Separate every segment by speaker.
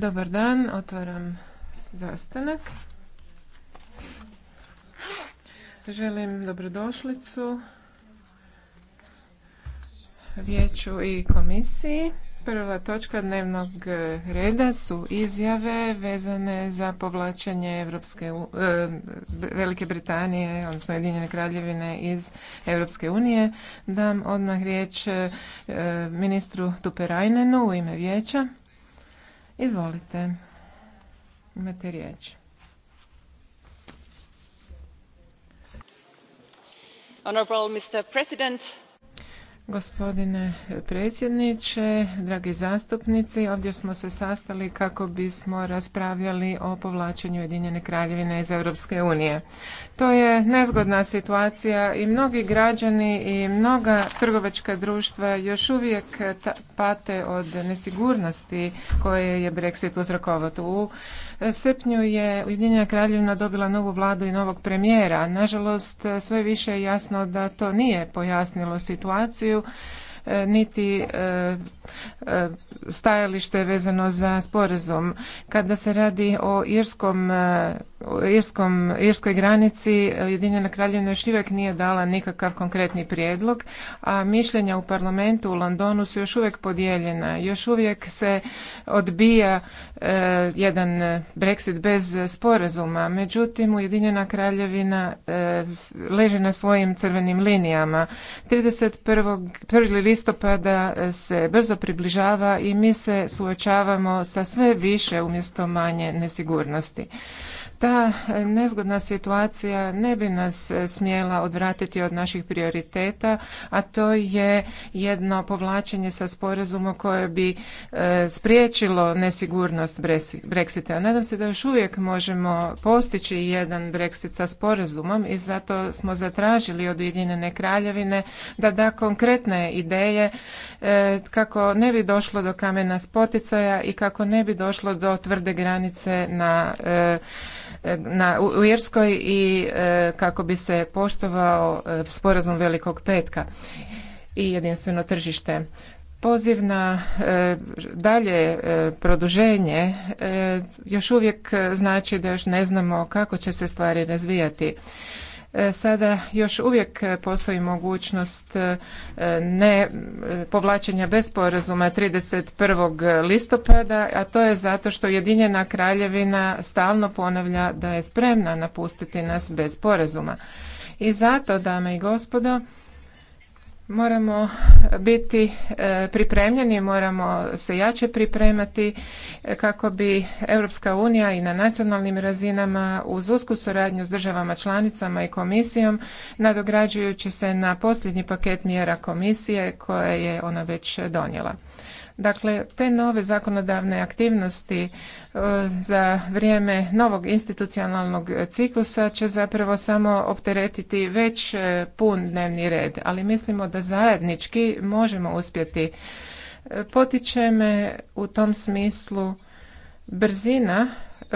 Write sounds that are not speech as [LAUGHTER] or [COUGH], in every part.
Speaker 1: Dobar dan, otvaram zastanak. Želim dobrodošlicu vijeću i komisiji. Prva točka dnevnog reda su izjave vezane za povlačenje Evropske, e, Velike Britanije, odnosno Jedinjene kraljevine iz Europske unije. Dam odmah riječ e, ministru Tuperajnenu u ime vijeća. Izvolite. Imate riječ. Honorable Mr. President, Gospodine predsjedniče, dragi zastupnici, ovdje smo se sastali kako bismo raspravljali o povlačenju Ujedinjene kraljevine iz Europske unije. To je nezgodna situacija i mnogi građani i mnoga trgovačka društva još uvijek pate od nesigurnosti koje je Brexit uzrokovao. U srpnju je Ujedinjena kraljevina dobila novu vladu i novog premijera. Nažalost, sve više je jasno da to nije pojasnilo situaciju e, niti e, e, stajalište vezano za sporazum. Kada se radi o irskom Irskom, Irskoj granici Ujedinjena kraljevina još uvijek nije dala nikakav konkretni prijedlog, a mišljenja u parlamentu u Londonu su još uvijek podijeljena. Još uvijek se odbija e, jedan Brexit bez sporazuma. Međutim, Ujedinjena kraljevina e, leži na svojim crvenim linijama. 31. listopada se brzo približava i mi se suočavamo sa sve više umjesto manje nesigurnosti. Ta e, nezgodna situacija ne bi nas e, smjela odvratiti od naših prioriteta, a to je jedno povlačenje sa sporazumom koje bi e, spriječilo nesigurnost Brexita. Nadam se da još uvijek možemo postići jedan Brexit sa sporazumom i zato smo zatražili od Ujedinjene kraljevine da da konkretne ideje kako ne bi došlo do kamena spoticaja i kako ne bi došlo do tvrde granice na na, u Irskoj i e, kako bi se poštovao e, sporazum Velikog petka i jedinstveno tržište. Poziv na e, dalje produženje još uvijek znači da još ne znamo kako će se stvari razvijati. E, sada još uvijek e, postoji mogućnost e, ne povlačenja bez sporazuma 31. listopada, a to je zato što Jedinjena kraljevina stalno ponavlja da je spremna napustiti nas bez sporazuma. I zato, dame i gospodo, Moramo eh, biti eh, pripremljeni, moramo se jače pripremati eh, kako bi Europska unija i na nacionalnim razinama uz usku suradnju s državama članicama i komisijom nadograđujući se na posljednji paket mjera komisije koje je ona već donijela. Dakle, te nove zakonodavne aktivnosti e, za vrijeme novog institucionalnog ciklusa će zapravo samo opteretiti već e, pun dnevni red, ali mislimo da zajednički možemo uspjeti. E, potiče me u tom smislu brzina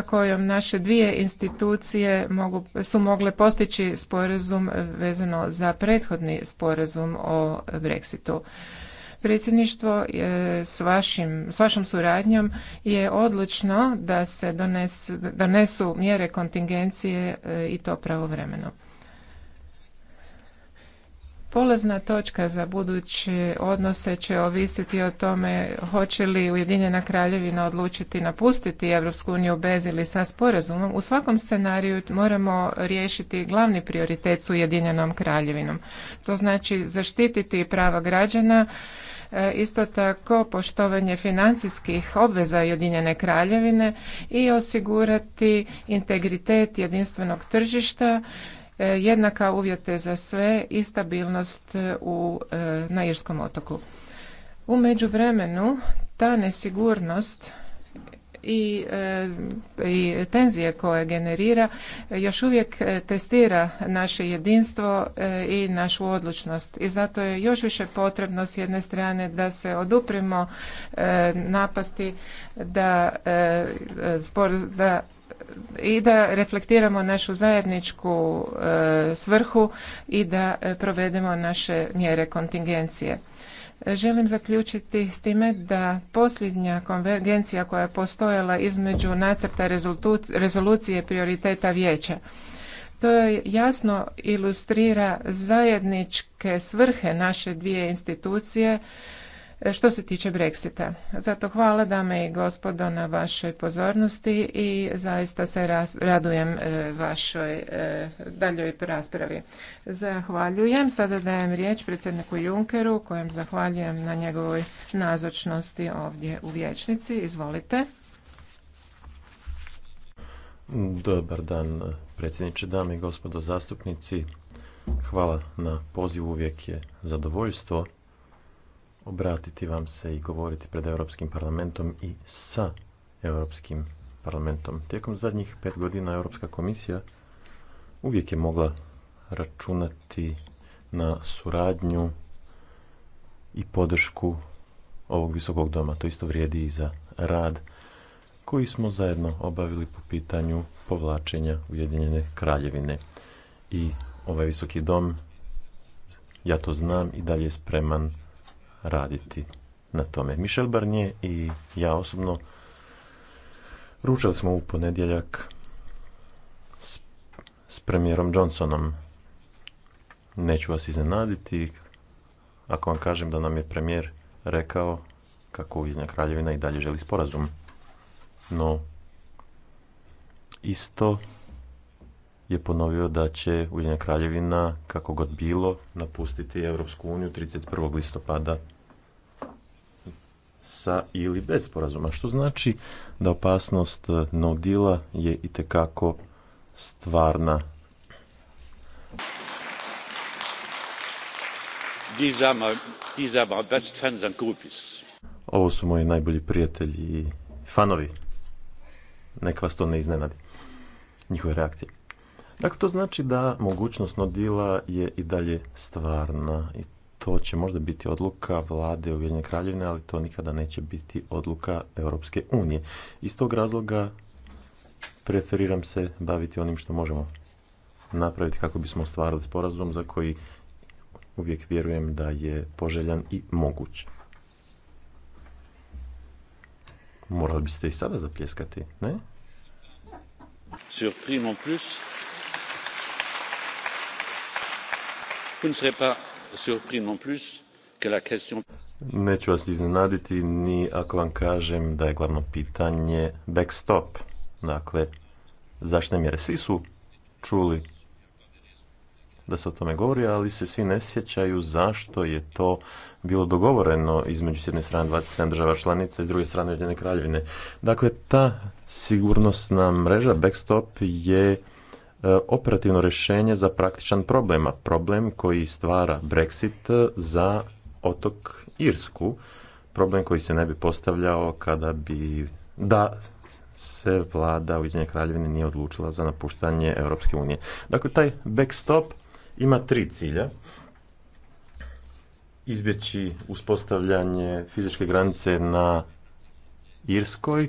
Speaker 1: kojom naše dvije institucije mogu, su mogle postići sporazum vezano za prethodni sporazum o Brexitu. Predsjedništvo s, vašim, s vašom suradnjom je odlučno da se donesu, donesu mjere kontingencije e, i to pravovremeno. Polazna točka za buduće odnose će ovisiti o tome hoće li Ujedinjena kraljevina odlučiti napustiti Europsku uniju bez ili sa sporazumom. U svakom scenariju moramo riješiti glavni prioritet s Ujedinjenom kraljevinom. To znači zaštititi prava građana, isto tako poštovanje financijskih obveza Jedinjene kraljevine i osigurati integritet jedinstvenog tržišta e, jednaka uvjete za sve i stabilnost e, u, e, na Irskom otoku. U međuvremenu ta nesigurnost i, e, i tenzije koje generira još uvijek e, testira naše jedinstvo e, i našu odlučnost i zato je još više potrebno s jedne strane da se odupremo napasti da, da i da reflektiramo našu zajedničku svrhu i da provedemo naše mjere kontingencije Želim zaključiti s time da posljednja konvergencija koja je postojala između nacrta rezolucije prioriteta vijeća to jasno ilustrira zajedničke svrhe naše dvije institucije što se tiče Brexita. Zato hvala dame i gospodo na vašoj pozornosti i zaista se radujem e, vašoj e, daljoj raspravi. Zahvaljujem. Sada dajem riječ predsjedniku Junkeru kojem zahvaljujem na njegovoj nazočnosti ovdje u vječnici. Izvolite.
Speaker 2: Dobar dan predsjedniče, dame i gospodo zastupnici. Hvala na pozivu, uvijek je zadovoljstvo obratiti vam se i govoriti pred Europskim parlamentom i sa Europskim parlamentom. Tijekom zadnjih pet godina Europska komisija uvijek je mogla računati na suradnju i podršku ovog visokog doma. To isto vrijedi i za rad koji smo zajedno obavili po pitanju povlačenja Ujedinjene kraljevine. I ovaj visoki dom, ja to znam, i dalje je spreman raditi na tome. Michel Barnier i ja osobno ručali smo u ponedjeljak s, s premijerom Johnsonom. Neću vas iznenaditi ako vam kažem da nam je premijer rekao kako Ujedinjena kraljevina i dalje želi sporazum. No, isto je ponovio da će Ujedinja kraljevina, kako god bilo, napustiti Europsku uniju 31. listopada sa ili bez sporazuma, što znači da opasnost eh, no je i tekako stvarna. Ovo su moji najbolji prijatelji i fanovi. Nek vas to ne iznenadi. Njihove reakcije. Dakle, to znači da mogućnost nodila je i dalje stvarna i to će možda biti odluka vlade Ujedinjene kraljevine, ali to nikada neće biti odluka Europske unije. Iz tog razloga preferiram se baviti onim što možemo napraviti kako bismo ostvarili sporazum za koji uvijek vjerujem da je poželjan i moguć. Morali biste i sada zapljeskati, ne? plus. ne Neću vas iznenaditi ni ako vam kažem da je glavno pitanje backstop, dakle zašto mjere. Svi su čuli da se o tome govori, ali se svi ne sjećaju zašto je to bilo dogovoreno između s jedne strane 27 država članica i s druge strane Ujedinjene kraljevine. Dakle, ta sigurnosna mreža, backstop, je operativno rješenje za praktičan problem, a problem koji stvara Brexit za otok Irsku, problem koji se ne bi postavljao kada bi da se vlada Ujedinjene kraljevine nije odlučila za napuštanje Europske unije. Dakle, taj backstop ima tri cilja. Izbjeći uspostavljanje fizičke granice na Irskoj,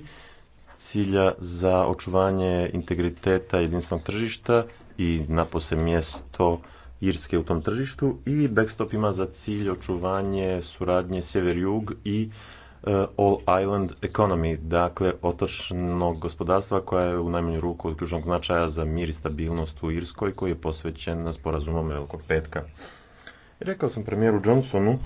Speaker 2: cilja za očuvanje integriteta jedinstvenog tržišta i napose mjesto Irske u tom tržištu i backstop ima za cilj očuvanje suradnje sjever-jug i e, All Island Economy, dakle otočnog gospodarstva koja je u najmanju ruku od ključnog značaja za mir i stabilnost u Irskoj koji je posvećen sporazumom Velikog petka. Rekao sam premijeru Johnsonu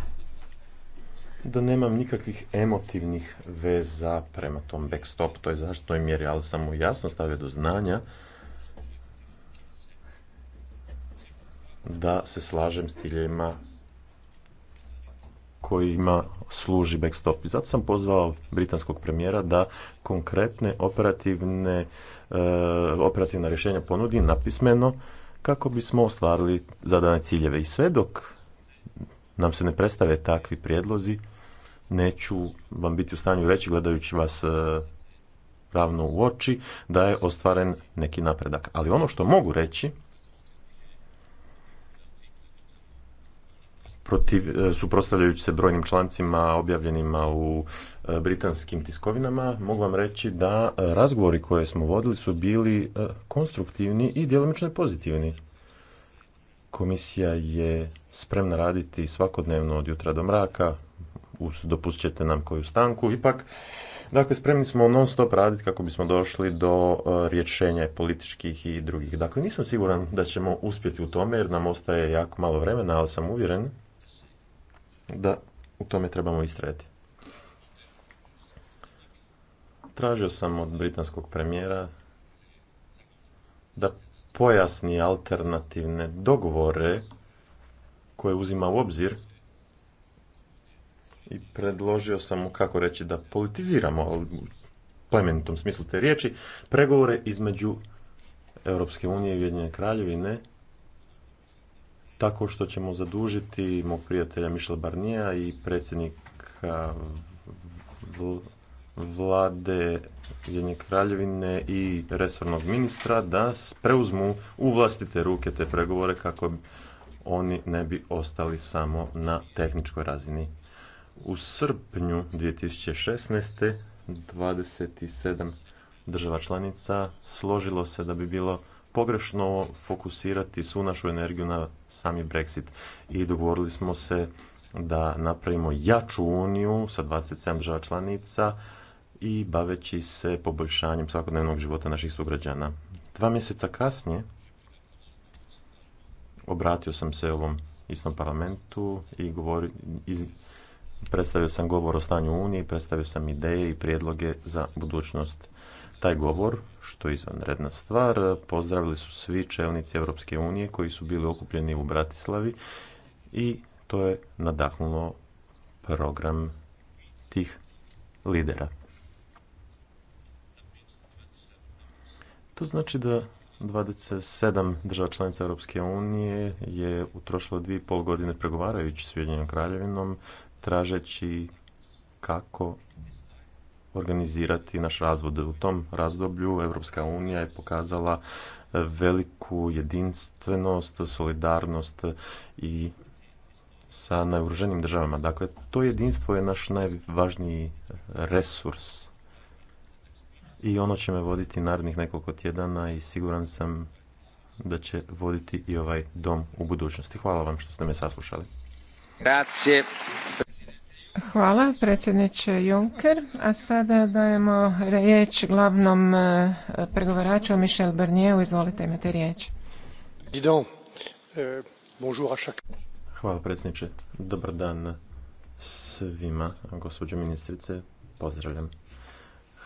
Speaker 2: da nemam nikakvih emotivnih veza prema tom backstop, to je zašto je mjeri, ali sam mu jasno stavio do znanja da se slažem s ciljevima kojima služi backstop. I zato sam pozvao britanskog premijera da konkretne operativne, e, operativna rješenja ponudi napismeno kako bismo ostvarili zadane ciljeve. I sve dok nam se ne predstave takvi prijedlozi, neću vam biti u stanju reći gledajući vas e, ravno u oči da je ostvaren neki napredak. Ali ono što mogu reći protiv, e, suprostavljajući se brojnim člancima objavljenima u e, britanskim tiskovinama, mogu vam reći da razgovori koje smo vodili su bili konstruktivni i djelomično pozitivni. Komisija je spremna raditi svakodnevno od jutra do mraka uz, dopustit ćete nam koju stanku. Ipak, dakle, spremni smo non stop raditi kako bismo došli do e, rješenja političkih i drugih. Dakle, nisam siguran da ćemo uspjeti u tome jer nam ostaje jako malo vremena, ali sam uvjeren da u tome trebamo istrajati. Tražio sam od britanskog premijera da pojasni alternativne dogovore koje uzima u obzir i predložio sam mu kako reći da politiziramo, u plemenitom smislu te riječi, pregovore između Europske unije i Ujedinjene kraljevine tako što ćemo zadužiti mog prijatelja Michel Barnija i predsjednika vlade Ujedinjene kraljevine i resornog ministra da preuzmu u vlastite ruke te pregovore kako oni ne bi ostali samo na tehničkoj razini. U srpnju 2016. 27 država članica složilo se da bi bilo pogrešno fokusirati svu našu energiju na sami Brexit i dogovorili smo se da napravimo jaču uniju sa 27 država članica i baveći se poboljšanjem svakodnevnog života naših sugrađana. Dva mjeseca kasnije obratio sam se ovom istom parlamentu i govori, iz, predstavio sam govor o stanju Unije, predstavio sam ideje i prijedloge za budućnost. Taj govor, što je izvanredna stvar, pozdravili su svi čelnici Europske unije koji su bili okupljeni u Bratislavi i to je nadahnulo program tih lidera. To znači da 27 država članica Europske unije je utrošilo dvije i pol godine pregovarajući s Ujedinjenom kraljevinom tražeći kako organizirati naš razvod. U tom razdoblju Evropska unija je pokazala veliku jedinstvenost, solidarnost i sa najuruženim državama. Dakle, to jedinstvo je naš najvažniji resurs i ono će me voditi narednih nekoliko tjedana i siguran sam da će voditi i ovaj dom u budućnosti. Hvala vam što ste me saslušali.
Speaker 1: Hvala predsjedniče Juncker. A sada dajemo riječ glavnom e, pregovaraču Michel Barnieru. Izvolite, imate riječ.
Speaker 2: E, Hvala predsjedniče. Dobar dan svima, gospođo ministrice. Pozdravljam.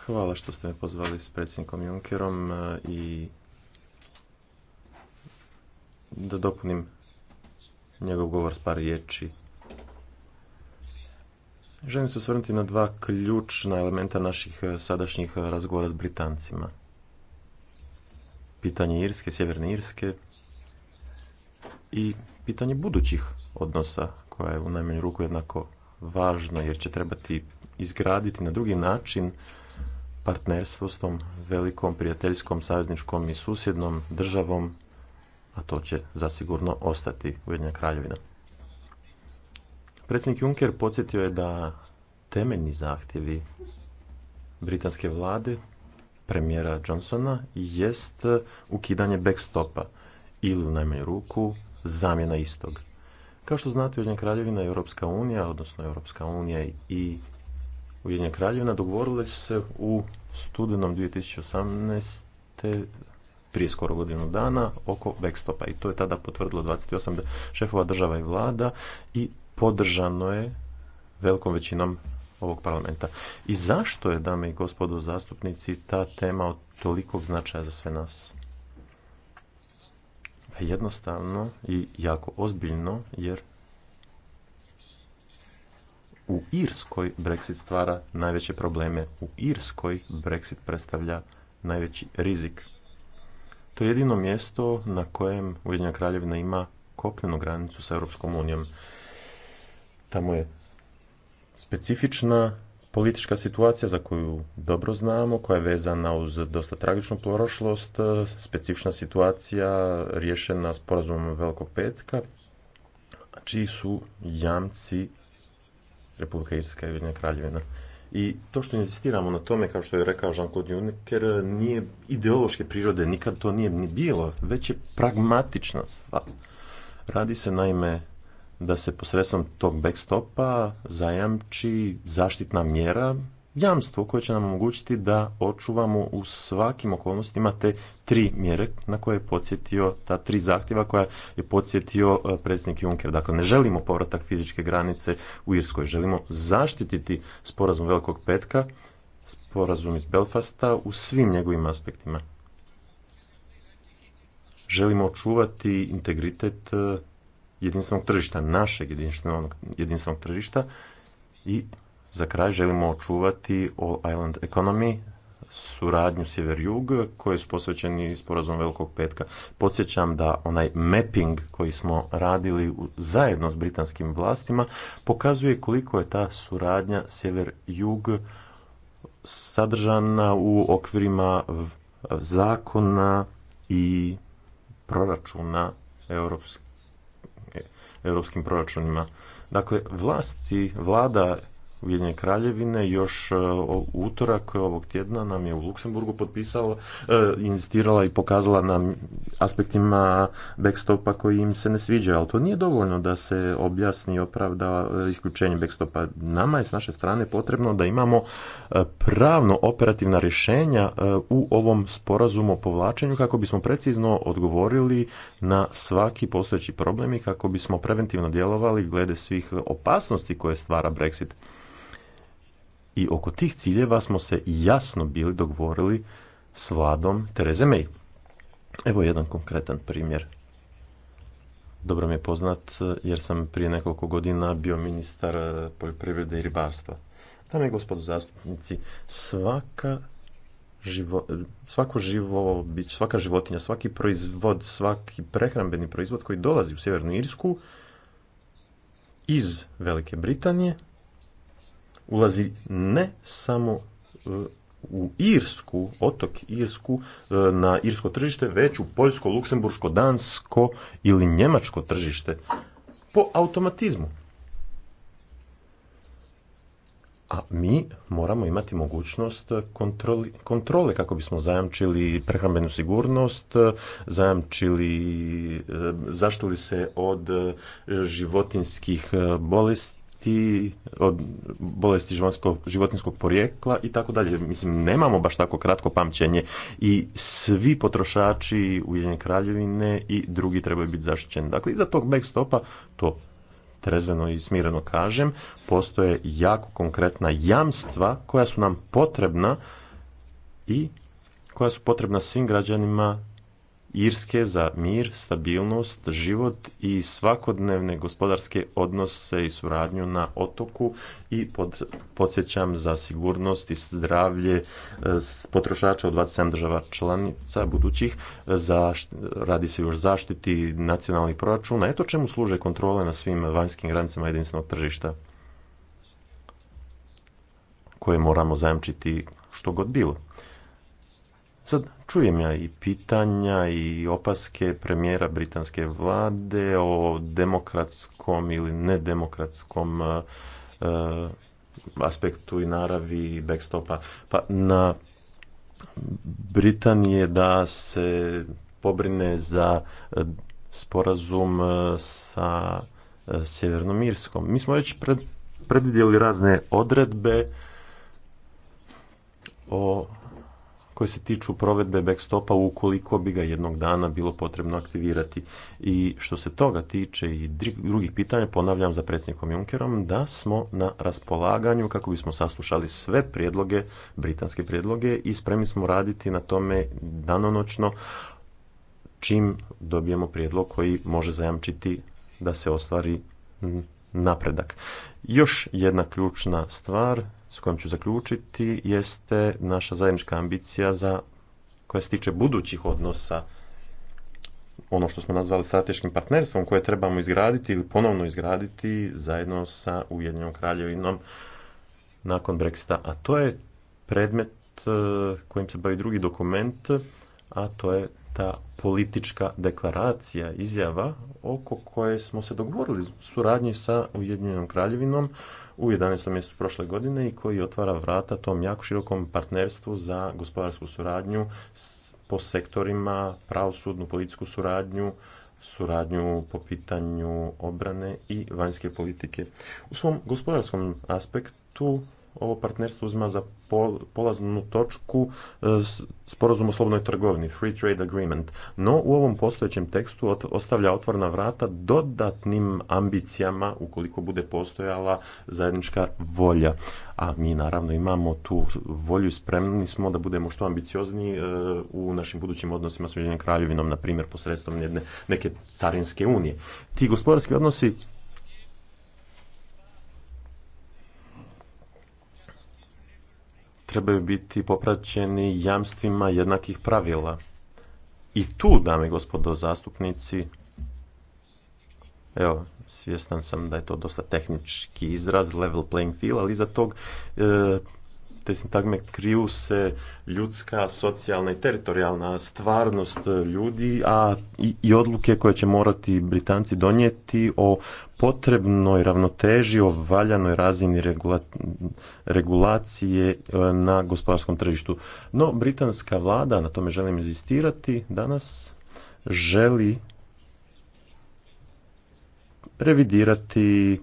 Speaker 2: Hvala što ste me pozvali s predsjednikom Junckerom e, i da dopunim njegov govor s par riječi Želim se osvrnuti na dva ključna elementa naših e, sadašnjih e, razgovora s Britancima. Pitanje Irske, Sjeverne Irske i pitanje budućih odnosa koja je u najmanju ruku jednako važna jer će trebati izgraditi na drugi način partnerstvo s tom velikom prijateljskom, savezničkom i susjednom državom, a to će zasigurno ostati Ujedinjena kraljevina. Predsjednik Juncker podsjetio je da temeljni zahtjevi britanske vlade, premijera Johnsona, jest ukidanje backstopa ili u najmanju ruku zamjena istog. Kao što znate, Ujedinja kraljevina i Europska unija, odnosno Europska unija i Ujedinja kraljevina dogovorile su se u studenom 2018. prije skoro godinu dana oko backstopa i to je tada potvrdilo 28 šefova država i vlada i podržano je velikom većinom ovog parlamenta. I zašto je, dame i gospodo zastupnici, ta tema od tolikog značaja za sve nas? Pa jednostavno i jako ozbiljno, jer u Irskoj Brexit stvara najveće probleme. U Irskoj Brexit predstavlja najveći rizik. To je jedino mjesto na kojem Ujedinjena kraljevina ima kopnenu granicu sa Europskom unijom. Tamo je specifična politička situacija za koju dobro znamo, koja je vezana uz dosta tragičnu prošlost, e, specifična situacija rješena sporazumom Velikog petka, čiji su jamci Republika Irska i Vjernja Kraljevina. I to što insistiramo na tome, kao što je rekao Jean-Claude Juncker, nije ideološke prirode, nikad to nije ni bilo, već je pragmatična Radi se naime da se posredstvom tog backstopa zajamči zaštitna mjera, jamstvo koje će nam omogućiti da očuvamo u svakim okolnostima te tri mjere na koje je podsjetio ta tri zahtjeva koja je podsjetio e, predsjednik Juncker. Dakle, ne želimo povratak fizičke granice u Irskoj, želimo zaštititi sporazum Velikog petka, sporazum iz Belfasta u svim njegovim aspektima. Želimo očuvati integritet e, jedinstvenog tržišta, našeg jedinstvenog, jedinstvenog tržišta i za kraj želimo očuvati All Island Economy, suradnju Sjever-Jug koji su posvećeni sporazom Velikog petka. Podsjećam da onaj mapping koji smo radili zajedno s britanskim vlastima pokazuje koliko je ta suradnja Sjever-Jug sadržana u okvirima zakona i proračuna Europske europskim proračunima. Dakle, vlasti, vlada Ujedinjene kraljevine još e, utorak ovog tjedna nam je u Luksemburgu potpisala, e, inzistirala i pokazala nam aspektima backstopa koji im se ne sviđa, ali to nije dovoljno da se objasni i opravda e, isključenje backstopa. Nama je s naše strane potrebno da imamo e, pravno operativna rješenja u ovom sporazumu o povlačenju kako bismo precizno odgovorili na svaki postojeći problem i kako bismo preventivno djelovali glede svih opasnosti koje stvara Brexit i oko tih ciljeva smo se jasno bili dogovorili s vladom Tereze May. Evo jedan konkretan primjer. Dobro mi je poznat eh, jer sam prije nekoliko godina bio ministar eh, poljoprivrede i ribarstva. Dame i gospodo zastupnici, svaka živo, eh, svako živo svaka životinja, svaki proizvod, svaki prehrambeni proizvod koji dolazi u Sjevernu Irsku iz Velike Britanije ulazi ne samo e, u Irsku, otok Irsku, e, na irsko tržište, već u poljsko, luksemburško, dansko ili njemačko tržište po automatizmu. A mi moramo imati mogućnost kontrole kako bismo zajamčili prehrambenu sigurnost, zajamčili, e, zaštili se od životinskih bolesti, bolesti, od bolesti životinskog porijekla i tako dalje. Mislim, nemamo baš tako kratko pamćenje i svi potrošači Ujedinjene kraljevine i drugi trebaju biti zaštićeni. Dakle, iza tog backstopa to trezveno i smireno kažem, postoje jako konkretna jamstva koja su nam potrebna i koja su potrebna svim građanima Irske za mir, stabilnost, život i svakodnevne gospodarske odnose i suradnju na otoku i podsjećam za sigurnost i zdravlje e, potrošača u 27 država članica budućih e, za, radi se još zaštiti nacionalnih proračuna. Eto čemu služe kontrole na svim vanjskim granicama jedinstvenog tržišta koje moramo zajamčiti što god bilo. Sad čujem ja i pitanja i opaske premijera britanske vlade o demokratskom ili nedemokratskom e, e, aspektu i naravi backstopa. Pa na Britanije da se pobrine za e, sporazum sa Sjevernom Irskom. Mi smo već predvidjeli razne odredbe o koje se tiču provedbe backstopa ukoliko bi ga jednog dana bilo potrebno aktivirati. I što se toga tiče i drugih pitanja, ponavljam za predsjednikom Junckerom da smo na raspolaganju kako bismo saslušali sve prijedloge, britanske prijedloge i spremni smo raditi na tome danonoćno čim dobijemo prijedlog koji može zajamčiti da se ostvari napredak. Još jedna ključna stvar s kojom ću zaključiti jeste naša zajednička ambicija za koja se tiče budućih odnosa ono što smo nazvali strateškim partnerstvom koje trebamo izgraditi ili ponovno izgraditi zajedno sa Ujedinjenom kraljevinom nakon Brexita. A to je predmet e, kojim se bavi drugi dokument, a to je ta politička deklaracija, izjava oko koje smo se dogovorili suradnji sa Ujedinjenom kraljevinom u 11. mjesecu prošle godine i koji otvara vrata tom jako širokom partnerstvu za gospodarsku suradnju po sektorima, pravosudnu, političku suradnju, suradnju po pitanju obrane i vanjske politike. U svom gospodarskom aspektu ovo partnerstvo uzima za polaznu točku e, sporazum o slobodnoj trgovini, Free Trade Agreement. No, u ovom postojećem tekstu ostavlja otvorna vrata dodatnim ambicijama ukoliko bude postojala zajednička volja. A mi naravno imamo tu volju i spremni smo da budemo što ambiciozniji e, u našim budućim odnosima s Ujedinjenim kraljevinom, na primjer posredstvom neke carinske unije. Ti gospodarski odnosi trebaju biti popraćeni jamstvima jednakih pravila. I tu, dame i gospodo zastupnici, evo, svjestan sam da je to dosta tehnički izraz, level playing field, ali iza tog e, te sintagme kriju se ljudska, socijalna i teritorijalna stvarnost ljudi, a i, odluke koje će morati Britanci donijeti o potrebnoj ravnoteži, o valjanoj razini regulacije e, na gospodarskom tržištu. No, britanska vlada, na tome želim inzistirati, danas želi revidirati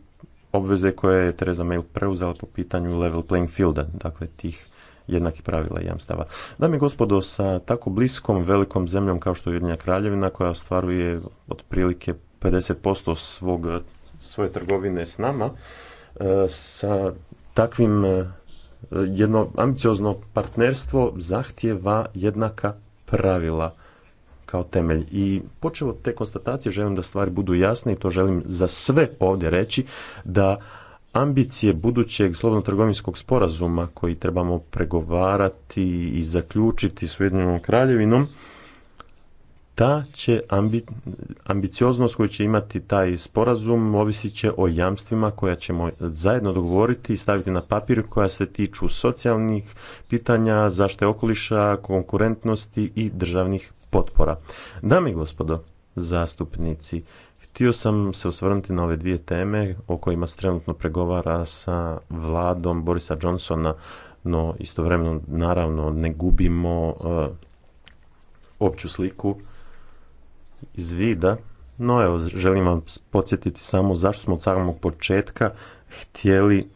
Speaker 2: obveze koje je Teresa May preuzela po pitanju level playing fielda, dakle tih jednakih pravila i jamstava. Dame i gospodo, sa tako bliskom velikom zemljom kao što je Ujedinja Kraljevina, koja ostvaruje otprilike 50% svog, svoje trgovine s nama, e, sa takvim e, jedno ambiciozno partnerstvo zahtjeva jednaka pravila kao temelj. I počeo od te konstatacije želim da stvari budu jasne i to želim za sve ovdje reći da ambicije budućeg slobodno trgovinskog sporazuma koji trebamo pregovarati i zaključiti s Ujedinjenom kraljevinom ta će ambicioznost koju će imati taj sporazum ovisit će o jamstvima koja ćemo zajedno dogovoriti i staviti na papir koja se tiču socijalnih pitanja, zaštite okoliša, konkurentnosti i državnih potpora. Dame i gospodo, zastupnici, htio sam se osvrnuti na ove dvije teme o kojima se trenutno pregovara sa vladom Borisa Johnsona, no istovremeno naravno ne gubimo eh, opću sliku iz vida, no evo želim vam podsjetiti samo zašto smo od samog početka htjeli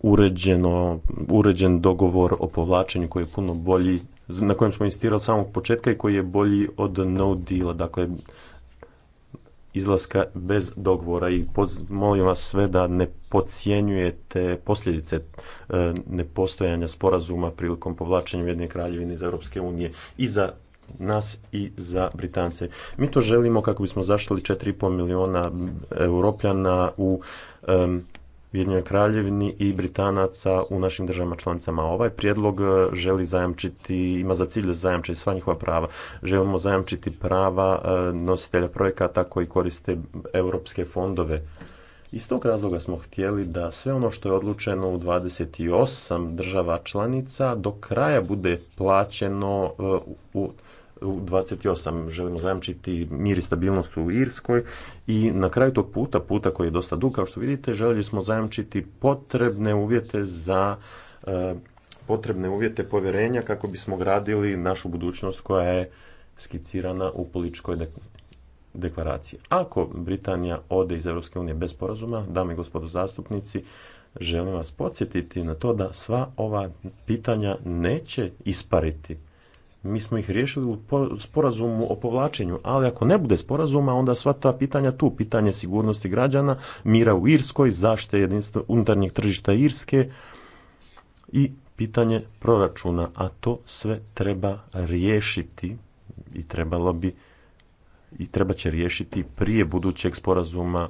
Speaker 2: uređeno, uređen dogovor o povlačenju koji je puno bolji na kojem smo insistirali od samog početka i koji je bolji od no deala, dakle izlaska bez dogovora i molim vas sve da ne podcjenjujete posljedice e, nepostojanja sporazuma prilikom povlačenja jedne kraljevine iz Europske unije i za nas i za Britance. Mi to želimo kako bismo zaštili 4,5 miliona europljana u Ujedinjenoj kraljevini i Britanaca u našim državama članicama. Ovaj prijedlog e, želi zajamčiti, ima za cilj zajamčiti sva njihova prava. Želimo zajamčiti prava e, nositelja projekata koji koriste europske fondove. Iz tog razloga smo htjeli da sve ono što je odlučeno u 28 država članica do kraja bude plaćeno e, u u 28. Želimo zajamčiti mir i stabilnost u Irskoj i na kraju tog puta, puta koji je dosta dug, kao što vidite, željeli smo zajamčiti potrebne uvjete za e, potrebne uvjete povjerenja kako bismo gradili našu budućnost koja je skicirana u političkoj deklaraciji. Ako Britanija ode iz EU bez sporazuma, dame i gospodo zastupnici, želim vas podsjetiti na to da sva ova pitanja neće ispariti mi smo ih riješili u sporazumu o povlačenju, ali ako ne bude sporazuma, onda sva ta pitanja tu, pitanje sigurnosti građana, mira u Irskoj, zašte unutarnjeg tržišta Irske i pitanje proračuna, a to sve treba riješiti i trebalo bi i treba će riješiti prije budućeg sporazuma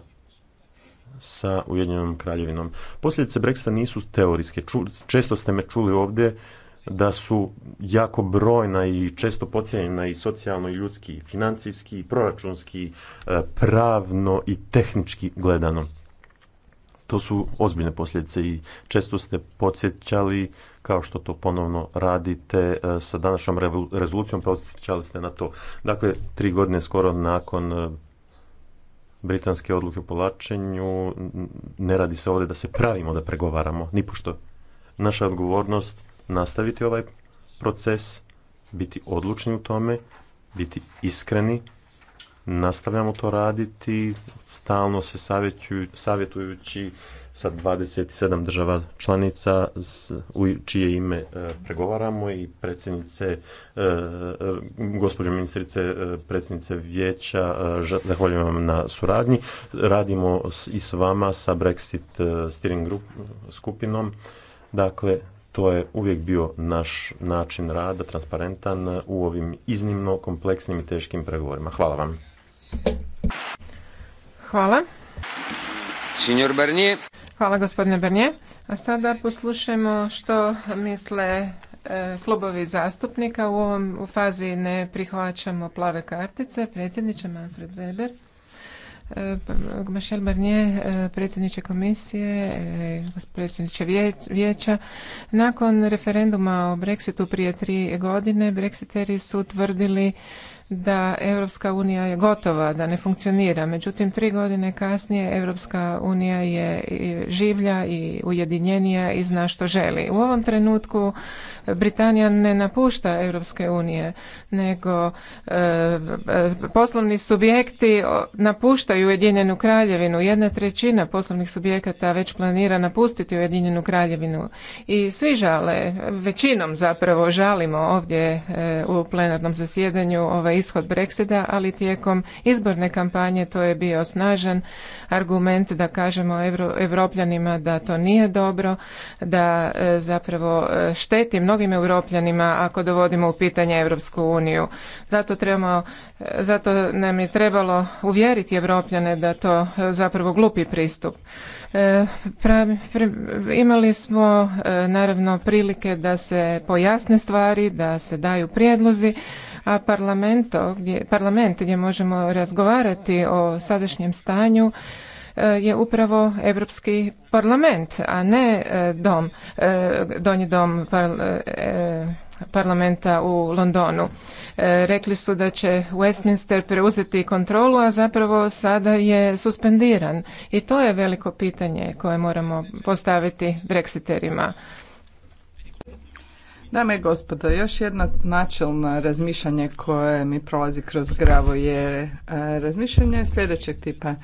Speaker 2: sa Ujedinjenom kraljevinom. Posljedice Brexita nisu teorijske. često ste me čuli ovdje da su jako brojna i često pocijenjena i socijalno i ljudski i financijski i proračunski, e, pravno i tehnički gledano. To su ozbiljne posljedice i često ste podsjećali, kao što to ponovno radite e, sa današnjom rezolucijom, podsjećali ste na to. Dakle, tri godine skoro nakon e, britanske odluke o povlačenju, ne radi se ovdje da se pravimo da pregovaramo, nipošto. Naša odgovornost nastaviti ovaj proces, biti odlučni u tome, biti iskreni, nastavljamo to raditi, stalno se savjetujući sa 27 država članica u čije ime e, pregovaramo i predsjednice, e, e, gospođo ministrice, predsjednice vijeća, zahvaljujem vam na suradnji. Radimo i s vama sa Brexit steering group, skupinom. Dakle, to je uvijek bio naš način rada, transparentan u ovim iznimno kompleksnim i teškim pregovorima. Hvala vam.
Speaker 1: Hvala.
Speaker 3: Signor Bernier.
Speaker 1: Hvala gospodine Bernier. A sada poslušajmo što misle e, klubovi zastupnika. U ovom u fazi ne prihvaćamo plave kartice. Predsjedniče Manfred Weber. Eh, Mašel Barnier, eh, predsjedniče komisije, eh, predsjedniče vijeća. Nakon referenduma o Brexitu prije tri godine, Brexiteri su tvrdili da Europska unija je gotova, da ne funkcionira. Međutim, tri godine kasnije Europska unija je življa i ujedinjenija i zna što želi. U ovom trenutku Britanija ne napušta Europske unije, nego e, poslovni subjekti napuštaju Ujedinjenu kraljevinu. Jedna trećina poslovnih subjekata već planira napustiti Ujedinjenu kraljevinu. I svi žale, većinom zapravo žalimo ovdje e, u plenarnom zasjedanju ovaj ishod Brexita, ali tijekom izborne kampanje to je bio snažan argument da kažemo Evro, Evropljanima da to nije dobro, da e, zapravo e, šteti mnogim Europljanima ako dovodimo u pitanje Europsku uniju. Zato trebamo, e, zato nam je trebalo uvjeriti Evropljane da to zapravo glupi pristup. imali smo naravno prilike da se pojasne stvari, da se daju prijedlozi a gdje, parlament gdje možemo razgovarati o sadašnjem stanju e, je upravo Europski parlament, a ne e, dom, e, donji dom parlamenta u Londonu. Rekli su da će Westminster preuzeti kontrolu, a zapravo sada je suspendiran. I to je veliko pitanje koje moramo postaviti Brexiterima. Dame i gospodo,
Speaker 4: još jedno načelno razmišljanje koje mi prolazi kroz gravo je e, razmišljanje sljedećeg tipa. E,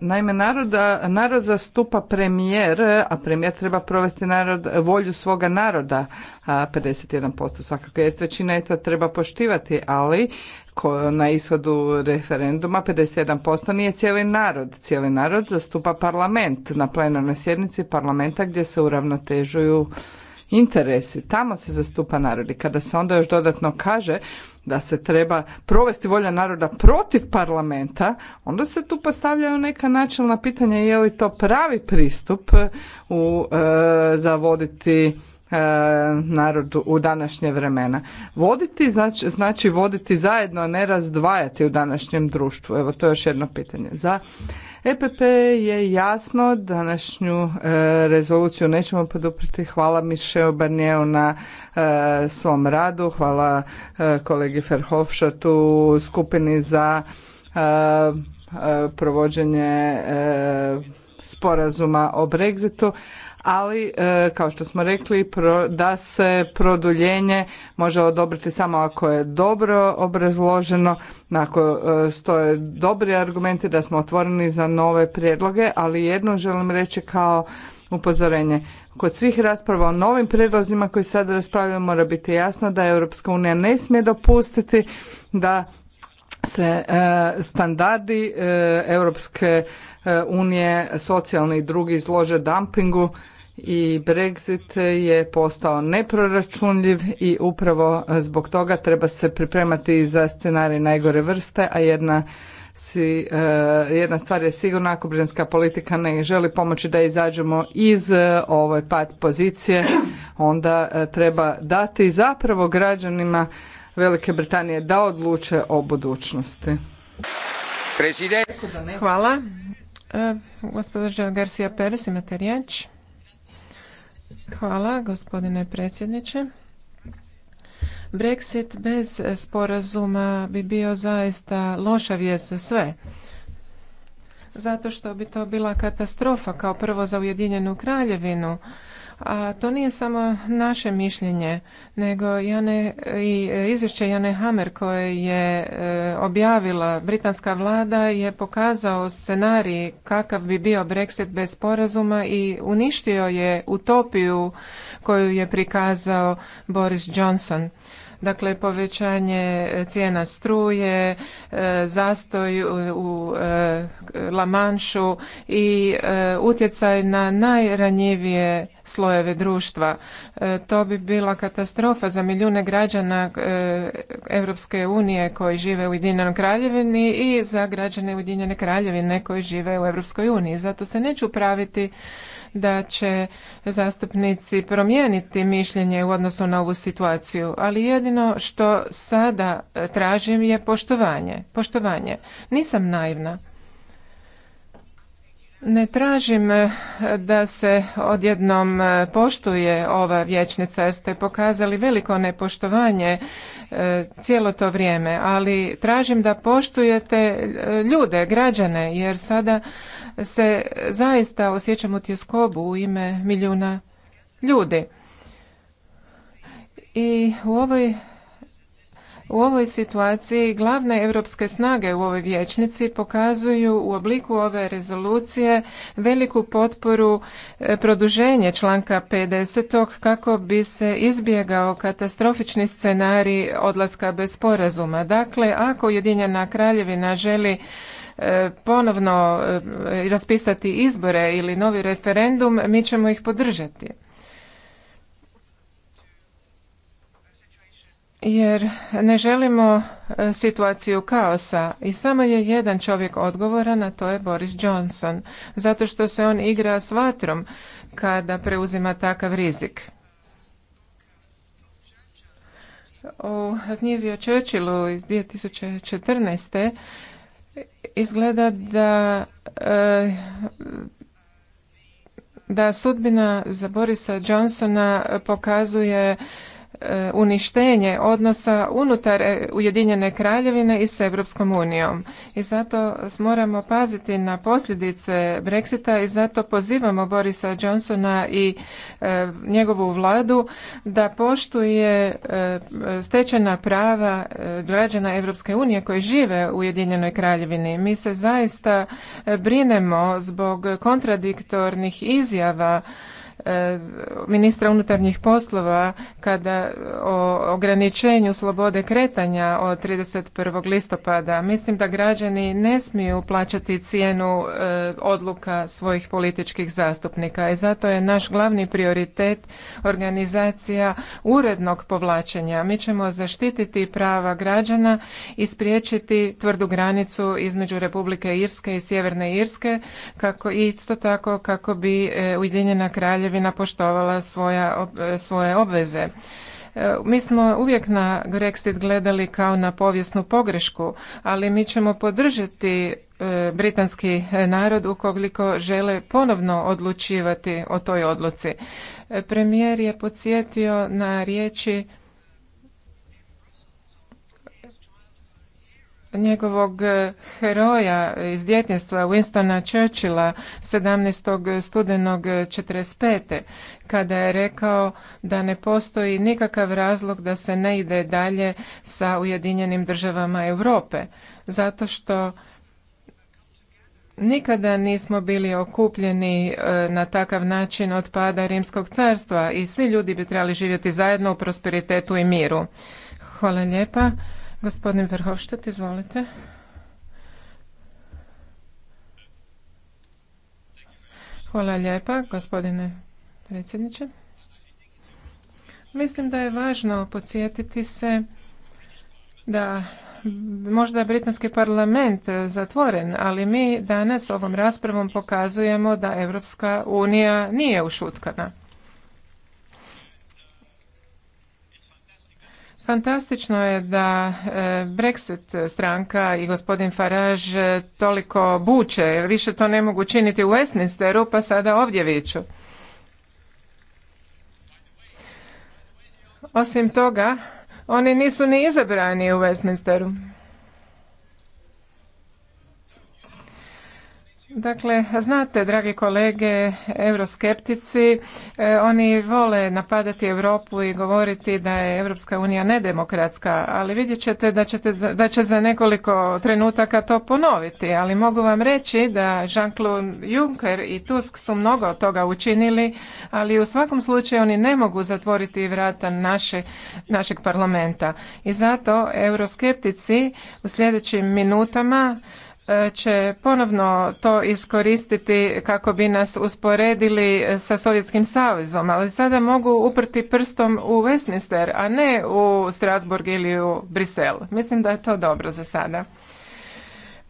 Speaker 4: naime, naroda, narod zastupa premijer, a premijer treba provesti narod, volju svoga naroda. 51% svakako jest većina i to treba poštivati, ali na ishodu referenduma 51% nije cijeli narod. Cijeli narod zastupa parlament na plenarnoj sjednici parlamenta gdje se uravnotežuju interesi, tamo se zastupa narod i kada se onda još dodatno kaže da se treba provesti volja naroda protiv parlamenta, onda se tu postavljaju neka načelna pitanja je li to pravi pristup e, u, e, za voditi e, narodu u današnje vremena. Voditi znači, znači voditi zajedno, a ne razdvajati u današnjem društvu. Evo to je još jedno pitanje. Za EPP je jasno, današnju e, rezoluciju nećemo podupriti. Hvala Mišeo Barnijevu na e, svom radu, hvala e, kolegi Ferhofšatu, skupini za provođenje sporazuma o Brexitu, ali e, kao što smo rekli da se produljenje može odobriti samo ako je dobro obrazloženo, ako e, stoje dobri argumenti da smo otvoreni za nove prijedloge, ali jedno želim reći kao upozorenje. Kod svih rasprava o novim prijedlozima koji sad raspravljamo mora biti jasno da Europska unija ne smije dopustiti da se e, standardi Europske unije socijalni i drugi izlože dumpingu i Brexit je postao neproračunljiv i upravo zbog toga treba se pripremati za scenarij najgore vrste, a jedna e, jedna stvar je sigurna, ako britanska politika ne želi pomoći da izađemo iz e, ove pad pozicije, onda e, treba dati zapravo građanima Velike Britanije da odluče o budućnosti.
Speaker 3: Hvala.
Speaker 1: Gospodin Garcia Perez, imate riječ. Hvala gospodine predsjedniče. Brexit bez sporazuma bi bio zaista loša vijest za sve. Zato što bi to bila katastrofa kao prvo za Ujedinjenu kraljevinu a to nije samo naše mišljenje, nego i izvješće Jane Hammer koje je e, objavila britanska vlada je pokazao scenarij kakav bi bio Brexit bez sporazuma i uništio je utopiju koju je prikazao Boris Johnson dakle povećanje cijena struje, e, zastoj u e, Lamanšu i e, utjecaj na najranjivije slojeve društva. To bi bila katastrofa za milijune građana Europske unije koji žive u Ujedinjenoj kraljevini i za građane Ujedinjene kraljevine koji žive u Europskoj uniji. Zato se neću praviti da će zastupnici promijeniti mišljenje u odnosu na ovu situaciju, ali jedino što sada tražim je poštovanje. Poštovanje. Nisam naivna. Ne tražim eh, da se odjednom eh, poštuje ova vječnica jer ste pokazali veliko nepoštovanje eh, cijelo to vrijeme, ali tražim da poštujete ljude, građane jer sada se zaista osjećamo tjeskobu u ime milijuna ljudi. I u ovoj u ovoj situaciji glavne europske snage u ovoj vijećnici pokazuju u obliku ove rezolucije veliku potporu e, produženje članka 50. kako bi se izbjegao katastrofični scenarij odlaska bez sporazuma. Dakle, ako Ujedinjena kraljevina želi E, ponovno e, raspisati izbore ili novi referendum, mi ćemo ih podržati. jer ne želimo e, situaciju kaosa i samo je jedan čovjek odgovoran, a to je Boris Johnson, zato što se on igra s vatrom kada preuzima takav rizik. U knjizi o Churchillu iz 2014 izgleda da eh, da sudbina za Borisa Johnsona pokazuje E, uništenje odnosa unutar e, Ujedinjene kraljevine i s Europskom unijom. I zato moramo paziti na posljedice Brexita i zato pozivamo Borisa Johnsona i e, njegovu vladu da poštuje stečena prava građana Europske unije koji žive u Ujedinjenoj kraljevini. Mi se zaista brinemo zbog kontradiktornih izjava E, ministra unutarnjih poslova kada o ograničenju slobode kretanja od 31. listopada. Mislim da građani ne smiju plaćati cijenu e, odluka svojih političkih zastupnika i zato je naš glavni prioritet organizacija urednog povlačenja. Mi ćemo zaštititi prava građana i spriječiti tvrdu granicu između Republike Irske i Sjeverne Irske kako isto tako kako bi e, Ujedinjena kraljevina napoštovala poštovala svoja, e, svoje obveze. E, mi smo uvijek na Brexit gledali kao na povijesnu pogrešku, ali mi ćemo podržati e, britanski narod ukoliko žele ponovno odlučivati o toj odluci. Premijer je podsjetio na riječi njegovog e, heroja iz djetinjstva Winstona Churchilla 17. studenog 45. E, kada je rekao da ne postoji nikakav razlog da se ne ide dalje sa Ujedinjenim državama Europe zato što Nikada nismo bili okupljeni e, na takav način od pada Rimskog carstva i svi ljudi bi trebali živjeti zajedno u prosperitetu i miru. Hvala lijepa. Gospodin Verhofstadt, izvolite. Hvala lijepa, gospodine predsjedniče. Mislim da je važno podsjetiti se da možda je britanski parlament zatvoren, ali mi danas ovom raspravom pokazujemo da Europska unija nije ušutkana. Fantastično je da e, Brexit stranka i gospodin Farage toliko buče, jer više to ne mogu činiti u Westminsteru, pa sada ovdje viču Osim toga, oni nisu ni izabrani u Westminsteru. Dakle, znate, dragi kolege, euroskeptici, e, oni vole napadati Europu i govoriti da je Europska unija nedemokratska, ali vidjet ćete da, ćete da će za nekoliko trenutaka to ponoviti, ali mogu vam reći da Jean-Claude Juncker i Tusk su mnogo toga učinili, ali u svakom slučaju oni ne mogu zatvoriti vrata naše, našeg parlamenta. I zato euroskeptici u sljedećim minutama će ponovno to iskoristiti kako bi nas usporedili sa Sovjetskim savezom, ali sada mogu uprti prstom u Westminster, a ne u Strasburg ili u Brisel. Mislim da je to dobro za sada.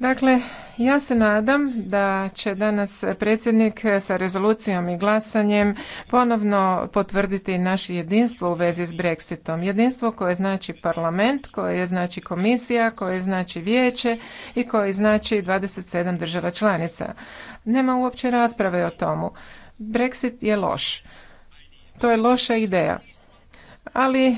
Speaker 1: Dakle, ja se nadam da će danas predsjednik sa rezolucijom i glasanjem ponovno potvrditi naše jedinstvo u vezi s Brexitom. Jedinstvo koje znači parlament, koje znači komisija, koje znači vijeće i koje znači 27 država članica. Nema uopće rasprave o tomu. Brexit je loš. To je loša ideja ali e,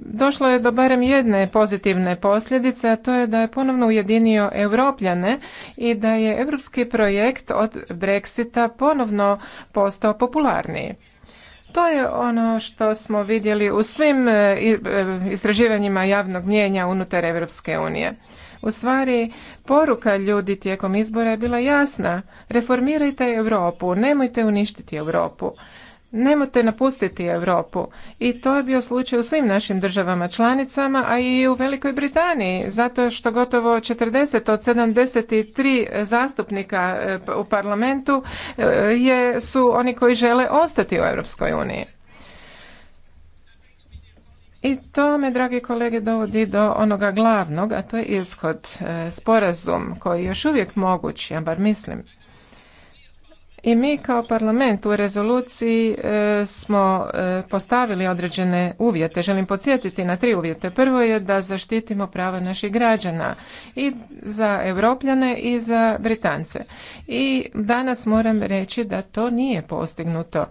Speaker 1: došlo je do barem jedne pozitivne posljedice, a to je da je ponovno ujedinio Europljane i da je europski projekt od Brexita ponovno postao popularniji. To je ono što smo vidjeli u svim e, e, istraživanjima javnog mnjenja unutar Europske unije. U stvari, poruka ljudi tijekom izbora je bila jasna. Reformirajte Europu, nemojte uništiti Europu. Nemojte napustiti Europu i to je bio slučaj u svim našim državama članicama, a i u Velikoj Britaniji, zato što gotovo 40 od 73 zastupnika eh, u parlamentu eh, je, su oni koji žele ostati u Europskoj uniji. I to me, dragi kolege, dovodi do onoga glavnog, a to je ishod, eh, sporazum koji je još uvijek moguć, ja bar mislim, i mi kao parlament u rezoluciji e, smo e, postavili određene uvjete. Želim podsjetiti na tri uvjete. Prvo je da zaštitimo prava naših građana i za Europljane i za Britance. I danas moram reći da to nije postignuto.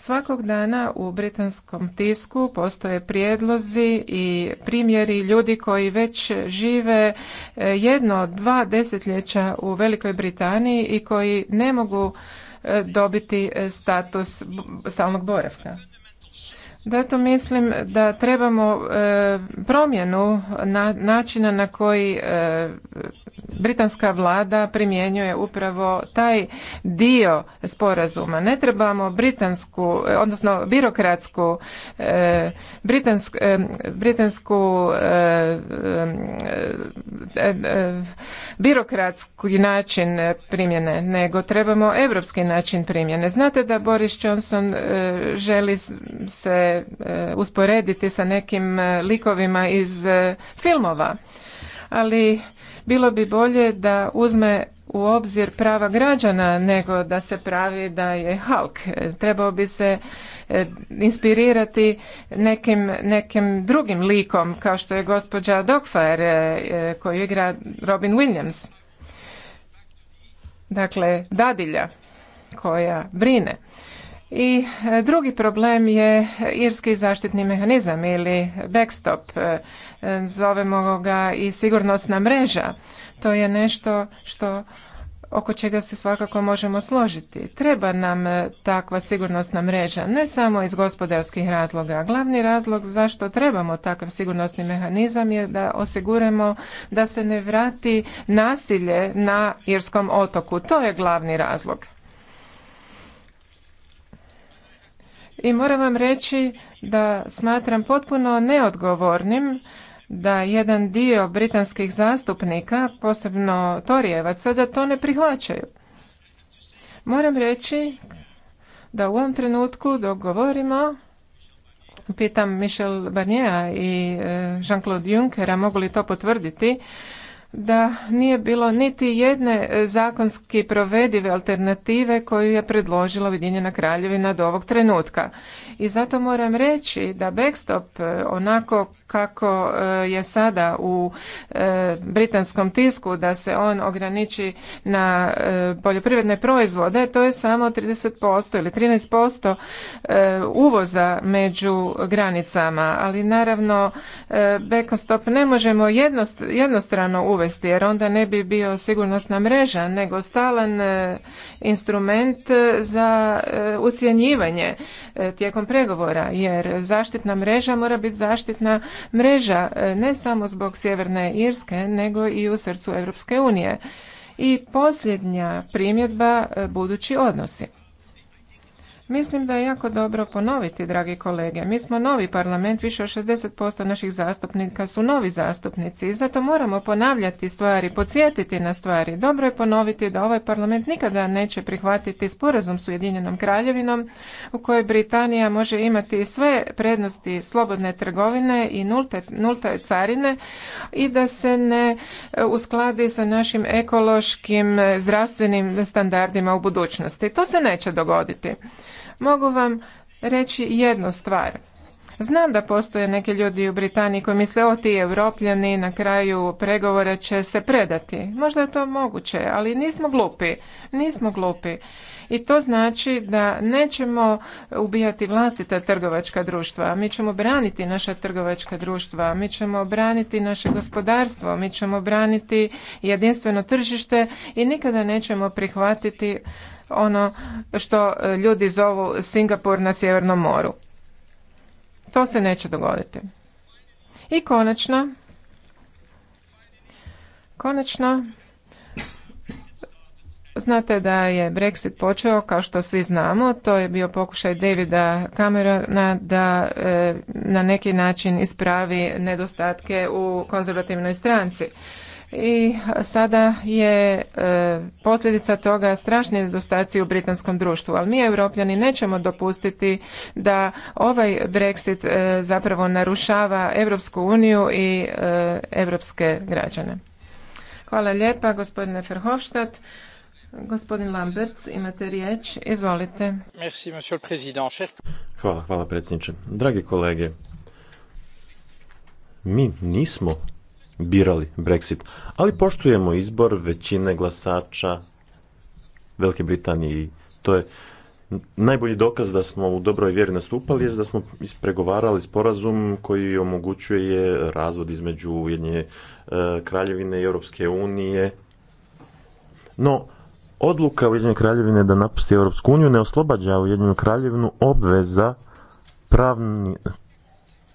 Speaker 1: Svakog dana u britanskom tisku postoje prijedlozi i primjeri ljudi koji već žive e, jedno, dva desetljeća u Velikoj Britaniji i koji ne mogu e, dobiti e, status stalnog boravka. Zato mislim da trebamo promjenu načina na koji britanska vlada primjenjuje upravo taj dio sporazuma. Ne trebamo britansku, odnosno birokratsku, e, e, britansku e, birokratski način primjene, nego trebamo europski način primjene. Znate da Boris Johnson želi se usporediti sa nekim likovima iz filmova, ali bilo bi bolje da uzme u obzir prava građana nego da se pravi da je Hulk. Trebao bi se e, inspirirati nekim, nekim drugim likom kao što je gospođa Dogfire e, koju igra Robin Williams. Dakle, dadilja koja brine. I e, drugi problem je irski zaštitni mehanizam ili backstop, e, e, zovemo ga i sigurnosna mreža. To je nešto što oko čega se svakako možemo složiti. Treba nam takva sigurnosna mreža, ne samo iz gospodarskih razloga. Glavni razlog zašto trebamo takav sigurnosni mehanizam je da osiguramo da se ne vrati nasilje na Irskom otoku. To je glavni razlog. i moram vam reći da smatram potpuno neodgovornim da jedan dio britanskih zastupnika, posebno Torijevaca, da to ne prihvaćaju. Moram reći da u ovom trenutku govorimo, Pitam Michel Barnier i e, Jean-Claude Junckera mogu li to potvrditi da nije bilo niti jedne e, zakonski provedive alternative koju je predložila Ujedinjena kraljevina do ovog trenutka. I zato moram reći da backstop e, onako kako e, je sada u e, britanskom tisku da se on ograniči na e, poljoprivredne proizvode, to je samo 30% ili 13% uvoza među granicama, ali naravno backstop ne možemo jednostrano uvesti jer onda ne bi bio sigurnosna mreža nego stalan instrument za ucjenjivanje tijekom pregovora jer zaštitna mreža mora biti zaštitna mreža e, ne samo zbog Sjeverne Irske, nego i u srcu Europske unije. I posljednja primjedba e, budući odnosi. Mislim da je jako dobro ponoviti, dragi kolege. Mi smo novi parlament, više od 60% naših zastupnika su novi zastupnici i zato moramo ponavljati stvari, podsjetiti na stvari. Dobro je ponoviti da ovaj parlament nikada neće prihvatiti sporazum s Ujedinjenom kraljevinom u kojoj Britanija može imati sve prednosti slobodne trgovine i nulte, nulte carine i da se ne e, uskladi sa našim ekološkim e, zdravstvenim standardima u budućnosti. To se neće dogoditi mogu vam reći jednu stvar. Znam da postoje neki ljudi u Britaniji koji misle o ti europljani na kraju pregovora će se predati. Možda je to moguće, ali nismo glupi. Nismo glupi. I to znači da nećemo ubijati vlastita trgovačka društva. Mi ćemo braniti naša trgovačka društva, mi ćemo braniti naše gospodarstvo, mi ćemo braniti jedinstveno tržište i nikada nećemo prihvatiti ono što e, ljudi zovu Singapur na Sjevernom moru. To se neće dogoditi. I konačno, konačno, Znate da je Brexit počeo, kao što svi znamo, to je bio pokušaj Davida Camerona da e, na neki način ispravi nedostatke u konzervativnoj stranci i sada je e, posljedica toga strašni nedostaci u britanskom društvu. Ali mi europljani nećemo dopustiti da ovaj Brexit e, zapravo narušava Europsku uniju i e, europske građane. Hvala lijepa gospodine Ferhofstadt. Gospodin Lamberts, imate riječ. Izvolite.
Speaker 5: Merci,
Speaker 2: Hvala, hvala predsjedniče. Dragi kolege, mi nismo birali Brexit. Ali poštujemo izbor većine glasača Velike Britanije i to je najbolji dokaz da smo u dobroj vjeri nastupali je da smo ispregovarali sporazum koji omogućuje razvod između Ujedinjene e, kraljevine i Europske unije. No, odluka Ujedinjene kraljevine da napusti Europsku uniju ne oslobađa Ujedinjenu kraljevinu obveza pravni,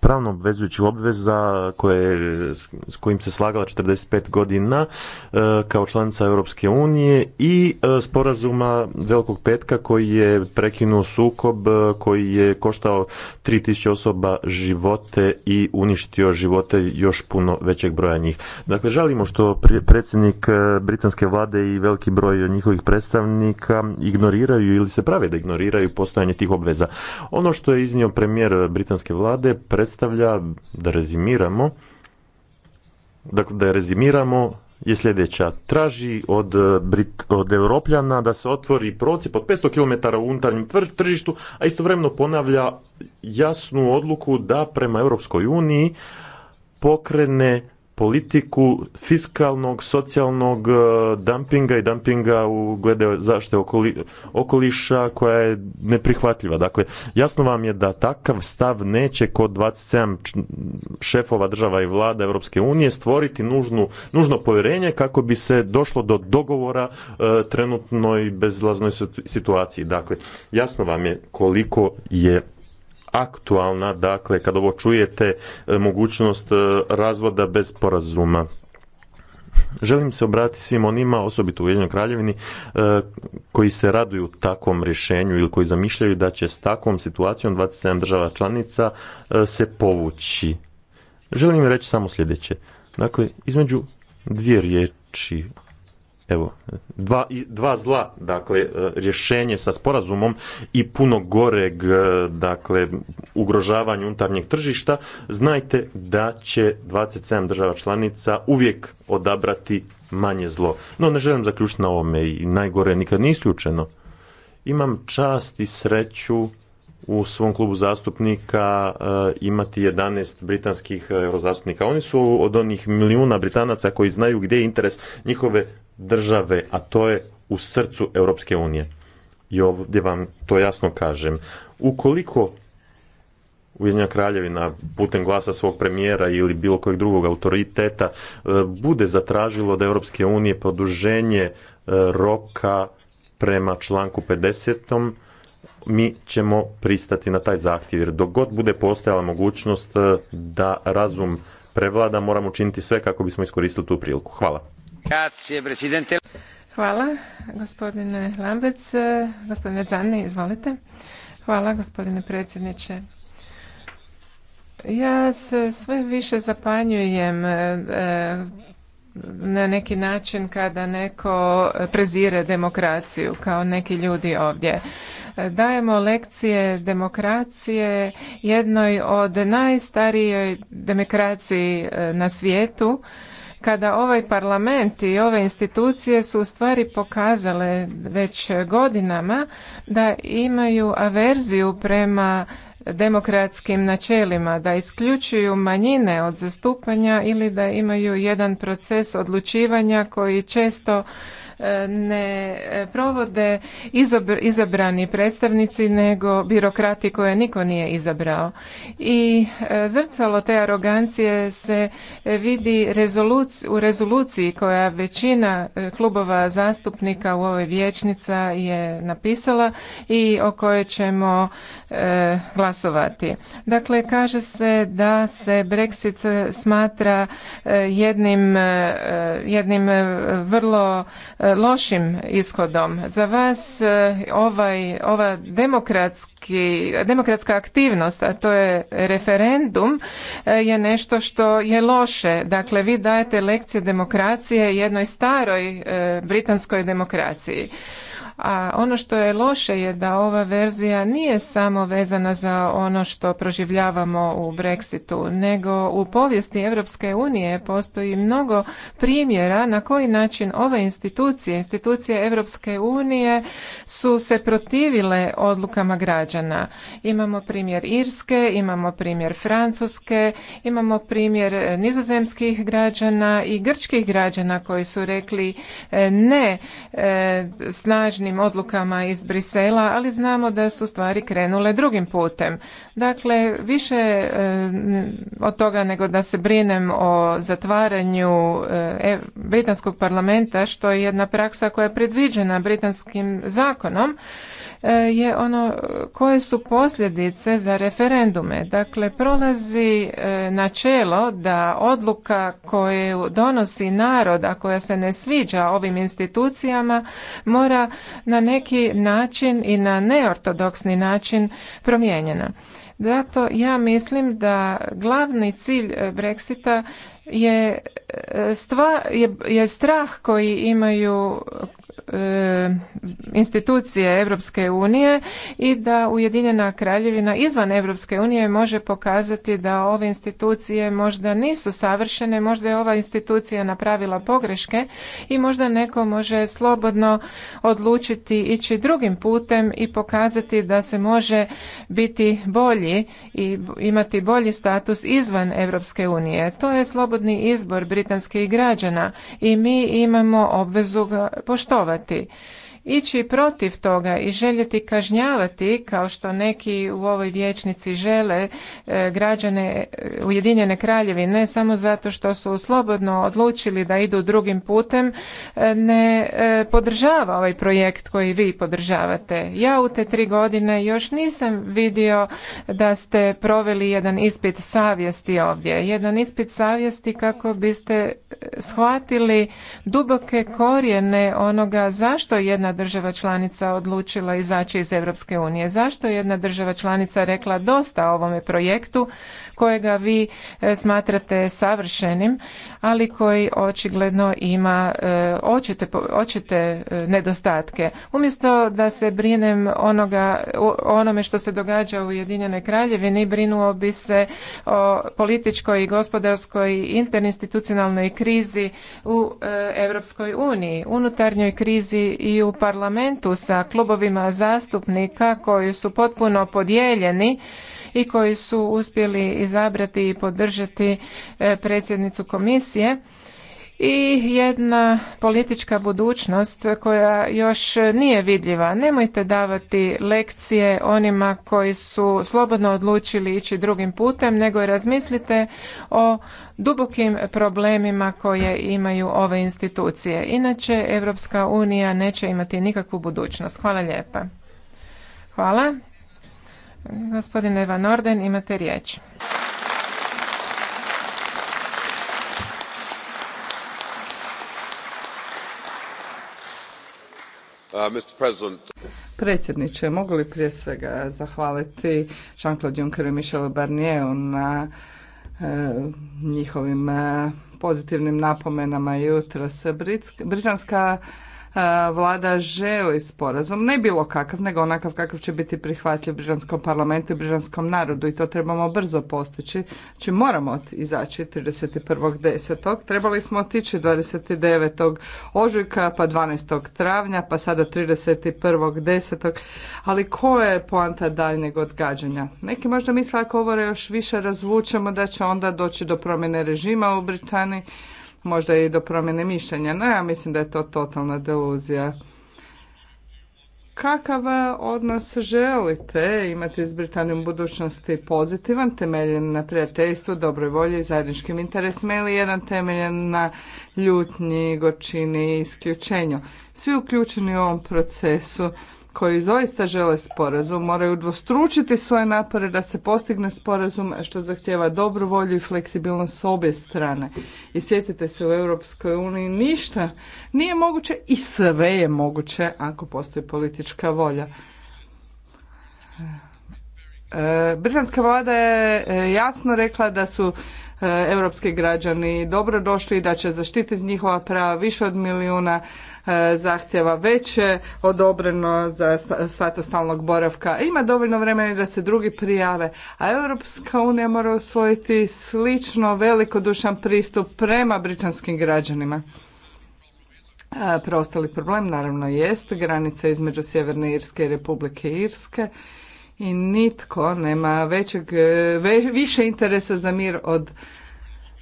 Speaker 2: pravno obvezujućih obveza koje, s kojim se slagala 45 godina e, kao članica Europske unije i e, sporazuma Velikog petka koji je prekinuo sukob e, koji je koštao 3000 osoba živote i uništio živote još puno većeg broja njih. Dakle, žalimo što predsjednik britanske vlade i veliki broj njihovih predstavnika ignoriraju ili se prave da ignoriraju postojanje tih obveza. Ono što je iznio premijer britanske vlade, predsjednik predstavlja, da rezimiramo, dakle da rezimiramo, je sljedeća. Traži od, eh, Brit, od Europljana da se otvori procip od 500 km u unutarnjem tržištu, a istovremeno ponavlja jasnu odluku da prema Europskoj uniji pokrene politiku fiskalnog, socijalnog e, dumpinga i dumpinga u glede zaštite okoliša koja je neprihvatljiva. Dakle, jasno vam je da takav stav neće kod 27 šefova država i vlada Europske unije stvoriti nužnu, nužno povjerenje kako bi se došlo do dogovora e, trenutnoj bezlaznoj situaciji. Dakle, jasno vam je koliko je aktualna, dakle kad ovo čujete, e, mogućnost e, razvoda bez porazuma. Želim se obratiti svim onima, osobito u Ujedinjenoj kraljevini, e, koji se raduju takvom rješenju ili koji zamišljaju da će s takvom situacijom 27 država članica se povući. Želim reći samo sljedeće. Dakle, između dvije riječi evo, dva, dva zla, dakle, e, rješenje sa sporazumom i puno goreg, e, dakle, ugrožavanja unutarnjeg tržišta, znajte da će 27 država članica uvijek odabrati manje zlo. No, ne želim zaključiti na ovome i najgore nikad nije isključeno. Imam čast i sreću u svom klubu zastupnika eh, imati 11 britanskih eh, eurozastupnika. Oni su od onih milijuna Britanaca koji znaju gdje je interes njihove države, a to je u srcu Europske unije. I ovdje vam to jasno kažem. Ukoliko Ujedinja kraljevina putem glasa svog premijera ili bilo kojeg drugog autoriteta eh, bude zatražilo od Europske unije produženje roka prema članku 50 mi ćemo pristati na taj zahtjev jer dok god bude postojala mogućnost e, da razum prevlada moramo učiniti sve kako bismo iskoristili tu priliku. Hvala.
Speaker 1: Hvala gospodine Lamberts. E, gospodine Zani, izvolite. Hvala gospodine predsjedniče. Ja se sve više zapanjujem e, na neki način kada neko prezire demokraciju kao neki ljudi ovdje dajemo lekcije demokracije jednoj od najstarijoj demokraciji e, na svijetu kada ovaj parlament i ove institucije su u stvari pokazale već godinama da imaju averziju prema demokratskim načelima, da isključuju manjine od zastupanja ili da imaju jedan proces odlučivanja koji često E, ne provode izabrani predstavnici nego birokrati koje niko nije izabrao. I e, zrcalo te arogancije se vidi u rezoluciji koja većina e, klubova zastupnika u ovoj vijećnica je napisala i o kojoj ćemo glasovati. Dakle, kaže se da se Brexit smatra jednim, jednim vrlo lošim ishodom. Za vas e, ovaj, ova demokratski, demokratska aktivnost, a to je referendum, e, je nešto što je loše. Dakle, vi dajete lekcije demokracije jednoj staroj e, britanskoj demokraciji. A ono što je loše je da ova verzija nije samo vezana za ono što proživljavamo u Brexitu, nego u povijesti Europske unije postoji mnogo primjera na koji način ove institucije, institucije Europske unije su se protivile odlukama građana. Imamo primjer Irske, imamo primjer Francuske, imamo primjer eh, nizozemskih građana i grčkih građana koji su rekli eh, ne eh, snažno snažnim odlukama iz Brisela, ali znamo da su stvari krenule drugim putem. Dakle, više e, od toga nego da se brinem o zatvaranju e, e, Britanskog parlamenta, što je jedna praksa koja je predviđena britanskim zakonom, E, je ono koje su posljedice za referendume. Dakle, prolazi e, načelo da odluka koju donosi narod, a koja se ne sviđa ovim institucijama, mora na neki način i na neortodoksni način promijenjena. Zato ja mislim da glavni cilj e, Brexita je, stva, je, je strah koji imaju E, institucije Europske unije i da Ujedinjena kraljevina izvan Europske unije može pokazati da ove institucije možda nisu savršene, možda je ova institucija napravila pogreške i možda neko može slobodno odlučiti ići drugim putem i pokazati da se može biti bolji i imati bolji status izvan Europske unije. To je slobodni izbor britanskih građana i mi imamo obvezu ga poštovati te ići protiv toga i željeti kažnjavati kao što neki u ovoj vječnici žele e, građane Ujedinjene Kraljevine samo zato što su slobodno odlučili da idu drugim putem e, ne e, podržava ovaj projekt koji vi podržavate. Ja u te tri godine još nisam vidio da ste proveli jedan ispit savjesti ovdje. Jedan ispit savjesti kako biste shvatili duboke korijene onoga zašto jedna država članica odlučila izaći iz Europske unije? Zašto je jedna država članica rekla dosta ovome projektu kojega vi e, smatrate savršenim, ali koji očigledno ima e, očite, e, nedostatke. Umjesto da se brinem onoga, onome što se događa u Ujedinjenoj Kraljevini, brinuo bi se o političkoj i gospodarskoj i interinstitucionalnoj krizi u Europskoj uniji, unutarnjoj krizi i u parlamentu sa klubovima zastupnika koji su potpuno podijeljeni i koji su uspjeli izabrati i podržati e, predsjednicu komisije i jedna politička budućnost koja još nije vidljiva. Nemojte davati lekcije onima koji su slobodno odlučili ići drugim putem, nego razmislite o dubokim problemima koje imaju ove institucije. Inače, Europska unija neće imati nikakvu budućnost. Hvala lijepa. Hvala. Gospodine Van Orden, imate riječ.
Speaker 2: Uh,
Speaker 4: Predsjedniče, mogu li prije svega zahvaliti Jean-Claude Juncker i Michel Barnieru na uh, njihovim uh, pozitivnim napomenama jutros. Britanska vlada želi sporazum, ne bilo kakav, nego onakav kakav će biti prihvatljiv britanskom parlamentu i britanskom narodu i to trebamo brzo postići. Znači moramo izaći 31.10. Trebali smo otići 29. ožujka, pa 12. travnja, pa sada 31.10. Ali koja je poanta daljnjeg odgađanja? Neki možda misle ako ovo još više razvučemo da će onda doći do promjene režima u Britaniji, možda i do promjene mišljenja. No ja mislim da je to totalna deluzija. Kakav e, odnos želite imati s Britanijom u budućnosti pozitivan, temeljen na prijateljstvu, dobroj volji i zajedničkim interesima ili jedan temeljen na ljutnji, gočini i isključenju? Svi uključeni u ovom procesu koji zaista žele sporazum moraju dvostručiti svoje napore da se postigne sporazum što zahtjeva dobru volju i fleksibilnost s obje strane. I sjetite se u Europskoj uniji ništa nije moguće i sve je moguće ako postoji politička volja. E, britanska vlada je e, jasno rekla da su E, europski građani dobro došli i da će zaštititi njihova prava više od milijuna e, zahtjeva već je odobreno za status stalnog boravka. Ima dovoljno vremena da se drugi prijave, a Europska unija mora usvojiti slično velikodušan pristup prema britanskim građanima. E, preostali problem naravno jest granica između Sjeverne Irske i Republike Irske i nitko nema većeg, e, više interesa za mir od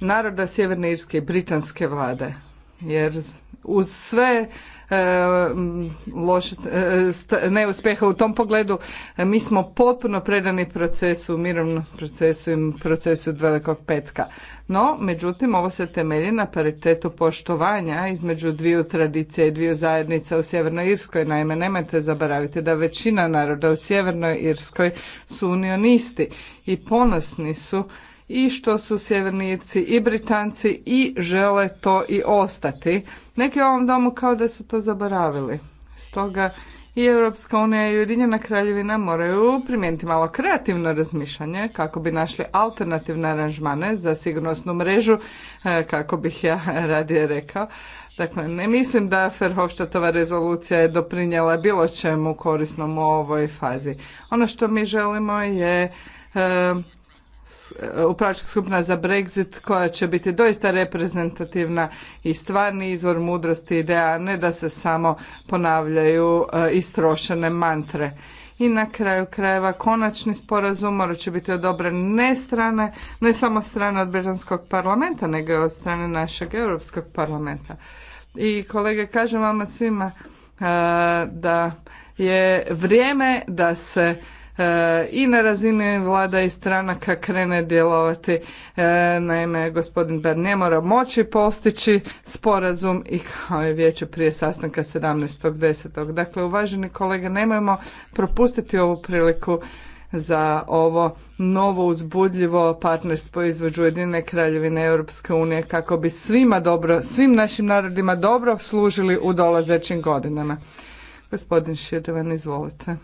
Speaker 4: naroda Sjeverne Irske i britanske vlade. Jer uz sve E, loše e, neuspjeha u tom pogledu. E, mi smo potpuno predani procesu, mirovnom procesu i procesu velikog petka. No, međutim, ovo se temelji na paritetu poštovanja između dviju tradicije i dviju zajednica u Sjevernoj Irskoj. Naime, nemojte zaboraviti da većina naroda u Sjevernoj Irskoj su unionisti i ponosni su i što su sjevernici i britanci i žele to i ostati. Neki u ovom domu kao da su to zaboravili. Stoga i Europska unija i Ujedinjena kraljevina moraju primijeniti malo kreativno razmišljanje kako bi našli alternativne aranžmane za sigurnosnu mrežu, e, kako bih ja [LAUGHS] radije rekao. Dakle, ne mislim da Ferhofštatova rezolucija je doprinjela bilo čemu korisnom u ovoj fazi. Ono što mi želimo je e, E, upravljačka skupina za Brexit koja će biti doista reprezentativna i stvarni izvor mudrosti ideja, a ne da se samo ponavljaju e, istrošene mantre. I na kraju krajeva konačni sporazum mora će biti odobren ne strane, ne samo strane od Britanskog parlamenta, nego i od strane našeg Europskog parlamenta. I kolege, kažem vama svima e, da je vrijeme da se E, i na razini vlada i stranaka krene djelovati. E, naime, gospodin Bar ne mora moći postići sporazum i kao je vijeće prije sastanka 17.10. Dakle, uvaženi kolege, nemojmo propustiti ovu priliku za ovo novo uzbudljivo partnerstvo između Jedine kraljevine Europske unije kako bi svima dobro, svim našim narodima dobro služili u dolazećim godinama. Gospodin Širvan, izvolite.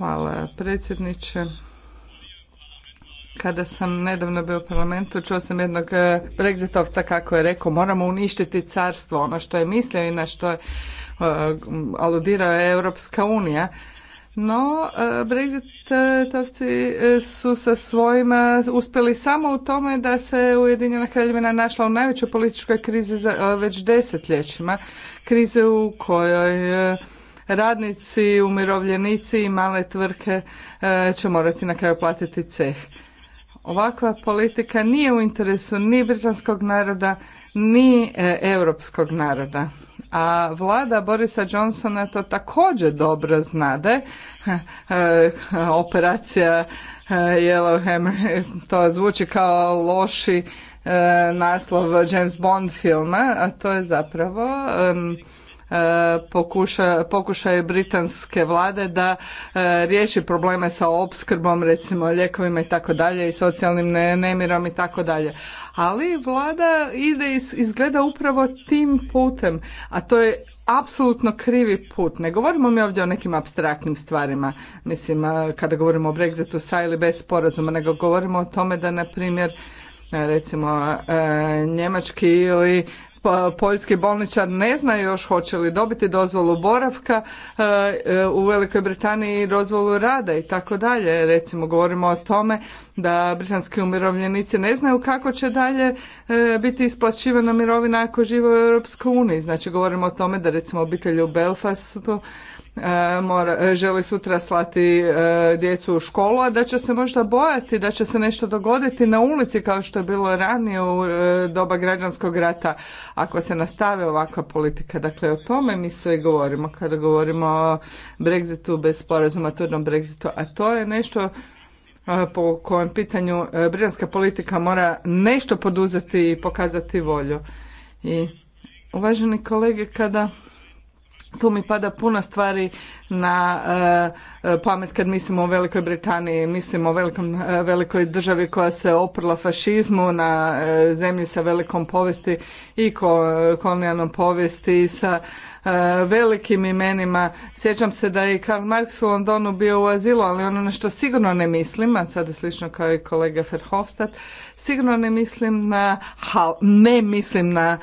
Speaker 4: Hvala predsjedniče. Kada sam nedavno bio u parlamentu, čuo sam jednog e, Brexitovca kako je rekao, moramo uništiti carstvo. Ono što je mislio i na što je aludirao je Europska unija. No, e, Brexitovci e, su sa svojima uspjeli samo u tome da se Ujedinjena kraljevina našla u najvećoj političkoj krizi za, već desetljećima. Krize u kojoj radnici, umirovljenici i male tvrtke e, će morati na kraju platiti ceh. Ovakva politika nije u interesu ni britanskog naroda, ni e, europskog naroda. A vlada Borisa Johnsona to također dobro znade. E, operacija Yellowhammer to zvuči kao loši naslov James Bond filma, a to je zapravo E, pokuša, pokušaje britanske vlade da e, riješi probleme sa opskrbom, recimo lijekovima i tako dalje i socijalnim nemirom i tako dalje. Ali vlada ide izgleda upravo tim putem, a to je apsolutno krivi put. Ne govorimo mi ovdje o nekim abstraktnim stvarima. Mislim, kada govorimo o Brexitu sa ili bez sporazuma, nego govorimo o tome da, na primjer, recimo e, Njemački ili pa, poljski bolničar ne zna još hoće li dobiti dozvolu boravka e, e, u Velikoj Britaniji dozvolu rada i tako dalje. Recimo govorimo o tome da britanski umirovljenici ne znaju kako će dalje e, biti isplaćivana mirovina ako žive u Europskoj uniji. Znači govorimo o tome da recimo obitelji u Belfastu E, mora, e, želi sutra slati e, djecu u školu, a da će se možda bojati da će se nešto dogoditi na ulici kao što je bilo ranije u doba građanskog rata ako se nastave ovakva politika. Dakle, o tome mi sve govorimo kada govorimo o Brexitu bez sporazuma, turnom Brexitu, a to je nešto po kojem pitanju britanska politika mora nešto poduzeti i pokazati volju. I uvaženi kolege, kada tu mi pada puno stvari na e, pamet kad mislim o Velikoj Britaniji, mislim o velikom, e, velikoj državi koja se oprla fašizmu na e, zemlji sa velikom povijesti i kolonijalnom povijesti i sa velikim imenima. Sjećam se da je Karl Marx u Londonu bio u azilu, ali ono na što sigurno ne mislim, a sada slično kao i kolega Verhofstadt, sigurno ne mislim na, ne mislim na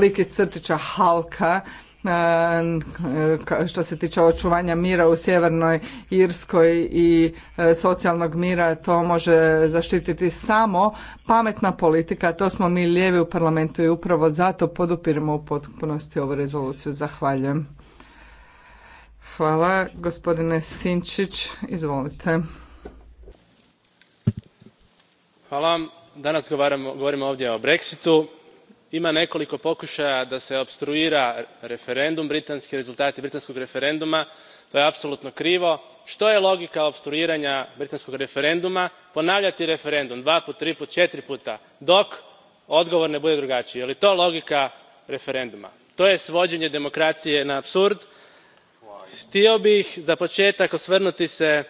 Speaker 4: lik iz crtića Halka, E, što se tiče očuvanja mira u Sjevernoj Irskoj i e, socijalnog mira to može zaštititi samo pametna politika, to smo mi lijevi u parlamentu i upravo zato podupiramo u potpunosti ovu rezoluciju. Zahvaljujem. Hvala. Gospodine Sinčić, izvolite.
Speaker 6: Hvala. Danas govorimo ovdje o Brexitu ima nekoliko pokušaja da se opstruira referendum britanski rezultati britanskog referenduma to je apsolutno krivo. što je logika opstruiranja britanskog referenduma ponavljati referendum dvaput triput četiri puta dok odgovor ne bude drugačiji. je li to logika referenduma? to je svođenje demokracije na apsurd. htio bih za početak osvrnuti se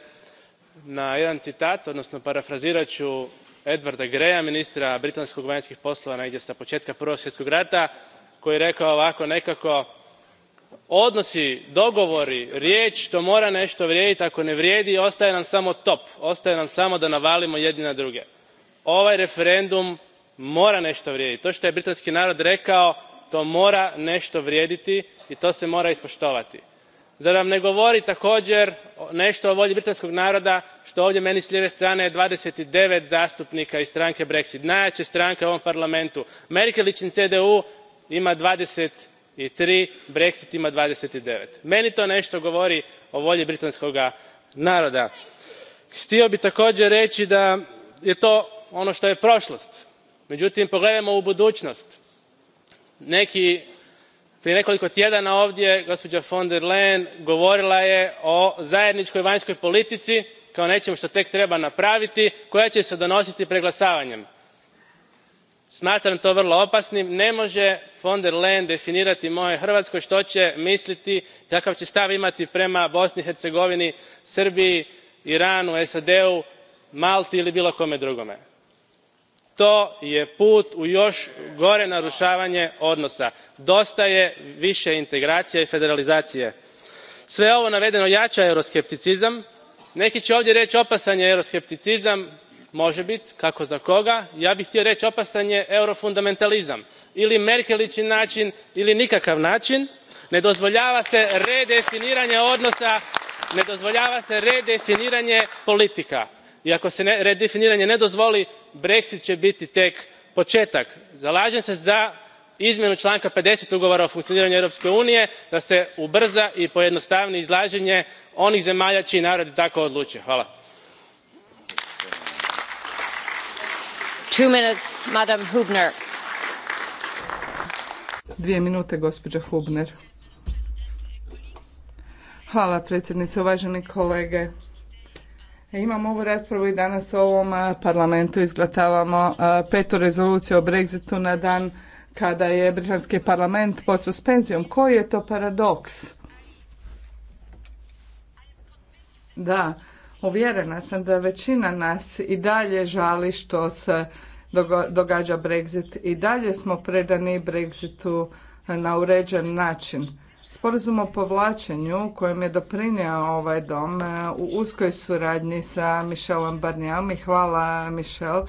Speaker 6: na jedan citat odnosno parafrazirat ću edwarda greya ministra britanskog vanjskih poslova negdje sa početka prvog svjetskog rata koji je rekao ovako nekako odnosi dogovori riječ to mora nešto vrijediti ako ne vrijedi ostaje nam samo top ostaje nam samo da navalimo jedni na druge. ovaj referendum mora nešto vrijediti. to što je britanski narod rekao to mora nešto vrijediti i to se mora ispoštovati zar vam ne govori takoer neto o volji britanskog naroda to ovdje meni s lijeve strane twenty nine zastupnika iz stranke brexit najjae stranke u ovom parlamentu i cdu ima twenty three brexit ima. twenty nine meni to neto govori o volji britanskoga naroda. htio bih takoer reći da je to ono to je prolost meutim pogledajmo u budunost neki prije nekoliko tjedana ovdje gospođa von der leyen govorila je o zajedničkoj vanjskoj politici kao nečemu što tek treba napraviti koja će se donositi preglasavanjem. smatram to vrlo opasnim. ne može von der leyen definirati mojoj hrvatskoj što će misliti kakav će stav imati prema bosni i hercegovini srbiji iranu sad u malti ili bilo kome drugome to je put u još gore narušavanje odnosa. dosta je više integracija i federalizacije. sve ovo navedeno jača euroskepticizam. neki će ovdje reći opasan je euroskepticizam može biti kako za koga ja bih htio reći opasan je eurofundamentalizam ili merkelički način ili nikakav način ne dozvoljava se redefiniranje odnosa ne dozvoljava se redefiniranje politika i ako se redefiniranje ne dozvoli brexit će biti tek početak. zalažem se za izmjenu članka fifty ugovora o funkcioniranju europske unije da se ubrza i pojednostavi izlaženje onih zemalja čiji narodi tako odluče. Hvala
Speaker 4: uvaženi kolege. E, imamo ovu raspravu i danas u ovom parlamentu izglatavamo petu rezoluciju o Brexitu na dan kada je britanski parlament pod suspenzijom. Koji je to paradoks? Da, uvjerena sam da većina nas i dalje žali što se događa Brexit. I dalje smo predani Brexitu na uređen način. Sporazum o povlačenju kojem je doprinio ovaj dom e, u uskoj suradnji sa Michelom Barnijevom i hvala Michel.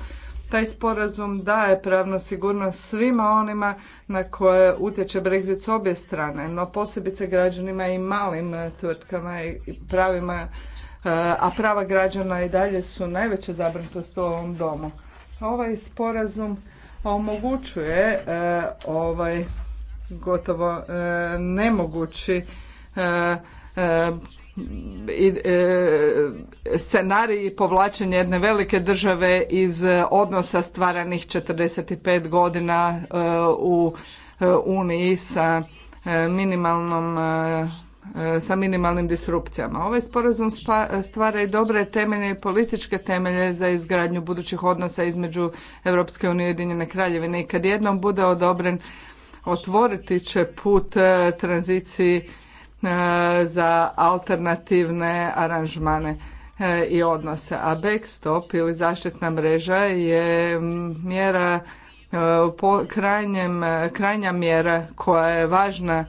Speaker 4: Taj sporazum daje pravnu sigurnost svima onima na koje utječe Brexit s obje strane, no posebice građanima i malim e, tvrtkama i pravima, e, a prava građana i dalje su najveća zabrinutost u ovom domu. Ovaj sporazum omogućuje ovaj gotovo e, nemogući e, e, scenarij povlačenja jedne velike države iz odnosa stvaranih 45 godina u Uniji sa minimalnom sa minimalnim disrupcijama. Ovaj sporazum stvara i dobre temelje i političke temelje za izgradnju budućih odnosa između Europske unije i Ujedinjene kraljevine i kad jednom bude odobren otvoriti će put e, tranziciji e, za alternativne aranžmane e, i odnose. A backstop ili zaštitna mreža je mjera krajnjem, krajnja mjera koja je važna,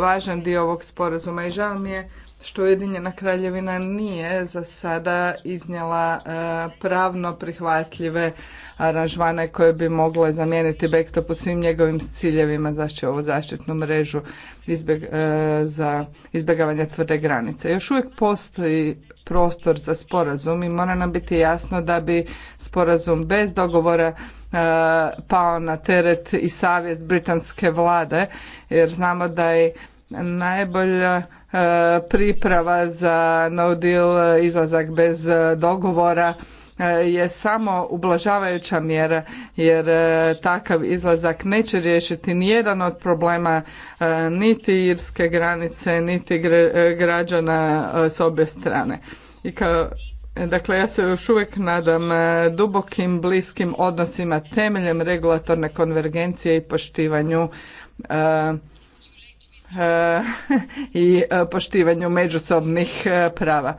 Speaker 4: važan dio ovog sporazuma i žao mi je što Ujedinjena kraljevina nije za sada iznijela e, pravno prihvatljive aranžmane koje bi mogle zamijeniti backstop u svim njegovim ciljevima, znači ovu zaštitnu mrežu e, za izbjegavanje tvrde granice. Još uvijek postoji prostor za sporazum i mora nam biti jasno da bi sporazum bez dogovora e, pao na teret i savjest britanske vlade jer znamo da je najbolja E, priprava za no deal, izlazak bez e, dogovora e, je samo ublažavajuća mjera jer takav izlazak neće riješiti nijedan od problema niti irske granice, niti građana s obje strane. I dakle, ja se još uvijek nadam dubokim, bliskim odnosima temeljem regulatorne konvergencije i poštivanju [LAUGHS] i e, poštivanju međusobnih e, prava.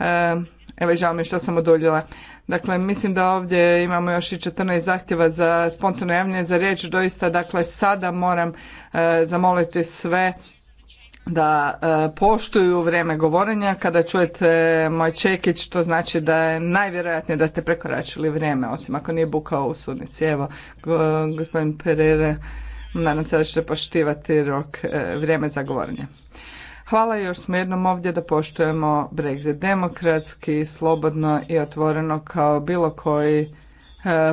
Speaker 4: E, evo, žao mi što sam oduljila. Dakle, mislim da ovdje imamo još i 14 zahtjeva za spontano javljanje za riječ. Doista, dakle, sada moram zamoliti sve da poštuju vrijeme govorenja. Kada čujete moj čekić, to znači da je najvjerojatnije da ste prekoračili vrijeme, osim ako nije bukao u sudnici. Evo, gospodin Pereira Nadam se da ćete poštivati rok, e, vrijeme za govorenje. Hvala još smo jednom ovdje da poštujemo Brexit demokratski, slobodno i otvoreno kao bilo koji e,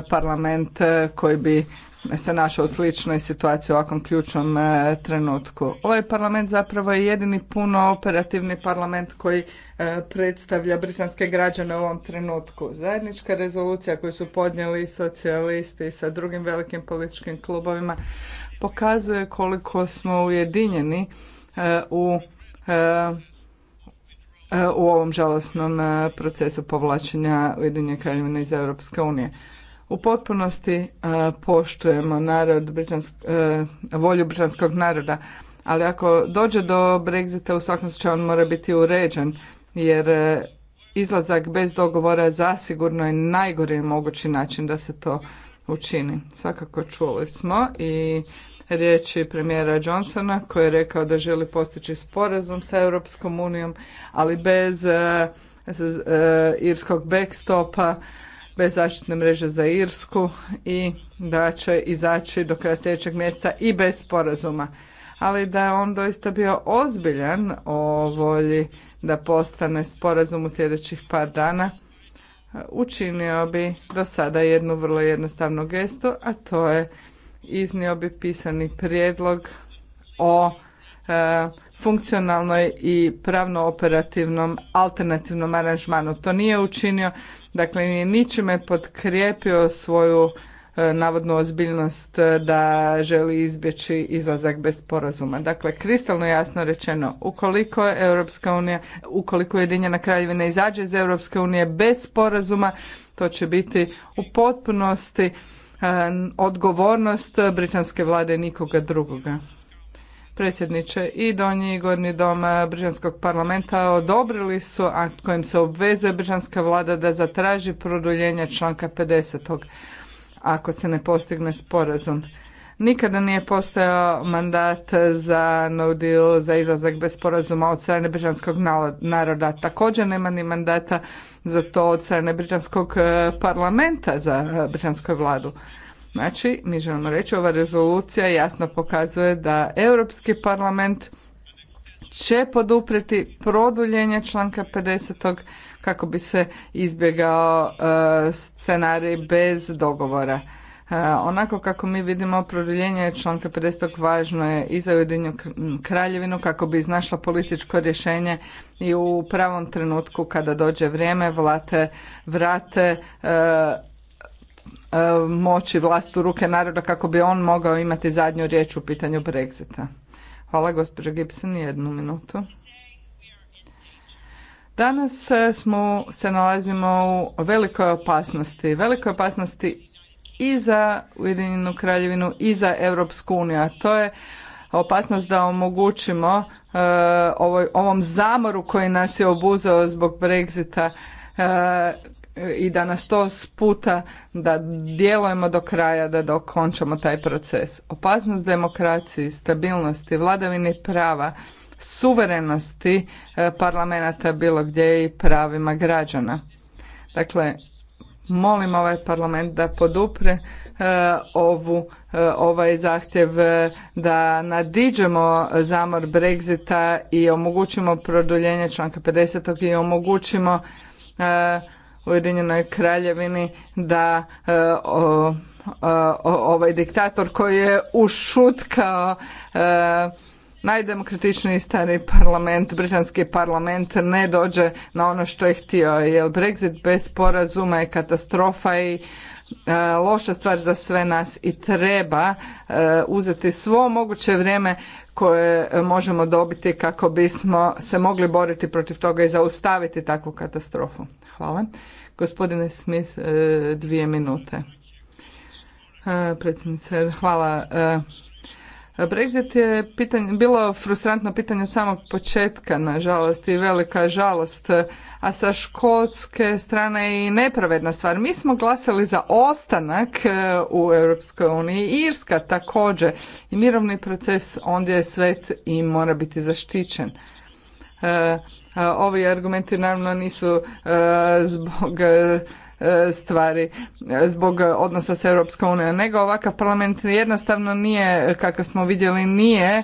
Speaker 4: parlament e, koji bi se našao u sličnoj situaciji u ovakvom ključnom trenutku. Ovaj parlament zapravo je jedini puno operativni parlament koji predstavlja britanske građane u ovom trenutku. Zajednička rezolucija koju su podnijeli socijalisti sa drugim velikim političkim klubovima pokazuje koliko smo ujedinjeni e, u e, e, u ovom žalosnom procesu povlačenja Ujedinjene kraljevine iz Europske unije. U potpunosti poštujemo narod, volju britanskog naroda, ali ako dođe do Brexita u svakom slučaju on mora biti uređen, jer izlazak bez dogovora zasigurno je najgori mogući način da se to učini. Svakako čuli smo i riječi premijera Johnsona koji je rekao da želi postići sporazum sa Europskom unijom, ali bez eh, eh, irskog backstopa, bez zaštitne mreže za Irsku i da će izaći do kraja sljedećeg mjeseca i bez sporazuma. Ali da je on doista bio ozbiljan o volji da postane sporazum u sljedećih par dana učinio bi do sada jednu vrlo jednostavnu gestu, a to je iznio bi pisani prijedlog o e, funkcionalnoj i pravno operativnom alternativnom aranžmanu. To nije učinio, dakle nije ničime potkrijepio svoju E, navodnu ozbiljnost e, da želi izbjeći izlazak bez sporazuma. Dakle, kristalno jasno rečeno, ukoliko je Europska unija, ukoliko Ujedinjena kraljevina izađe iz Europske unije bez sporazuma, to će biti u potpunosti e, odgovornost britanske vlade nikoga drugoga predsjedniče i donji i gornji dom Britanskog parlamenta odobrili su akt kojim se obvezuje britanska vlada da zatraži produljenje članka 50 ako se ne postigne sporazum. Nikada nije postojao mandat za no deal, za izlazak bez sporazuma od strane britanskog naroda. Također nema ni mandata za to od strane britanskog e, parlamenta za e, britansku vladu. Znači, mi želimo reći, ova rezolucija jasno pokazuje da Europski parlament će poduprijeti produljenje članka 50 kako bi se izbjegao e, scenarij bez dogovora. E, onako kako mi vidimo produljenje članka 50. važno je i za Ujedinju kraljevinu kako bi iznašla političko rješenje i u pravom trenutku kada dođe vrijeme vlate vrate e, moći vlast u ruke naroda kako bi on mogao imati zadnju riječ u pitanju Brexita. Hvala gospođo Gibson, jednu minutu. Danas e, smo, se nalazimo u velikoj opasnosti. Velikoj opasnosti i za Ujedinjenu kraljevinu i za Europsku uniju. A to je opasnost da omogućimo e, ovom zamoru koji nas je obuzeo zbog Brexita e, i da nas to sputa da djelujemo do kraja, da dokončamo taj proces. Opasnost demokraciji, stabilnosti, vladavini prava, suverenosti e, parlamenta bilo gdje i pravima građana. Dakle, molim ovaj parlament da podupre e, ovu, e, ovaj zahtjev da nadiđemo zamor Brexita i omogućimo produljenje članka 50. i omogućimo Ujedinjenoj kraljevini da ovaj diktator koji je ušutkao najdemokratičniji stari parlament, britanski parlament ne dođe na ono što je htio, jer Brexit bez sporazuma je katastrofa i e, loša stvar za sve nas i treba e, uzeti svo moguće vrijeme koje možemo dobiti kako bismo se mogli boriti protiv toga i zaustaviti takvu katastrofu. Hvala. Gospodine Smith, e, dvije minute. Predsjednice, hvala. Brexit je pitanje, bilo frustrantno pitanje od samog početka, nažalost, i velika žalost, a sa škotske strane i nepravedna stvar. Mi smo glasali za ostanak e, u Europskoj uniji, Irska također, i mirovni proces ondje je svet i mora biti zaštićen. E, ovi argumenti naravno nisu e, zbog E, stvari zbog odnosa s EU. nego ovakav parlament jednostavno nije, kakav smo vidjeli, nije e,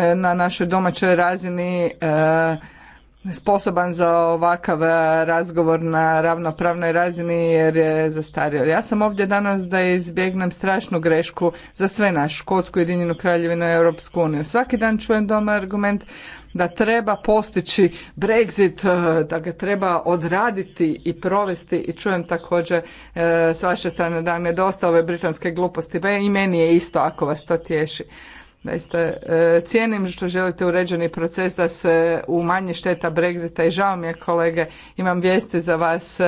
Speaker 4: e, na našoj domaćoj razini sposoban za ovakav e, razgovor na ravnopravnoj razini jer je zastario. Ja sam ovdje danas da izbjegnem strašnu grešku za sve naš Škotsku, Jedinjenu Kraljevinu i Europsku uniju. Svaki dan čujem doma argument da treba postići Brexit, e, da ga treba odraditi i provesti i čujem također e, s vaše strane da vam je dosta ove britanske gluposti. Pa i meni je isto ako vas to tješi. Zaista e, cijenim što želite uređeni proces da se umanji šteta Brexita i žao mi je kolege, imam vijesti za vas,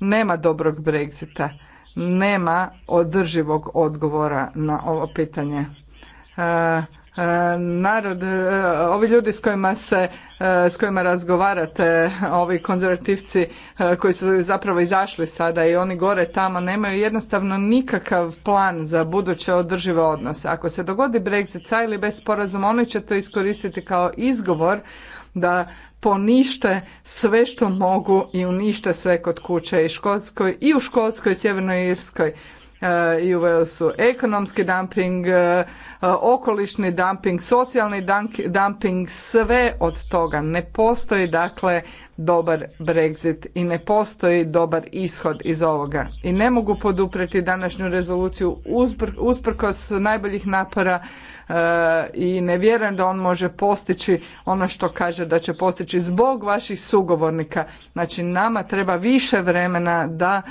Speaker 4: nema dobrog Brexita, nema održivog odgovora na ovo pitanje. E, E, narod, e, ovi ljudi s kojima se, e, s kojima razgovarate, ovi konzervativci koji su zapravo izašli sada i oni gore tamo nemaju jednostavno nikakav plan za buduće održive odnose. Ako se dogodi Brexit sa ili bez sporazuma, oni će to iskoristiti kao izgovor da ponište sve što mogu i unište sve kod kuće i Škotskoj i u Škotskoj i Sjevernoj Irskoj E, i uveo su ekonomski dumping, e, okolišni dumping, socijalni dumping, sve od toga. Ne postoji dakle dobar Brexit i ne postoji dobar ishod iz ovoga. I ne mogu poduprijeti današnju rezoluciju usprkos najboljih napora e, i ne vjerujem da on može postići ono što kaže da će postići zbog vaših sugovornika. Znači nama treba više vremena da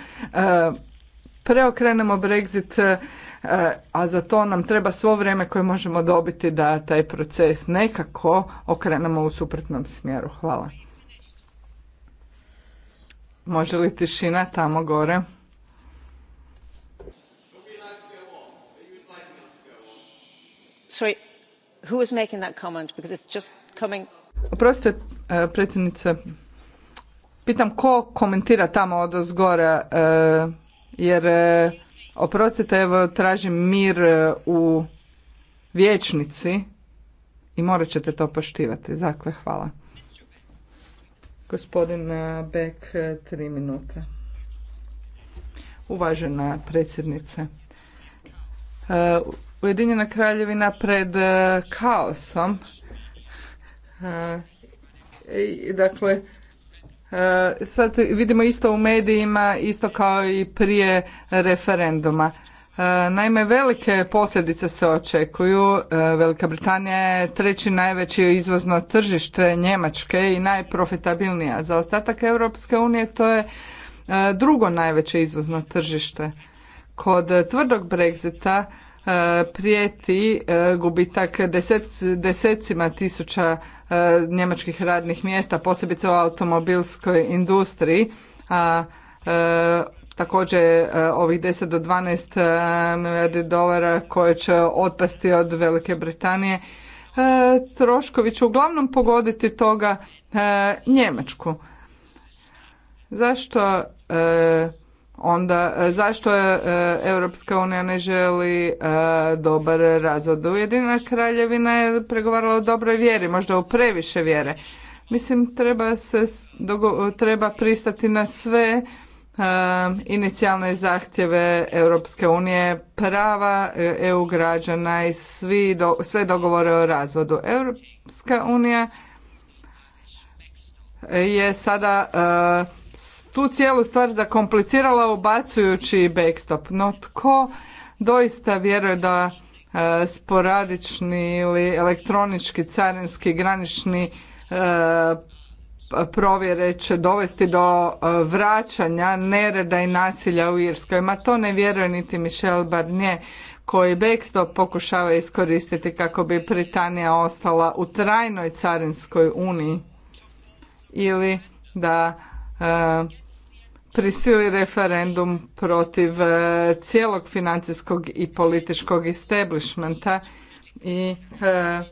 Speaker 4: preokrenemo Brexit, e, a za to nam treba svo vrijeme koje možemo dobiti da taj proces nekako okrenemo u suprotnom smjeru. Hvala. Može li tišina tamo gore? Sorry, Oprostite, predsjednice, pitam ko komentira tamo od jer e, oprostite evo tražim mir e, u vječnici i morat ćete to poštivati. Dakle hvala. Gospodin e, Beck, tri minute. Uvažena predsjednice. Ujedinjena kraljevina pred kaosom. Dakle, E, sad vidimo isto u medijima, isto kao i prije referenduma. E, naime, velike posljedice se očekuju. E, Velika Britanija je treći najveći izvozno tržište Njemačke i najprofitabilnija. Za ostatak Europske unije to je drugo najveće izvozno tržište. Kod tvrdog Brexita prijeti gubitak desecima tisuća E, njemačkih radnih mjesta, posebice u automobilskoj industriji, a e, također e, ovih 10 do 12 milijardi dolara koje će otpasti od Velike Britanije, troškovi će uglavnom pogoditi toga Njemačku. Zašto onda e, zašto je Europska unija ne želi e, dobar razvod? Ujedina kraljevina je pregovarala o dobroj vjeri, možda u previše vjere. Mislim, treba, se, treba pristati na sve e, inicijalne zahtjeve Europske unije, prava EU građana i svi sve dogovore o razvodu. Europska unija je sada tu cijelu stvar zakomplicirala ubacujući backstop. No tko doista vjeruje da e, sporadični ili elektronički carinski granični e, provjere će dovesti do e, vraćanja nereda i nasilja u Irskoj. Ma to ne vjeruje niti Michel Barnier koji backstop pokušava iskoristiti kako bi Britanija ostala u trajnoj carinskoj uniji ili da prisili referendum protiv e, cijelog financijskog i političkog establishmenta i e, e,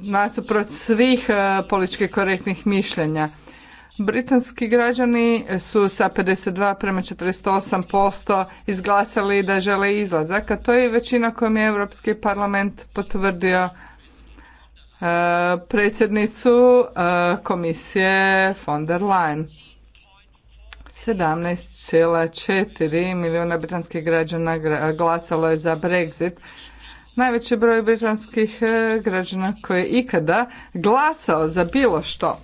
Speaker 4: nasuprot svih političkih korektnih mišljenja. Britanski građani su sa 52 prema 48% izglasali da žele izlazak, a to je većina kojom je Europski parlament potvrdio predsjednicu komisije von der Leyen. 17,4 milijuna britanskih građana glasalo je za Brexit. Najveći broj britanskih e, građana koji je ikada glasao za bilo što.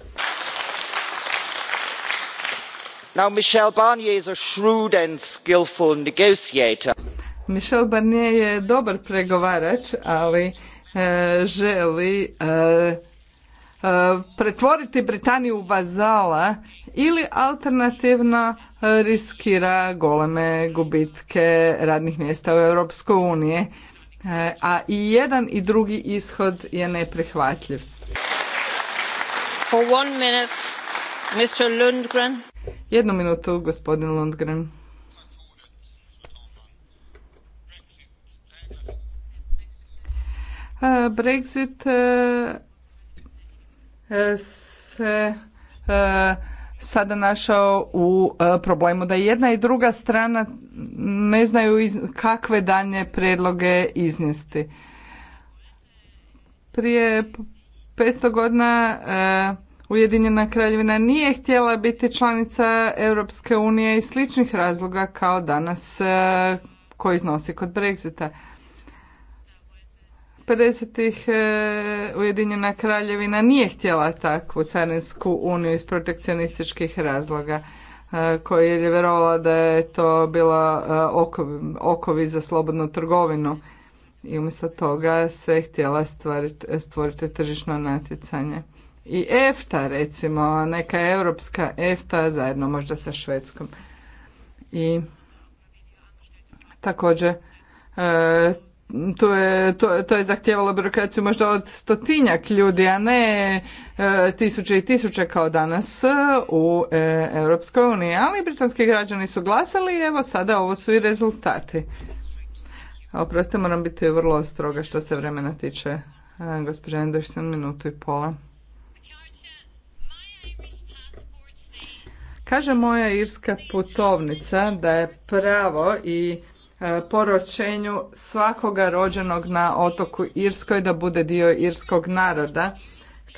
Speaker 4: Now Michel Barnier is a shrewd and skillful negotiator. Barnier je dobar pregovarač, ali e, želi e, E, pretvoriti Britaniju u vazala ili alternativno riskira goleme gubitke radnih mjesta u Europskoj uniji. E, a i jedan i drugi ishod je neprihvatljiv.
Speaker 7: For one
Speaker 4: Jednu minutu, gospodin Lundgren. E, Brexit se e, sada našao u e, problemu da jedna i druga strana ne znaju kakve daljnje prijedloge iznijesti. Prije 500 godina e, Ujedinjena kraljevina nije htjela biti članica Europske unije iz sličnih razloga kao danas koji iznosi kod Brexita. 50-ih e, Ujedinjena kraljevina nije htjela takvu carinsku uniju iz protekcionističkih razloga e, koji je vjerovala da je to bila e, okovi, za slobodnu trgovinu i umjesto toga se htjela stvoriti tržišno natjecanje. I EFTA recimo, neka europska EFTA zajedno možda sa Švedskom. I također to je, to, to je zahtjevalo birokraciju možda od stotinjak ljudi, a ne e, tisuće i tisuće kao danas e, u e, Europskoj uniji. Ali britanski građani su glasali i evo sada ovo su i rezultati. Oprostite, moram biti vrlo stroga što se vremena tiče. E, gospođa Anderson, minutu i pola. Kaže moja irska putovnica da je pravo i E, poročenju svakoga rođenog na otoku Irskoj da bude dio irskog naroda.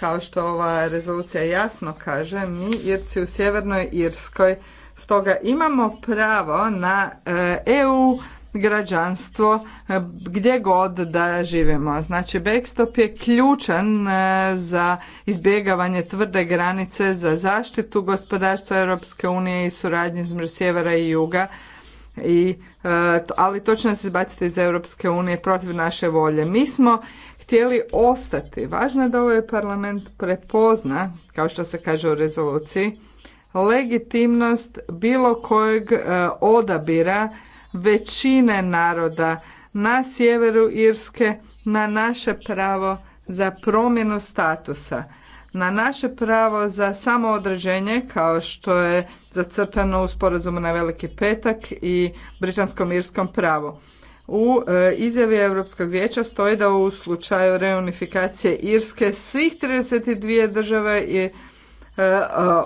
Speaker 4: Kao što ova rezolucija jasno kaže, mi Irci u Sjevernoj Irskoj stoga imamo pravo na e, EU građanstvo e, gdje god da živimo. Znači backstop je ključan za izbjegavanje tvrde granice, za zaštitu gospodarstva Europske unije i suradnje između sjevera i juga i ali točno će nas izbaciti iz Europske unije protiv naše volje. Mi smo htjeli ostati. Važno je da ovaj parlament prepozna, kao što se kaže u rezoluciji, legitimnost bilo kojeg e, odabira većine naroda na sjeveru Irske na naše pravo za promjenu statusa na naše pravo za samoodređenje kao što je zacrtano u sporazumu na Veliki petak i britanskom irskom pravu. U e, izjavi Europskog vijeća stoji da u slučaju reunifikacije Irske svih 32 države i e, e,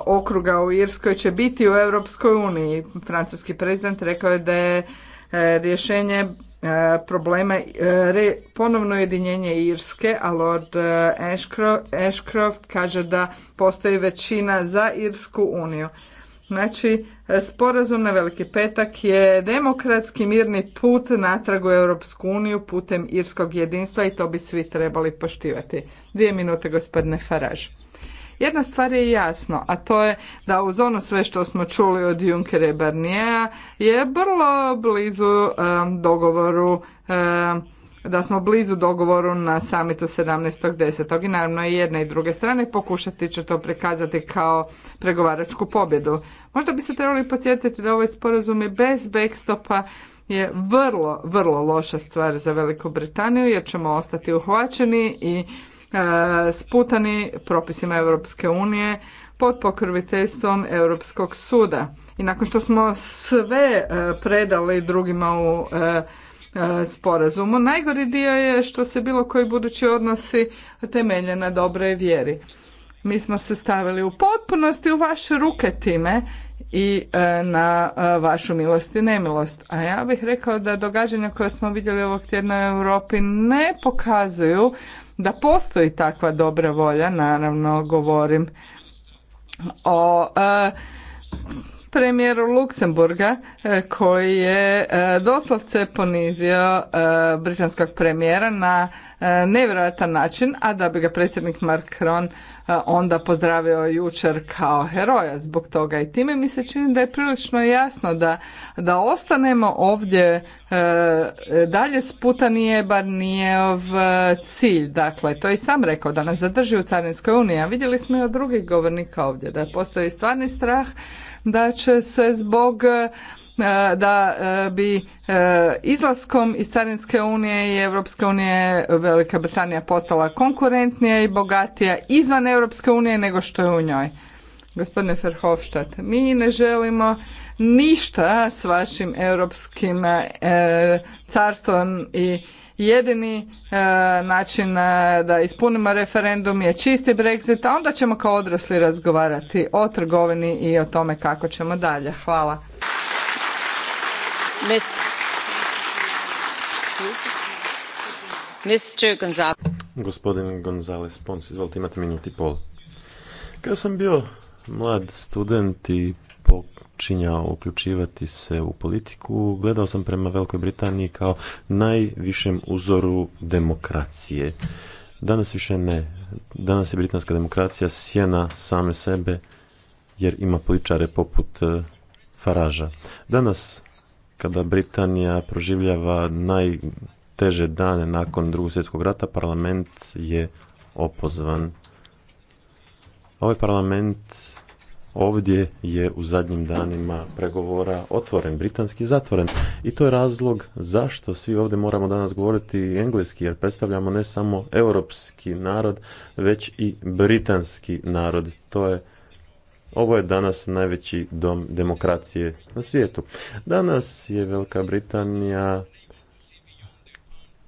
Speaker 4: okruga u Irskoj će biti u Europskoj uniji. Francuski prezident rekao je da je rješenje E, problema e, ponovno jedinjenje Irske, a Lord e, Ashcroft kaže da postoji većina za Irsku uniju. Znači, sporazum na Veliki petak je demokratski mirni put natrag u Europsku uniju putem irskog jedinstva i to bi svi trebali poštivati. Dvije minute, gospodine Faraž. Jedna stvar je jasno, a to je da uz ono sve što smo čuli od Junkere Barnijeja je vrlo blizu dogovoru da smo blizu dogovoru na samitu 17.10. i naravno i jedne i druge strane pokušati će to prikazati kao pregovaračku pobjedu. Možda bi se trebali podsjetiti da ovaj sporazum je bez backstopa je vrlo, vrlo loša stvar za Veliku Britaniju jer ćemo ostati uhvaćeni i E, sputani propisima Europske unije pod pokroviteljstvom Europskog suda. I nakon što smo sve e, predali drugima u e, sporazumu, najgori dio je što se bilo koji budući odnosi temelje na dobroj vjeri. Mi smo se stavili u potpunosti u vaše ruke time i na vašu milost i nemilost. A ja bih rekao da događanja koja smo vidjeli ovog tjedna u Europi ne pokazuju da postoji takva dobra volja, naravno govorim o e, premijeru Luksemburga e, koji je e, doslovce ponizio e, britanskog premijera na nevjerojatan način, a da bi ga predsjednik Macron onda pozdravio jučer kao heroja zbog toga. I time mi se čini da je prilično jasno da, da ostanemo ovdje dalje s puta nije bar nije ov cilj. Dakle, to je i sam rekao da nas zadrži u Carinskoj uniji, a vidjeli smo i od drugih govornika ovdje da postoji stvarni strah da će se zbog e, da e, bi e, izlaskom iz Carinske unije i Europske unije Velika Britanija postala konkurentnija i bogatija izvan Europske unije nego što je u njoj. Gospodine Verhofstadt, mi ne želimo ništa s vašim europskim e, carstvom i jedini e, način e, da ispunimo referendum je čisti Brexit, a onda ćemo kao odrasli razgovarati o trgovini i o tome kako ćemo dalje. Hvala.
Speaker 2: Gospodin Gonzales Pons, izvolite, imate minut i pol. Kada sam bio mlad student i činjao uključivati se u politiku, gledao sam prema Velikoj Britaniji kao najvišem uzoru demokracije. Danas više ne. Danas je britanska demokracija sjena same sebe jer ima političare poput e, Faraža. Danas kada Britanija proživljava najteže dane nakon drugog svjetskog rata, parlament je opozvan. Ovaj parlament ovdje je u zadnjim danima pregovora otvoren, britanski zatvoren. I to je razlog zašto svi ovdje moramo danas govoriti engleski, jer predstavljamo ne samo europski narod, već i britanski narod. To je ovo je danas najveći dom demokracije na svijetu. Danas je Velika Britanija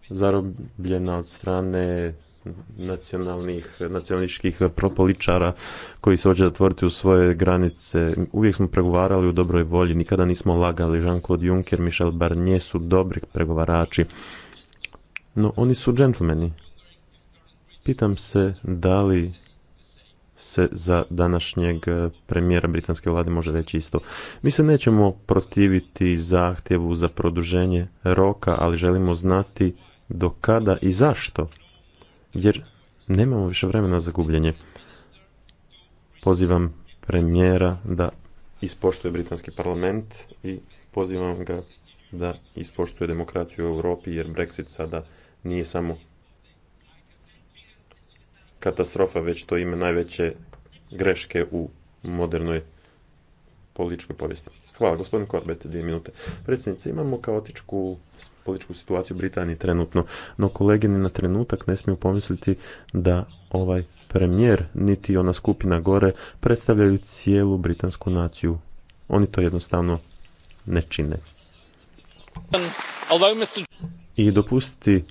Speaker 2: zarobljena od strane nacionalnih, nacionalističkih propoličara koji se hoće zatvoriti u svoje granice. Uvijek smo pregovarali u dobroj volji, nikada nismo lagali. Jean-Claude Juncker, Michel Barnier su dobri pregovarači. No, oni su džentlmeni. Pitam se da li se za današnjeg eh, premijera britanske vlade može reći isto. Mi se nećemo protiviti zahtjevu za produženje roka, ali želimo znati do kada i zašto jer nemamo više vremena za gubljenje. Pozivam premijera da ispoštuje britanski parlament i pozivam ga da ispoštuje demokraciju u Europi jer Brexit sada nije samo katastrofa, već to ima najveće greške u modernoj političkoj povijesti. Hvala, gospodin Korbet, dvije minute. Predsjednice, imamo kaotičku političku situaciju u Britaniji trenutno. No kolege ni na trenutak ne smiju pomisliti da ovaj premijer niti ona skupina gore predstavljaju cijelu britansku naciju. Oni to jednostavno ne čine. I dopustiti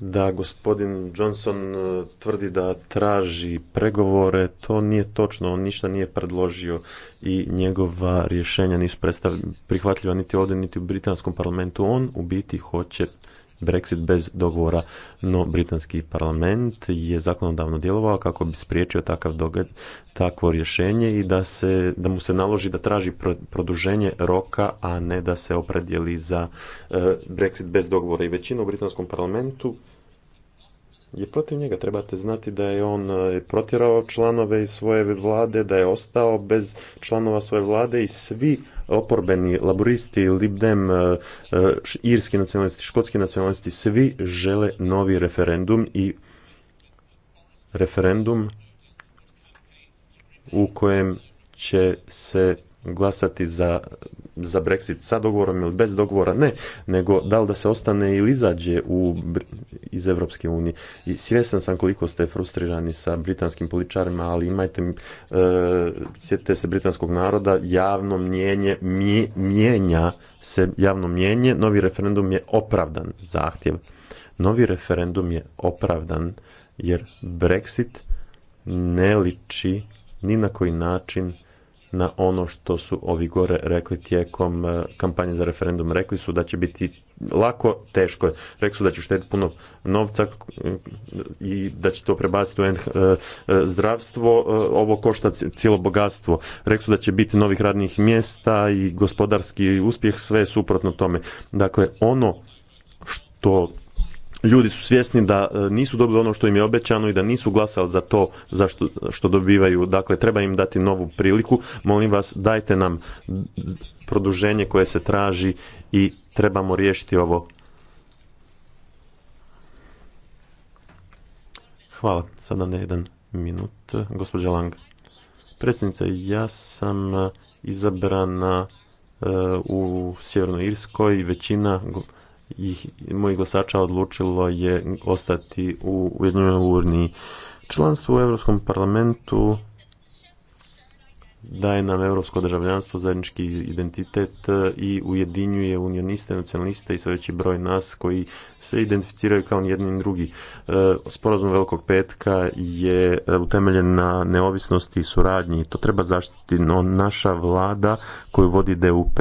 Speaker 2: da gospodin Johnson e, tvrdi da traži pregovore, to nije točno, on ništa nije predložio i njegova rješenja nisu prihvatljiva niti ovdje, niti u britanskom parlamentu. On u biti hoće Brexit bez dogovora, no britanski parlament je zakonodavno djelovao kako bi spriječio takav takvo rješenje i da, se, da mu se naloži da traži produženje roka, a ne da se opredjeli za e, Brexit bez dogovora. I većina u britanskom parlamentu je protiv njega. Trebate znati da je on e, protjerao članove iz svoje vlade, da je ostao bez članova svoje vlade i svi oporbeni laboristi, libdem, e, e, irski nacionalisti, škotski nacionalisti, svi žele novi referendum i referendum u kojem će se glasati za za Brexit sa dogovorom ili bez dogovora, ne, nego da li da se ostane ili izađe iz Europske unije. I svjestan sam koliko ste frustrirani sa britanskim političarima, ali imajte, e, sjetite se britanskog naroda, javno mjenje, mijenja se javno mjenje, novi referendum je opravdan zahtjev. Novi referendum je opravdan jer Brexit ne liči ni na koji način na ono što su ovi gore rekli tijekom e, kampanje za referendum. Rekli su da će biti lako, teško je. Rekli su da će štediti puno novca e, i da će to prebaciti u e, zdravstvo. Ovo košta cijelo bogatstvo. Rekli su da će biti novih radnih mjesta i gospodarski uspjeh, sve je suprotno tome. Dakle, ono što ljudi su svjesni da e, nisu dobili ono što im je obećano i da nisu glasali za to za što, što dobivaju. Dakle, treba im dati novu priliku. Molim vas, dajte nam produženje koje se traži i trebamo riješiti ovo. Hvala. Sada na jedan minut. Gospođa Lang. Predsjednice, ja sam e, izabrana e, u Sjevernoj Irskoj. Većina ih, mojih glasača odlučilo je ostati u Ujedinjenoj urni. Članstvo u Europskom parlamentu daje nam europsko državljanstvo, zajednički identitet i ujedinjuje unioniste, nacionaliste i sve veći broj nas koji se identificiraju kao jedni i drugi. E, sporazum Velikog petka je utemeljen na neovisnosti i suradnji. To treba zaštiti, no naša vlada koju vodi DUP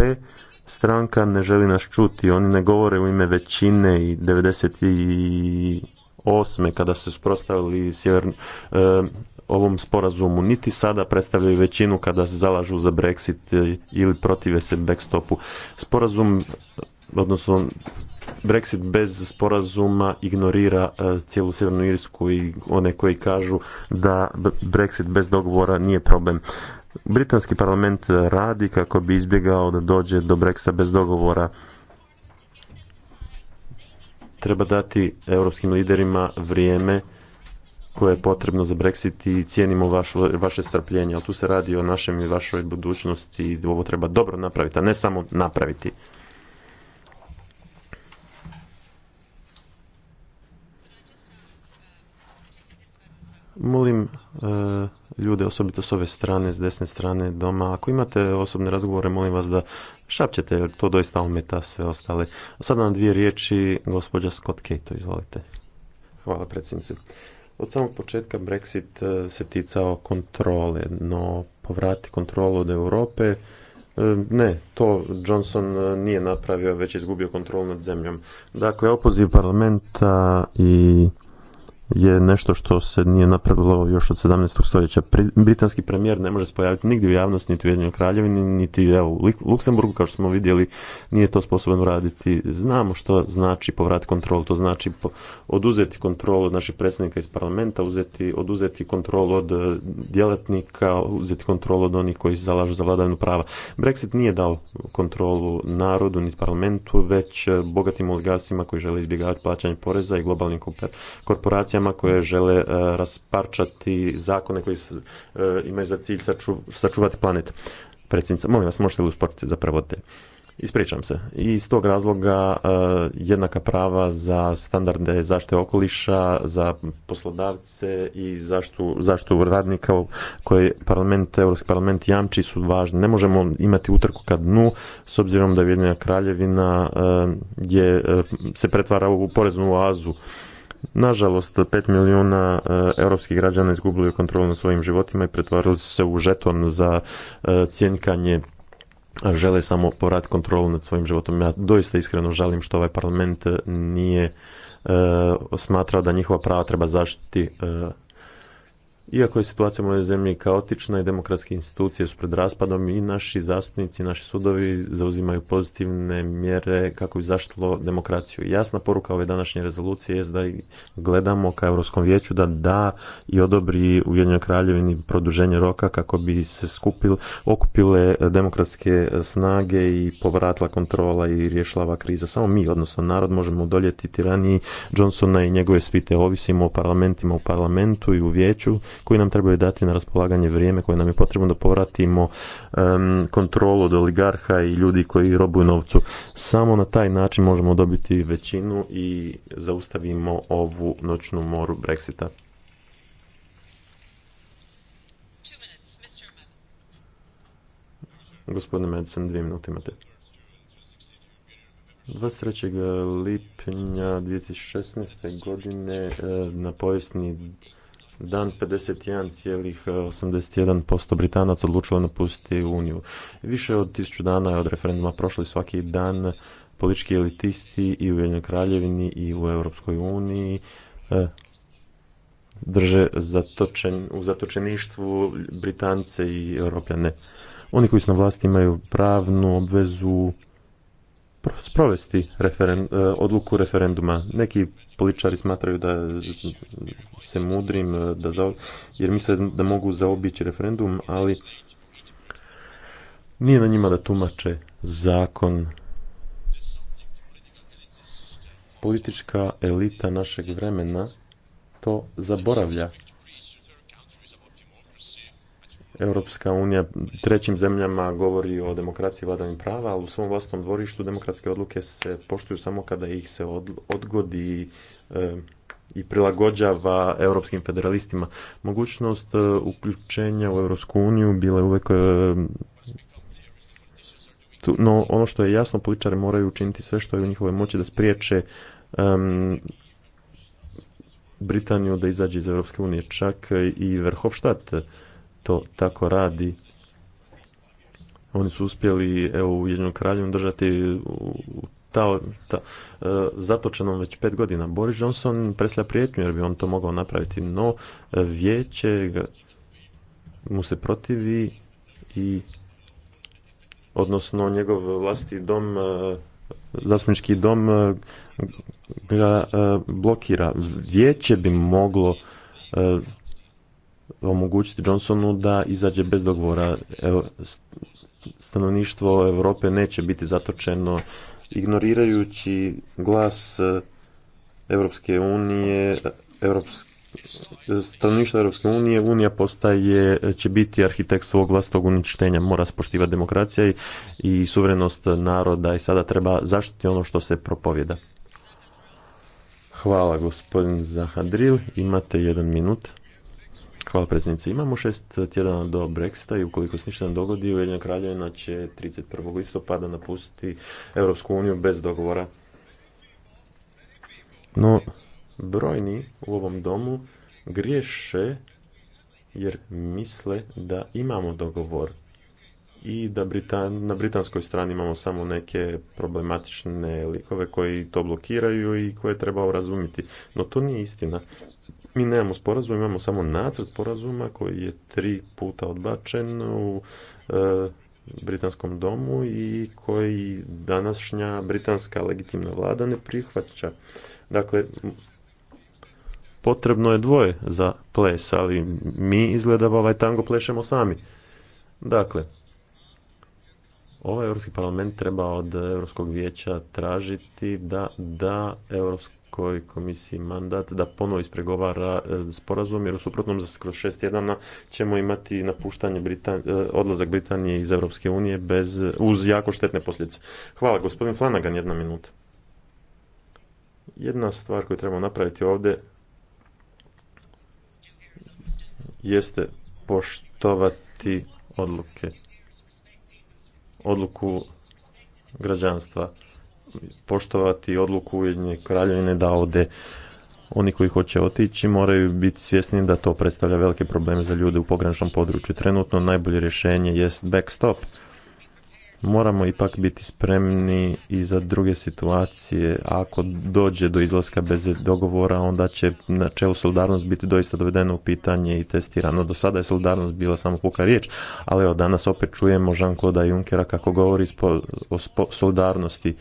Speaker 2: stranka ne želi nas čuti, oni ne govore u ime većine i 98. kada se suprostavili e, ovom sporazumu, niti sada predstavljaju većinu kada se zalažu za Brexit e, ili protive se backstopu. Sporazum, odnosno Brexit bez sporazuma ignorira e, cijelu Sjevernu Irsku i one koji kažu da Brexit bez dogovora nije problem. Britanski parlament radi kako bi izbjegao da dođe do Brexita bez dogovora. Treba dati europskim liderima vrijeme koje je potrebno za Brexit i cijenimo vaše strpljenje. Ali tu se radi o našem i vašoj budućnosti i ovo treba dobro napraviti, a ne samo napraviti. Molim e, ljude, osobito s ove strane, s desne strane doma. Ako imate osobne razgovore, molim vas da šapćete, jer to doista ometa sve ostale. A sada nam dvije riječi, gospođa Scott Cato, izvolite. Hvala predsjednice. Od samog početka Brexit eh, se ticao kontrole, no povrati kontrolu od Europe, eh, ne, to Johnson eh, nije napravio, već je izgubio kontrolu nad zemljom. Dakle, opoziv parlamenta i je nešto što se nije napravilo još od 17. stoljeća. Britanski premijer ne može se pojaviti nigdje u javnosti, niti u Ujedinjenoj kraljevini, niti evo, u Luksemburgu, kao što smo vidjeli, nije to sposobno raditi. Znamo što znači povrat kontrolu, to znači oduzeti kontrolu od naših predsjednika iz parlamenta, oduzeti kontrolu od e, djelatnika, uzeti kontrolu od onih koji se zalažu za vladavinu prava. Brexit nije dao kontrolu narodu, niti parlamentu, već e, bogatim oligarsima koji žele izbjegavati plaćanje poreza i globalnim korporacijama organizacijama koje žele e, rasparčati zakone koji e, imaju za cilj sačuvati planet. Predsjednica, molim vas, možete li usporiti za prevoditelje? Ispričam se. I iz tog razloga e, jednaka prava za standarde zaštite okoliša, za poslodavce i zaštitu, radnika koje parlament, Europski parlament jamči su važni. Ne možemo imati utrku ka dnu s obzirom da Vjedinja kraljevina gdje se pretvara u poreznu oazu Nažalost, 5 milijuna e, europskih građana izgubili kontrolu nad svojim životima i pretvarili su se u žeton za e, cjenjkanje, žele samo porad kontrolu nad svojim životom. Ja doista iskreno žalim što ovaj parlament e, nije smatrao da njihova prava treba zaštiti iako je situacija u mojoj zemlji kaotična i demokratske institucije su pred raspadom i naši zastupnici i naši sudovi zauzimaju pozitivne mjere kako bi zaštilo demokraciju. Jasna poruka ove današnje rezolucije je da gledamo ka Europskom vijeću da da i odobri Jednoj kraljevini produženje roka kako bi se skupil, okupile demokratske snage i povratila kontrola i ova kriza. Samo mi, odnosno narod, možemo udoljeti tiraniji Johnsona i njegove svite ovisimo o parlamentima u parlamentu i u vijeću koji nam trebaju dati na raspolaganje vrijeme koje nam je potrebno da povratimo kontrolu od oligarha i ljudi koji robuju novcu. Samo na taj način možemo dobiti većinu i zaustavimo ovu noćnu moru Brexita. Gospodine Madison, dvije minute imate. 23. lipnja 2016. godine eh, na povijesni dan 51,81% eh, Britanaca odlučilo napustiti Uniju. Više od tisuću dana je od referenduma prošli svaki dan politički elitisti i u Jednoj kraljevini i u Europskoj uniji eh, drže zatočen, u zatočeništvu Britance i Europljane. Oni koji su na vlasti imaju pravnu obvezu sprovesti eh, odluku referenduma. Neki političari smatraju da se mudrim, eh, da jer misle da mogu zaobići referendum, ali nije na njima da tumače zakon. Politička elita našeg vremena to zaboravlja Europska unija trećim zemljama govori o demokraciji i vladavini prava, ali u svom vlastnom dvorištu demokratske odluke se poštuju samo kada ih se odgodi e, i prilagođava europskim federalistima. Mogućnost e, uključenja u Europsku uniju bila je e, tu, no ono što je jasno, političari moraju učiniti sve što je u njihovoj moći da spriječe Britaniju da izađe iz Europske unije. Čak i Verhofstadt to tako radi. Oni su uspjeli evo, u Jednom kralju držati u ta, e, zatočenom već pet godina. Boris Johnson preslja prijetnju jer bi on to mogao napraviti, no e, vijeće mu se protivi i odnosno njegov vlasti dom e, zastupnički dom ga blokira. Vijeće bi moglo omogućiti Johnsonu da izađe bez dogovora. Evo, stanovništvo Europe neće biti zatočeno ignorirajući glas Europske eh, unije, Europske stanovništva Europske unije, Unija postaje, će biti arhitekt svog vlastnog uništenja, mora spoštivati demokracija i, i suverenost naroda i sada treba zaštiti ono što se propovjeda. Hvala gospodin Zahadril, imate jedan minut. Hvala predsjednice. Imamo šest tjedana do Brexita i ukoliko se ništa ne dogodi, Ujedinjena kraljevina će 31. listopada napustiti Europsku uniju bez dogovora. No, brojni u ovom domu griješe jer misle da imamo dogovor i da Britan, na britanskoj strani imamo samo neke problematične likove koji to blokiraju i koje treba razumjeti. No to nije istina. Mi nemamo sporazum, imamo samo nacrt sporazuma koji je tri puta odbačen u e, Britanskom domu i koji današnja britanska legitimna vlada ne prihvaća. Dakle, potrebno je dvoje za ples, ali mi izgleda ovaj tango plešemo sami. Dakle, ovaj Europski parlament treba od Europskog vijeća tražiti da da europsko Europskoj komisiji mandat da ponovo ispregovara e, sporazum jer u suprotnom za kroz šest tjedana ćemo imati napuštanje Britan... E, odlazak Britanije iz Europske unije bez, uz jako štetne posljedice. Hvala gospodin Flanagan, jedna minuta. Jedna stvar koju trebamo napraviti ovdje jeste poštovati odluke odluku građanstva poštovati odluku Ujedinjene kraljevine da ode oni koji hoće otići moraju biti svjesni da to predstavlja velike probleme za ljude u pograničnom području. Trenutno najbolje rješenje jest backstop. Moramo ipak biti spremni i za druge situacije. Ako dođe do izlaska bez dogovora, onda će čelu solidarnost biti doista dovedeno u pitanje i testirano. Do sada je solidarnost bila samo puka riječ, ali evo danas opet čujemo Jean-Claude Junckera kako govori o solidarnosti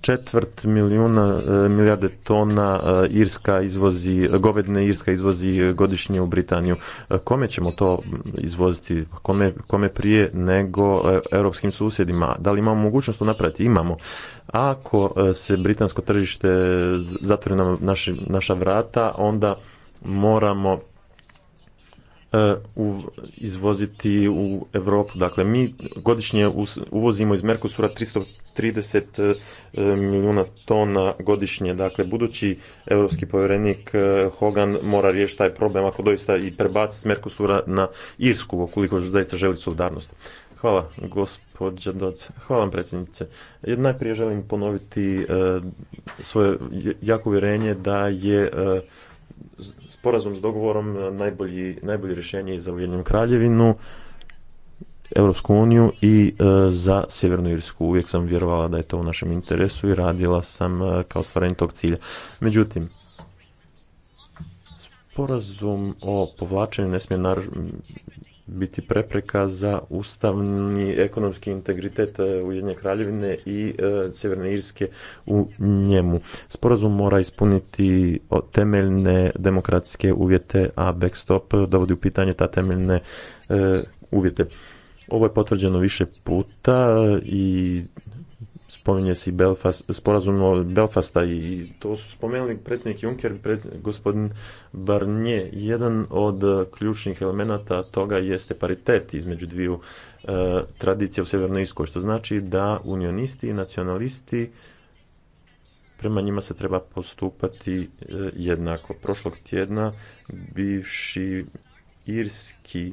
Speaker 2: četvrt milijuna e, milijarde tona e, irska izvozi, govedne irska izvozi godišnje u Britaniju. E, kome ćemo to izvoziti? Kome, kome prije nego europskim susjedima? Da li imamo mogućnost to napraviti? Imamo. Ako se britansko tržište zatvori na naša vrata, onda moramo u, izvoziti u Europu. Dakle, mi godišnje uvozimo iz Merkusura 300 30 eh, milijuna tona godišnje. Dakle, budući europski povjerenik eh, Hogan mora riješiti taj problem ako doista i prebaci s na Irsku, ukoliko zaista želi solidarnost. Hvala, gospođa Doc. Hvala vam, predsjednice. Najprije želim ponoviti eh, svoje jako uvjerenje da je sporazum s dogovorom najbolji, najbolje rješenje za Ujedinjenu kraljevinu. Europsku uniju i e, za Sjevernu Irsku. Uvijek sam vjerovala da je to u našem interesu i radila sam e, kao stvaranje tog cilja. Međutim, sporazum o povlačenju ne smije nar biti prepreka za ustavni ekonomski integritet e, Ujedinjene kraljevine i Sjeverne Irske u njemu. Sporazum mora ispuniti temeljne demokratske uvjete, a backstop dovodi u pitanje ta temeljne uvjete. Ovo je potvrđeno više puta i spominje se i Belfast, sporazum o Belfasta i to su spomenuli predsjednik Juncker i gospodin Barnier. Jedan od ključnih elemenata toga jeste paritet između dviju e, tradicija u Sjevernoj Iskoj, što znači da unionisti i nacionalisti prema njima se treba postupati e, jednako. Prošlog tjedna bivši irski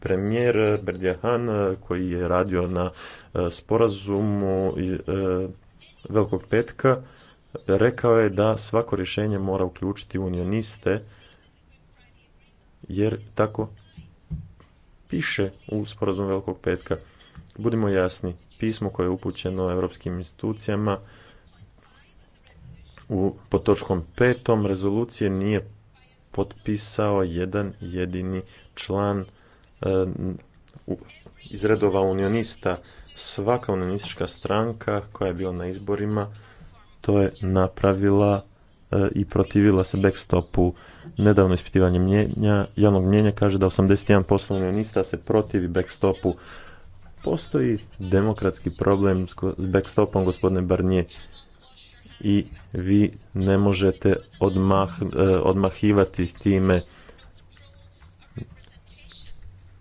Speaker 2: premijer Berdjahan eh, koji je radio na eh, sporazumu eh, Velkog petka rekao je da svako rješenje mora uključiti unioniste jer tako piše u sporazumu Velikog petka. Budimo jasni, pismo koje je upućeno europskim institucijama u, pod točkom petom rezolucije nije potpisao jedan jedini član iz redova unionista. Svaka unionistička stranka koja je bila na izborima to je napravila eh, i protivila se backstopu. Nedavno ispitivanje mjenja, javnog mjenja kaže da 81% unionista se protivi backstopu. Postoji demokratski problem s backstopom, gospodine Barnier, i vi ne možete odmah, eh, odmahivati time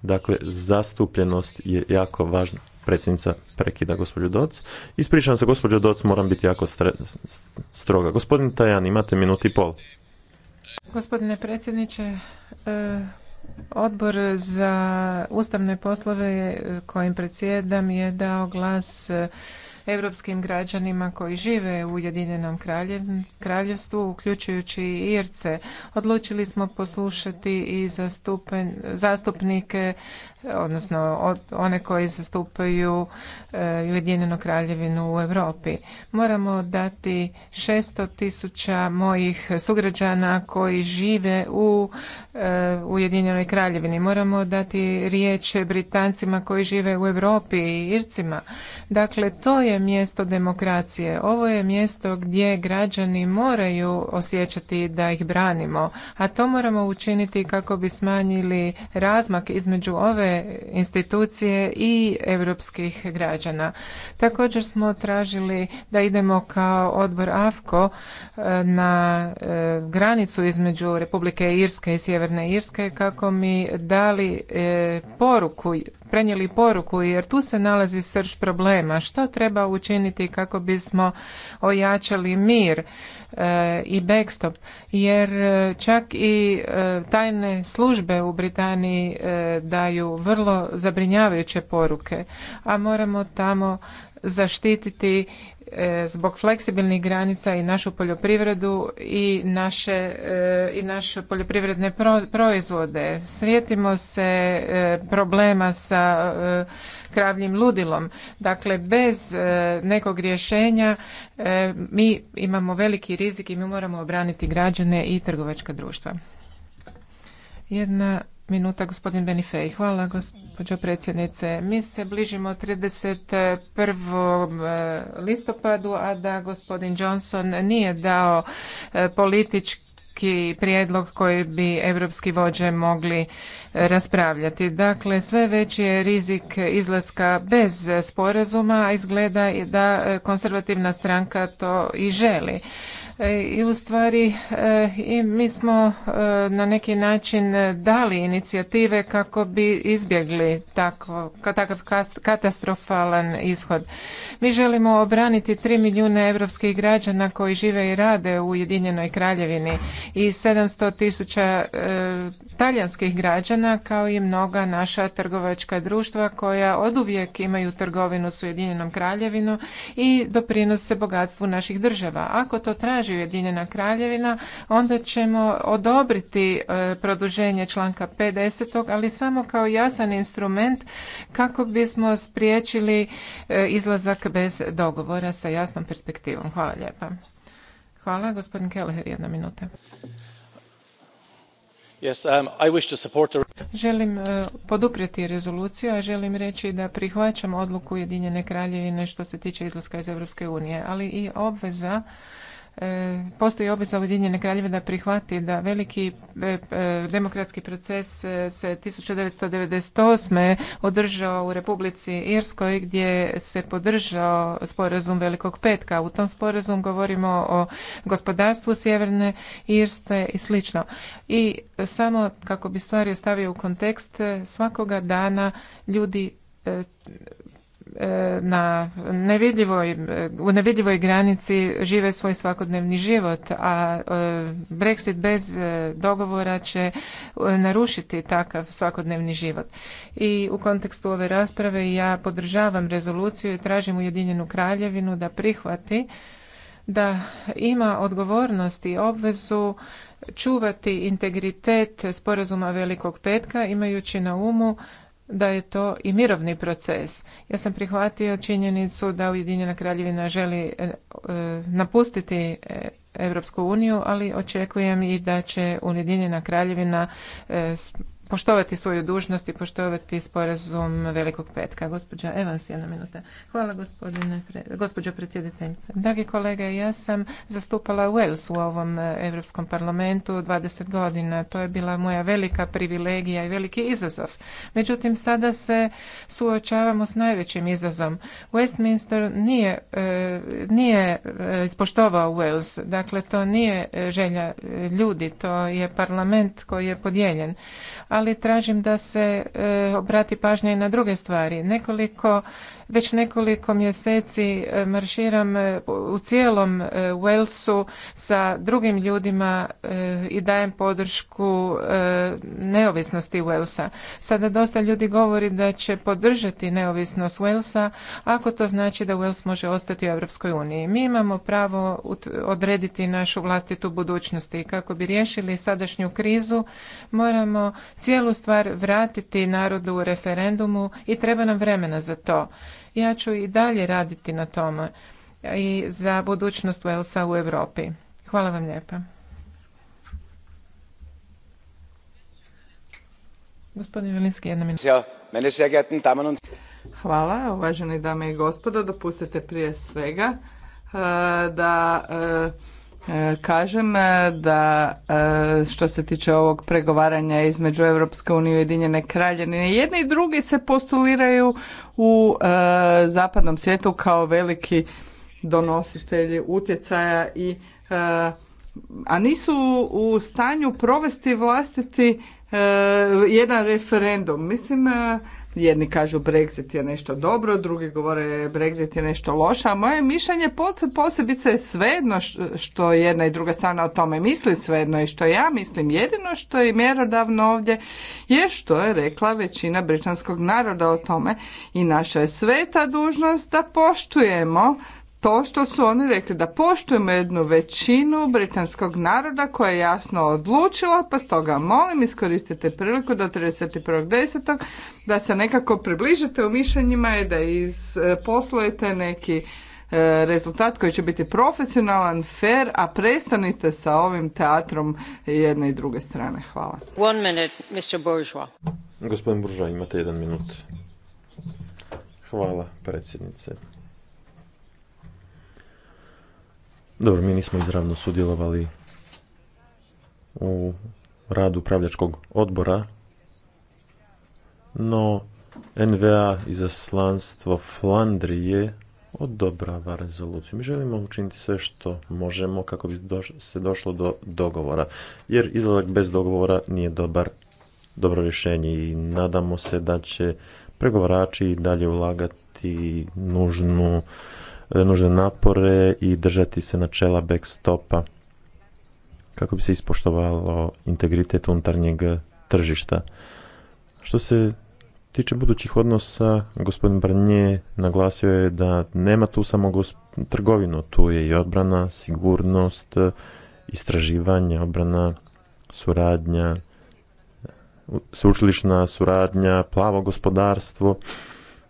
Speaker 2: Dakle, zastupljenost je jako važna. Predsjednica prekida gospođu Doc. Ispričavam se, gospođo Doc, moram biti jako stroga. Gospodin Tajan, imate minut i pol.
Speaker 1: Gospodine predsjedniče, e, Odbor za ustavne poslove kojim predsjedam je dao glas europskim građanima koji žive u Ujedinjenom kraljevstvu, uključujući i Irce. Odlučili smo poslušati i zastupnike odnosno one koji zastupaju e, Ujedinjenu kraljevinu u Europi. Moramo dati 600 tisuća mojih sugrađana koji žive u e, Ujedinjenoj kraljevini. Moramo dati riječ Britancima koji žive u Europi i Ircima. Dakle, to je mjesto demokracije. Ovo je mjesto gdje građani moraju osjećati da ih branimo. A to moramo učiniti kako bi smanjili razmak između ove institucije i europskih građana. Također smo tražili da idemo kao odbor AFKO e, na e, granicu između Republike Irske i Sjeverne Irske kako mi dali e, poruku prenijeli poruku jer tu se nalazi srž problema. Što treba učiniti kako bismo ojačali mir e, i backstop jer e, čak i e, tajne službe u Britaniji daju vrlo zabrinjavajuće poruke, a moramo tamo zaštititi E, zbog fleksibilnih granica i našu poljoprivredu i naše e, i naše poljoprivredne proizvode. Srijetimo se e, problema sa kravljim ludilom. Dakle, bez nekog rješenja mi imamo veliki rizik i mi moramo obraniti građane i trgovačka društva. Jedna minuta gospodin Benifej. Hvala gospođo predsjednice. Mi se bližimo 31. E, listopadu, a da gospodin Johnson nije dao e, politički prijedlog koji bi europski vođe mogli e, raspravljati. Dakle, sve veći je rizik izlaska bez sporazuma, a izgleda da konservativna stranka to i želi. E, i u stvari e, i mi smo e, na neki način dali inicijative kako bi izbjegli tako, takav katastrofalan ishod. Mi želimo obraniti 3 milijuna europskih građana koji žive i rade u Ujedinjenoj Kraljevini i 700 tisuća talijanskih građana kao i mnoga naša trgovačka društva koja oduvijek imaju trgovinu s Ujedinjenom Kraljevinom i doprinose bogatstvu naših država. Ako to traži traži Ujedinjena kraljevina, onda ćemo odobriti e, produženje članka 50. ali samo kao jasan instrument kako bismo spriječili e, izlazak bez dogovora sa jasnom perspektivom. Hvala lijepa. Hvala. Gospodin Keleher, jedna minuta.
Speaker 6: Yes, um, I wish to support the...
Speaker 1: Želim e, poduprijeti rezoluciju, a želim reći da prihvaćam odluku Ujedinjene kraljevine što se tiče izlaska iz Europske unije, ali i obveza postoji obveza Ujedinjene kraljeve da prihvati da veliki e, e, demokratski proces e, se 1998. održao u Republici Irskoj gdje se podržao sporazum Velikog petka. U tom sporazum govorimo o gospodarstvu Sjeverne Irske i slično. I samo kako bi stvari stavio u kontekst, svakoga dana ljudi E, na nevidljivoj, u nevidljivoj granici žive svoj svakodnevni život, a e, Brexit bez e, dogovora će narušiti takav svakodnevni život. I u kontekstu ove rasprave ja podržavam rezoluciju i tražim Ujedinjenu kraljevinu da prihvati da ima odgovornost i obvezu čuvati integritet sporazuma Velikog petka imajući na umu da je to i mirovni proces. Ja sam prihvatio činjenicu da Ujedinjena kraljevina želi e, e, napustiti e, Europsku uniju, ali očekujem i da će Ujedinjena kraljevina poštovati svoju dužnost i poštovati sporazum Velikog petka. Gospođa Evans, jedna minuta. Hvala gospodine, gospođo predsjediteljice. Dragi kolege, ja sam zastupala Wales u ovom e, Europskom parlamentu 20 godina. To je bila moja velika privilegija i veliki izazov. Međutim, sada se suočavamo s najvećim izazom. Westminster nije, e, nije e, ispoštovao Wales. Dakle, to nije želja ljudi, to je parlament koji je podijeljen ali tražim da se e, obrati pažnja i na druge stvari. Nekoliko već nekoliko mjeseci e, marširam e, u cijelom e, Walesu sa drugim ljudima i dajem podršku neovisnosti Walesa. Sada dosta ljudi govori da će podržati neovisnost Walesa ako to znači da Wales može ostati u Europskoj uniji. Mi imamo pravo odrediti našu vlastitu budućnost i kako bi riješili sadašnju krizu moramo cijelu stvar vratiti narodu u referendumu i treba nam vremena za to. Ja ću i dalje raditi na tome i za budućnost Walesa u Europi. Hvala vam lijepa. Gospodin Velinski, jedna minuta. Hvala,
Speaker 4: uvažene dame i gospodo. Dopustite prije svega e, da e, E, kažem e, da e, što se tiče ovog pregovaranja između Europske unije i Ujedinjene kraljevine, jedni i drugi se postuliraju u zapadnom svijetu kao veliki donositelji utjecaja i a nisu u stanju provesti vlastiti jedan referendum. Mislim jedni kažu Brexit je nešto dobro, drugi govore Brexit je nešto loše, a moje mišljenje posebice je svejedno što jedna i druga strana o tome misli, svejedno i što ja mislim. Jedino što je mjerodavno ovdje je što je rekla većina britanskog naroda o tome i naša je sveta dužnost da poštujemo to što su oni rekli da poštujemo jednu većinu britanskog naroda koja je jasno odlučila, pa stoga molim iskoristite priliku do 31.10. da se nekako približite u mišljenjima i da e, poslujete neki e, rezultat koji će biti profesionalan, fair, a prestanite sa ovim teatrom jedne i druge strane. Hvala.
Speaker 8: One minute, Mr. Bourgeois.
Speaker 2: Gospodin Bourgeois, imate jedan minut. Hvala, predsjednice. Dobro, mi nismo izravno sudjelovali u radu upravljačkog odbora, no NVA izaslanstvo Flandrije odobrava rezoluciju. Mi želimo učiniti sve što možemo kako bi se došlo do dogovora, jer izlazak bez dogovora nije dobar, dobro rješenje i nadamo se da će pregovarači dalje ulagati nužnu E, nužne napore i držati se načela backstopa kako bi se ispoštovalo integritet unutarnjeg tržišta. Što se tiče budućih odnosa, gospodin Brnje naglasio je da nema tu samo trgovinu, tu je i odbrana, sigurnost, istraživanje, obrana, suradnja, sveučilišna suradnja, plavo gospodarstvo.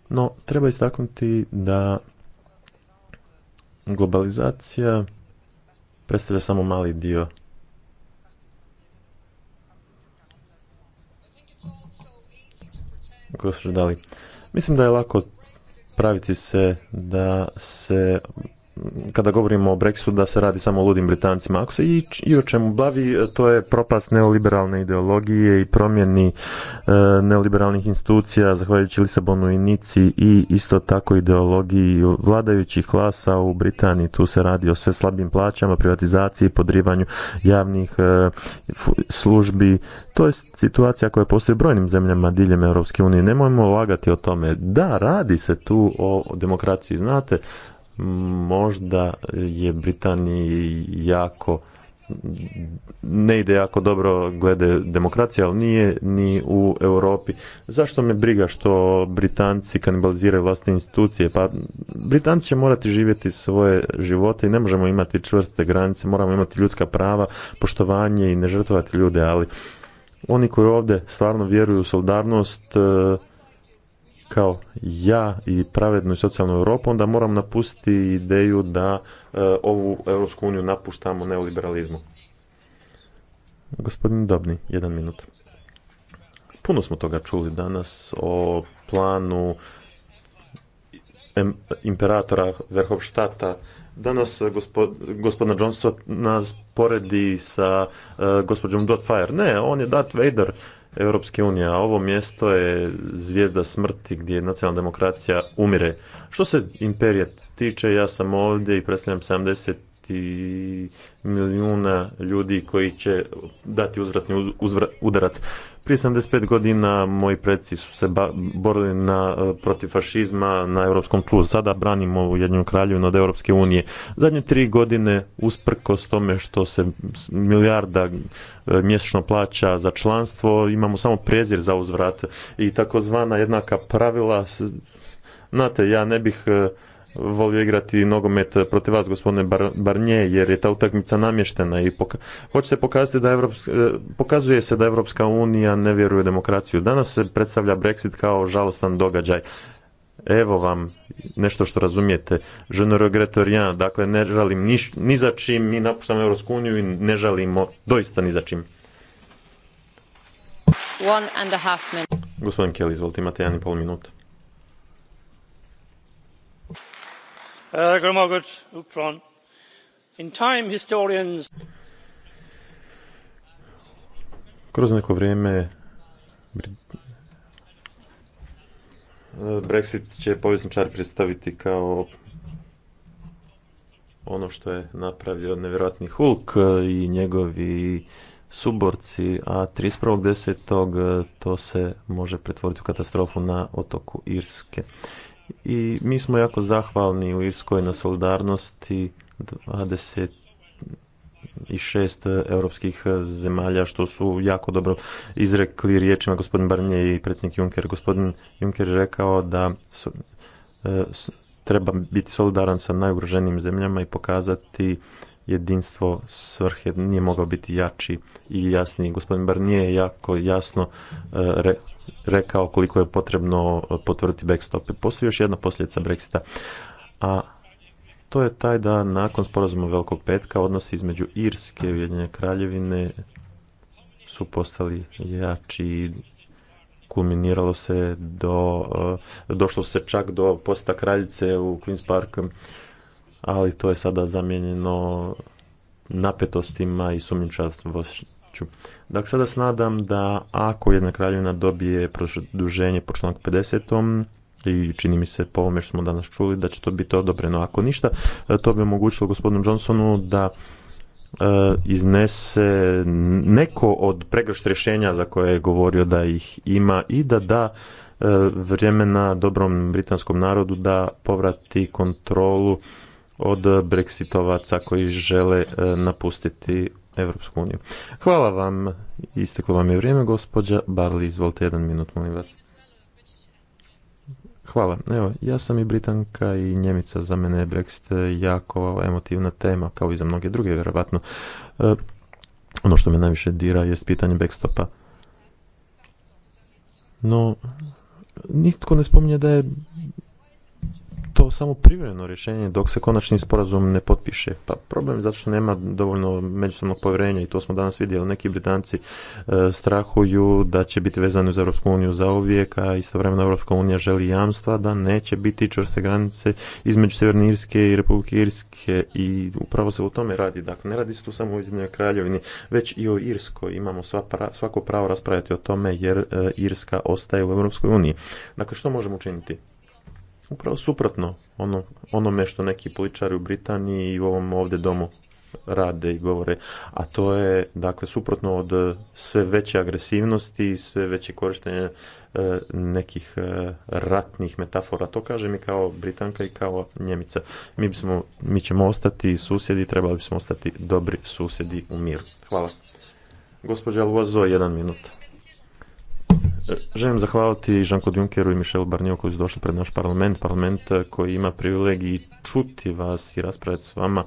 Speaker 2: No, treba istaknuti da Globalizacija predstavlja samo mali dio Gospođo Dali, mislim da je lako praviti se da se kada govorimo o Brexitu da se radi samo o ludim Britancima. Ako se i, o čemu bavi, to je propast neoliberalne ideologije i promjeni e, neoliberalnih institucija zahvaljujući Lisabonu i Nici i isto tako ideologiji vladajućih klasa u Britaniji. Tu se radi o sve slabim plaćama, privatizaciji, podrivanju javnih e, službi. To je situacija koja postoji u brojnim zemljama diljem Europske unije. Nemojmo lagati o tome. Da, radi se tu o demokraciji. Znate, možda je Britaniji jako ne ide jako dobro glede demokracije, ali nije ni u Europi. Zašto me briga što Britanci kanibaliziraju vlastne institucije? Pa Britanci će morati živjeti svoje živote i ne možemo imati čvrste granice, moramo imati ljudska prava, poštovanje i ne žrtvovati ljude, ali oni koji ovdje stvarno vjeruju u solidarnost kao ja i pravednu i socijalnu Europu, onda moram napustiti ideju da e, ovu Europsku uniju napuštamo neoliberalizmu. Gospodin Dobni, jedan minut. Puno smo toga čuli danas o planu imperatora Verhofštata. Danas e, gospod, gospodina Johnson nas poredi sa e, gospođom gospođom Fire. Ne, on je Darth Vader Europske unije, a ovo mjesto je zvijezda smrti gdje nacionalna demokracija umire. Što se imperija tiče, ja sam ovdje i predstavljam i milijuna ljudi koji će dati uzvratni udarac. Prije 75 godina moji preci su se borili na, eh, protiv fašizma na europskom tlu. Sada branimo jednu kralju od Europske unije. Zadnje tri godine, usprkos tome što se milijarda eh, mjesečno plaća za članstvo, imamo samo prezir za uzvrat. I takozvana jednaka pravila, znate, ja ne bih eh, volio igrati nogomet protiv vas, gospodine Barnje, jer je ta utakmica namještena i hoće se pokazati da Evropska, e, pokazuje se da Evropska unija ne vjeruje u demokraciju. Danas se predstavlja Brexit kao žalostan događaj. Evo vam nešto što razumijete. Je ne Dakle, ne žalim ni, za čim. Mi napuštamo Evropsku uniju i ne žalimo doista ni za čim. Gospodin Kelly, izvolite, imate jedan i pol minuta.
Speaker 7: Uh,
Speaker 2: Kroz neko vrijeme Brexit će povjesničar predstaviti kao ono što je napravio nevjerojatni Hulk uh, i njegovi suborci, a 31.10. Uh, to se može pretvoriti u katastrofu na otoku Irske i mi smo jako zahvalni u Irskoj na solidarnosti 26 europskih zemalja što su jako dobro izrekli riječima gospodin Barnje i predsjednik Juncker. Gospodin Juncker je rekao da su, e, treba biti solidaran sa najugroženijim zemljama i pokazati jedinstvo svrhe nije mogao biti jači i jasniji. Gospodin Barnije je jako jasno e, rekao rekao koliko je potrebno eh, potvrditi backstope. Postoji još jedna posljedica Brexita, a to je taj da nakon sporazuma Velikog petka odnosi između Irske i Ujedinjene kraljevine su postali jači kulminiralo se do eh, došlo se čak do posta kraljice u Queen's Park ali to je sada zamijenjeno napetostima i sumnjičavstvom ću. Dakle, sada snadam da ako jedna kraljevina dobije produženje po članku 50 i čini mi se po ovome što smo danas čuli da će to biti odobreno. Ako ništa, to bi omogućilo gospodinu Johnsonu da e, iznese neko od pregršt rješenja za koje je govorio da ih ima i da da e, vremena dobrom britanskom narodu da povrati kontrolu od breksitovaca koji žele e, napustiti Evropsku uniju. Hvala vam, isteklo vam je vrijeme, gospođa Barli, izvolite jedan minut, molim vas. Hvala. Evo, ja sam i Britanka i Njemica, za mene je Brexit jako emotivna tema, kao i za mnoge druge, vjerovatno. E, ono što me najviše dira je pitanje backstopa. No, nitko ne spominje da je to samo privremeno rješenje dok se konačni sporazum ne potpiše. Pa problem je zato što nema dovoljno međusobnog povjerenja i to smo danas vidjeli. Neki Britanci e, strahuju da će biti vezani uz Europsku uniju za uvijek, a istovremeno Europska unija želi jamstva da neće biti čvrste granice između Sjeverne Irske i Republike Irske i upravo se o tome radi. Dakle, ne radi se tu samo o Ujedinjenoj kraljevini, već i o Irskoj. Imamo sva svako pravo raspravljati o tome jer e, Irska ostaje u Europskoj uniji. Dakle, što možemo učiniti? upravo suprotno ono, onome što neki političari u Britaniji i u ovom ovdje domu rade i govore, a to je dakle suprotno od e, sve veće agresivnosti i sve veće korištenje e, nekih e, ratnih metafora. To kaže mi kao Britanka i kao Njemica. Mi, bismo, mi ćemo ostati susjedi, trebali bismo ostati dobri susjedi u miru. Hvala. Gospođa Lvozo, jedan minut. Želim zahvaliti Jean-Claude Junckeru i Michel Barnier koji su došli pred naš parlament, parlament e, koji ima privilegij čuti vas i raspravljati s vama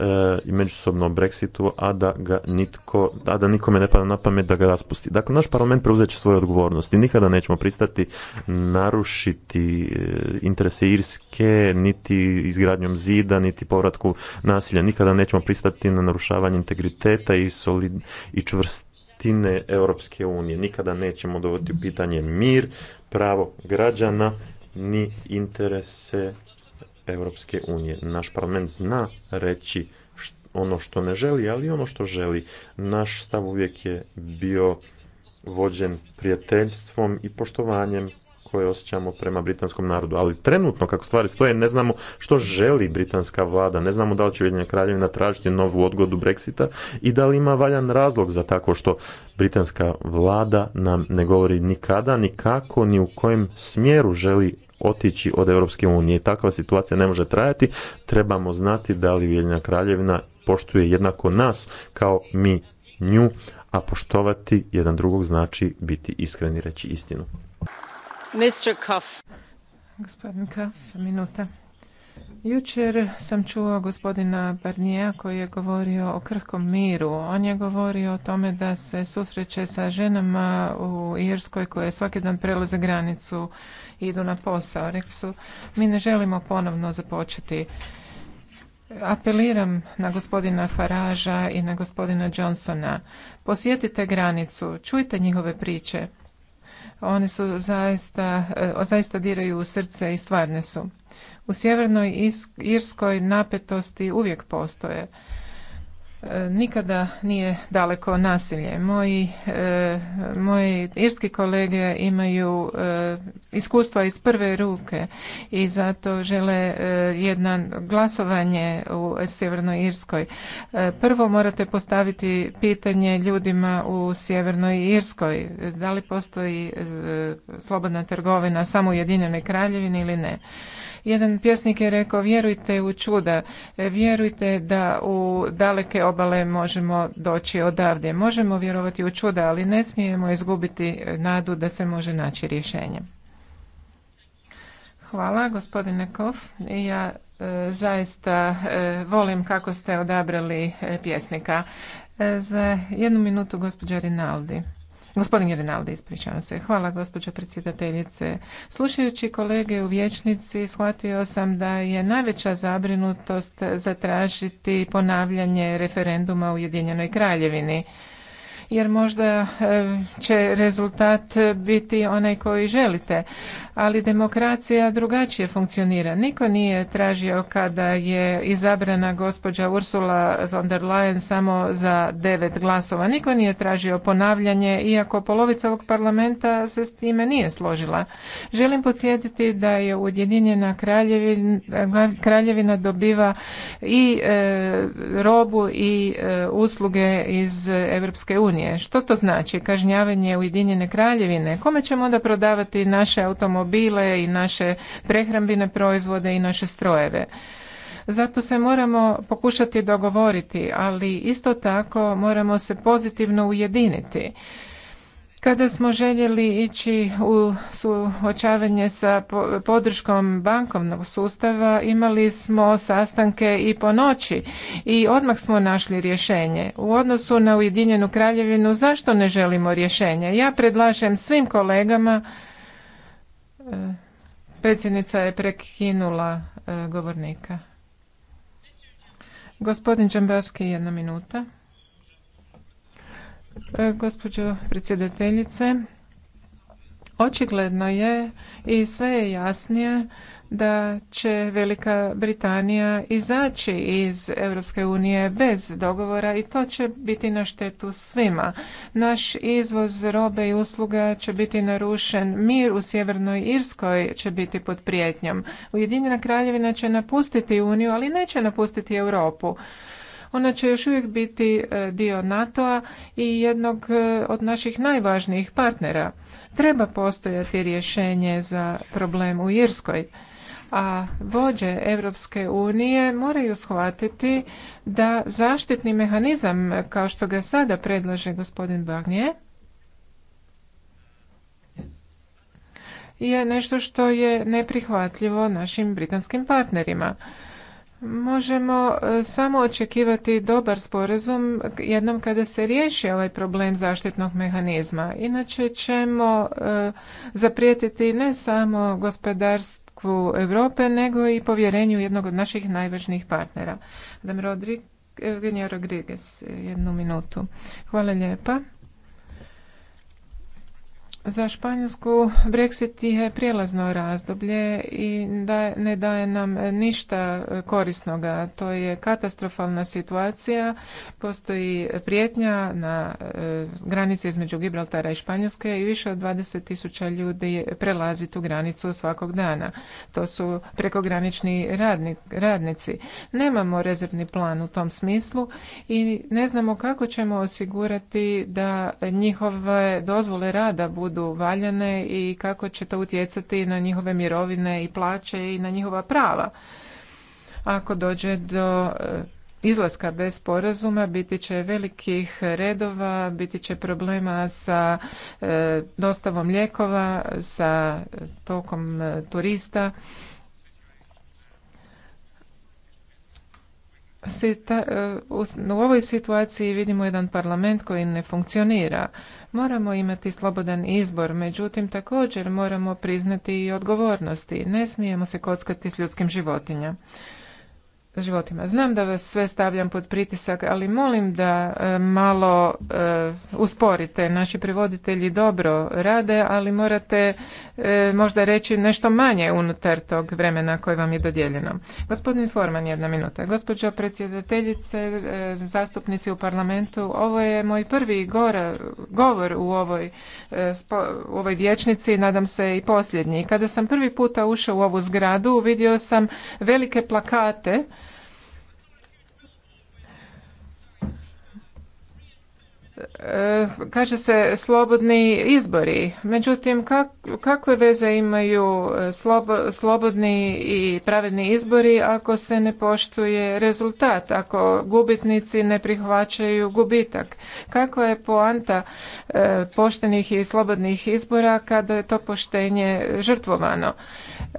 Speaker 2: e, i međusobno o Brexitu, a da ga nitko, a da nikome ne pada na pamet da ga raspusti. Dakle, naš parlament preuzet će svoje odgovornosti. Nikada nećemo pristati narušiti e, interese Irske, niti izgradnjom zida, niti povratku nasilja. Nikada nećemo pristati na narušavanje integriteta i, solid, i čvrst suštine Europske unije. Nikada nećemo dovoditi u pitanje mir, pravo građana, ni interese Europske unije. Naš parlament zna reći ono što ne želi, ali ono što želi. Naš stav uvijek je bio vođen prijateljstvom i poštovanjem koje osjećamo prema britanskom narodu. Ali trenutno, kako stvari stoje, ne znamo što želi britanska vlada, ne znamo da li će Ujedinjena kraljevina tražiti novu odgodu Brexita i da li ima valjan razlog za tako što britanska vlada nam ne govori nikada, ni kako, ni u kojem smjeru želi otići od Europske unije. Takva situacija ne može trajati. Trebamo znati da li Ujedinjena kraljevina poštuje jednako nas kao mi nju, a poštovati jedan drugog znači biti iskreni reći istinu.
Speaker 1: Gospodin minuta. Jučer sam čuo gospodina Barnija koji je govorio o krhkom miru. On je govorio o tome da se susreće sa ženama u Irskoj koje svaki dan prelaze granicu i idu na posao. Rekli su, mi ne želimo ponovno započeti. Apeliram na gospodina Faraža i na gospodina Johnsona. Posjetite granicu, čujte njihove priče. Oni su zaista, e, zaista diraju u srce i stvarne su. U sjevernoj Irskoj napetosti uvijek postoje E, nikada nije daleko nasilje. Moji, e, moji irski kolege imaju e, iskustva iz prve ruke i zato žele jedno glasovanje u Sjevernoj Irskoj. Prvo morate postaviti pitanje ljudima u Sjevernoj Irskoj. Da li postoji slobodna trgovina samo u kraljevini ili ne? Jedan pjesnik je rekao vjerujte u čuda, vjerujte da u daleke obale možemo doći odavde. Možemo vjerovati u čuda, ali ne smijemo izgubiti e, nadu da se može naći rješenje. Hvala gospodine Kof. Ja e, zaista e, volim kako ste odabrali pjesnika. Za jednu minutu gospođa Rinaldi. Gospodin Rinaldi, ispričavam se. Hvala, gospođo predsjedateljice. Slušajući kolege u vječnici, shvatio sam da je najveća zabrinutost zatražiti ponavljanje referenduma u Ujedinjenoj kraljevini jer možda e, će rezultat biti onaj koji želite ali demokracija drugačije funkcionira. Niko nije tražio kada je izabrana gospođa Ursula von der Leyen samo za devet glasova. Niko nije tražio ponavljanje, iako polovica ovog parlamenta se s time nije složila. Želim podsjetiti da je Ujedinjena kraljevina dobiva i e, robu i e, usluge iz Europske unije. Što to znači? Kažnjavanje Ujedinjene kraljevine? Kome ćemo onda prodavati naše automobile? bile i naše prehrambene proizvode i naše strojeve. Zato se moramo pokušati dogovoriti, ali isto tako moramo se pozitivno ujediniti. Kada smo željeli ići u suočavanje sa podrškom bankovnog sustava, imali smo sastanke i po noći i odmah smo našli rješenje. U odnosu na Ujedinjenu kraljevinu, zašto ne želimo rješenje? Ja predlažem svim kolegama Predsjednica je prekinula e, govornika. Gospodin Džambaski, jedna minuta. E, gospođo predsjedateljice, očigledno je i sve je jasnije da će Velika Britanija izaći iz Europske unije bez dogovora i to će biti na štetu svima. Naš izvoz robe i usluga će biti narušen, mir u Sjevernoj Irskoj će biti pod prijetnjom. Ujedinjena kraljevina će napustiti Uniju, ali neće napustiti Europu. Ona će još uvijek biti e, dio NATO-a i jednog e, od naših najvažnijih partnera. Treba postojati rješenje za problem u Irskoj a vođe Europske unije moraju shvatiti da zaštitni mehanizam kao što ga sada predlaže gospodin Barnier je nešto što je neprihvatljivo našim britanskim partnerima. Možemo e, samo očekivati dobar sporazum jednom kada se riješi ovaj problem zaštitnog mehanizma. Inače ćemo e, zaprijetiti ne samo gospodarstvu, u Europe nego i povjerenju jednog od naših najvažnijih partnera. Adam Rodriguez, jednu minutu. Hvala lijepa. Za Španjolsku Brexit je prijelazno razdoblje i da, ne daje nam ništa korisnoga. To je katastrofalna situacija. Postoji prijetnja na e, granici između Gibraltara i Španjolske i više od tisuća ljudi prelazi tu granicu svakog dana. To su prekogranični radnici. Nemamo rezervni plan u tom smislu i ne znamo kako ćemo osigurati da njihove dozvole rada budu budu i kako će to utjecati na njihove mirovine i plaće i na njihova prava. Ako dođe do e, izlaska bez sporazuma biti će velikih redova, biti će problema sa e, dostavom lijekova, sa tokom e, turista E, u ovoj situaciji vidimo jedan parlament koji ne funkcionira. Moramo imati slobodan izbor, međutim također moramo priznati i odgovornosti. Ne smijemo se kockati s ljudskim životinjama životima. Znam da vas sve stavljam pod pritisak, ali molim da e, malo e, usporite. Naši privoditelji dobro rade, ali morate e, možda reći nešto manje unutar tog vremena koje vam je dodijeljeno. Gospodin Forman, jedna minuta. Gospođo predsjedateljice, e, zastupnici u parlamentu, ovo je moj prvi gora, govor u ovoj, e, u ovoj vječnici, nadam se i posljednji. Kada sam prvi puta ušao u ovu zgradu, vidio sam velike plakate kaže se slobodni izbori. Međutim, kakve veze imaju e, slobodni i pravedni izbori ako se ne poštuje rezultat, ako gubitnici ne prihvaćaju gubitak? Kakva je poanta e, poštenih i slobodnih izbora kada je to poštenje žrtvovano?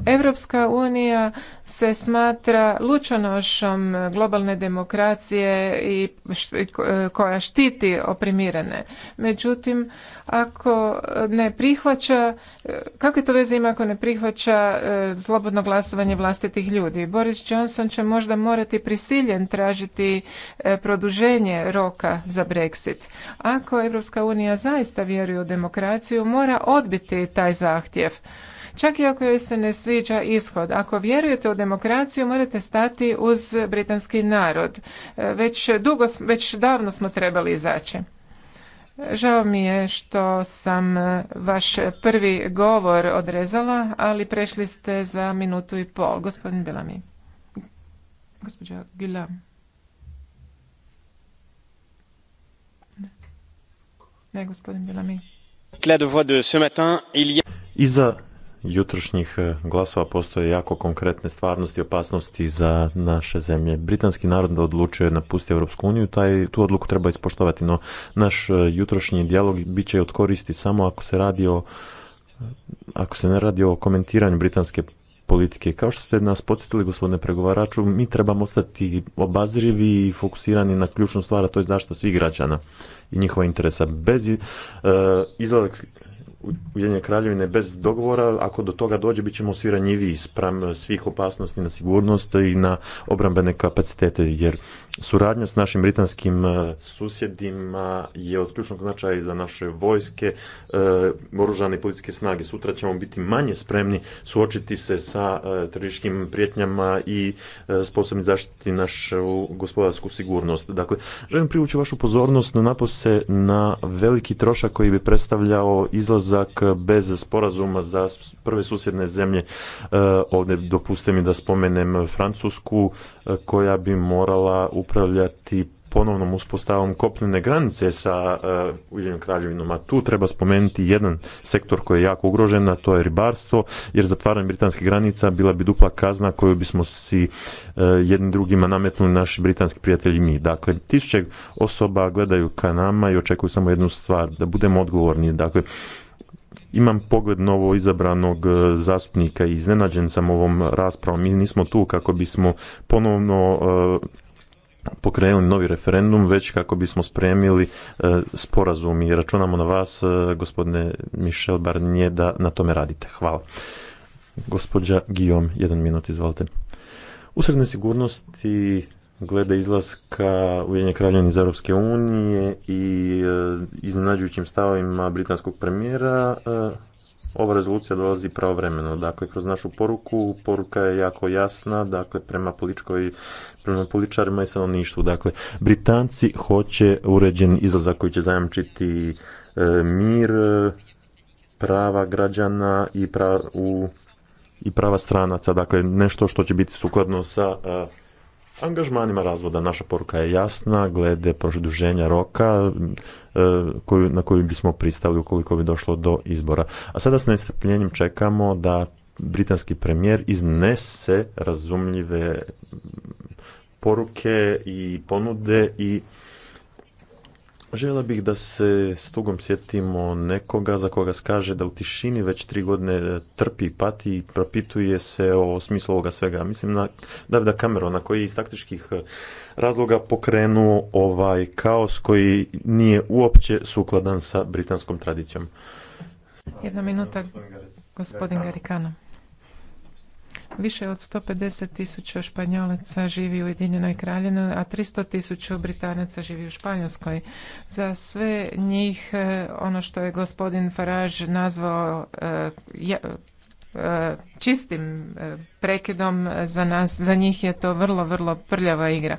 Speaker 1: Europska unija se smatra lučonošom globalne demokracije i e, koja štiti oprimirane. Međutim, ako ne prihvaća, e, kakve to veze ima ako ne prihvaća e, slobodno glasovanje vlastitih ljudi? Boris Johnson će možda morati prisiljen tražiti produženje roka za Brexit. Ako Europska unija zaista vjeruje u demokraciju, mora odbiti taj zahtjev čak i ako joj se ne sviđa ishod. Ako vjerujete u demokraciju, morate stati uz britanski narod. E, već dugo, već davno smo trebali izaći. Žao mi je što sam e, vaš prvi govor odrezala, ali prešli ste za minutu i pol. Gospodin Bilami. Gospođo. Gilam. Ne, gospodin Bilami.
Speaker 2: Iza jutrošnjih e, glasova postoje jako konkretne stvarnosti i opasnosti za naše zemlje. Britanski narod da odlučuje napustiti Europsku uniju, taj, tu odluku treba ispoštovati, no naš e, jutrošnji dijalog bit će od samo ako se radi o ako se ne radi o komentiranju britanske politike. Kao što ste nas podsjetili, gospodine pregovaraču, mi trebamo ostati obazrivi i fokusirani na ključnu stvar, a to je zaštita svih građana i njihova interesa. Bez uh, Ujedinjene kraljevine bez dogovora, ako do toga dođe, bit ćemo svi ranjiviji svih opasnosti na sigurnost i na obrambene kapacitete, jer Suradnja s našim britanskim e, susjedima je od ključnog značaja i za naše vojske, e, oružane i policijske snage. Sutra ćemo biti manje spremni suočiti se sa e, terorističkim prijetnjama i sposobni zaštiti našu gospodarsku sigurnost. Dakle, želim privući vašu pozornost na napose na veliki trošak koji bi predstavljao izlazak bez sporazuma za prve susjedne zemlje. Ovdje dopuste mi da spomenem Francusku koja bi morala upravljati ponovnom uspostavom kopnene granice sa eh, Ujedinjenom kraljevinom, a tu treba spomenuti jedan sektor koji je jako ugrožen, a to je ribarstvo, jer zatvaranje britanskih granica bila bi dupla kazna koju bismo si eh, jednim drugima nametnuli naši britanski prijatelji mi. Dakle, tisuće osoba gledaju ka nama i očekuju samo jednu stvar, da budemo odgovorni. Dakle, imam pogled novo izabranog eh, zastupnika i iznenađen sam ovom raspravom. Mi nismo tu kako bismo ponovno pokrenuli novi referendum, već kako bismo spremili e, sporazum i računamo na vas, e, gospodine Michel Barnier, da na tome radite. Hvala. Gospodja Guillaume, jedan minut, izvolite. Usred sigurnosti glede izlaska Ujedinjene kraljevine iz Europske unije i e, iznenađujućim stavovima britanskog premijera ova rezolucija dolazi pravovremeno. Dakle, kroz našu poruku, poruka je jako jasna, dakle, prema političkoj, prema političarima i stanovništvu. Dakle, Britanci hoće uređen izlazak koji će zajamčiti e, mir, prava građana i, u, i prava stranaca. Dakle, nešto što će biti sukladno sa e, angažmanima razvoda. Naša poruka je jasna glede produženja roka e, na koju bismo pristali ukoliko bi došlo do izbora. A sada s nestrpljenjem čekamo da britanski premijer iznese razumljive poruke i ponude i Žela bih da se s tugom sjetimo nekoga za koga se kaže da u tišini već tri godine e, trpi, i pati i propituje se o smislu ovoga svega. Mislim na Davida Camerona koji je iz taktičkih e, razloga pokrenuo ovaj kaos koji nije uopće sukladan sa britanskom tradicijom.
Speaker 1: Jedna minuta, gospodin Garikano. Više od 150 tisuća Španjolaca živi u Ujedinjenoj kraljevini, a 300 tisuća Britanaca živi u Španjolskoj. Za sve njih e, ono što je gospodin Farage nazvao e, e, čistim prekidom za nas, za njih je to vrlo, vrlo prljava igra.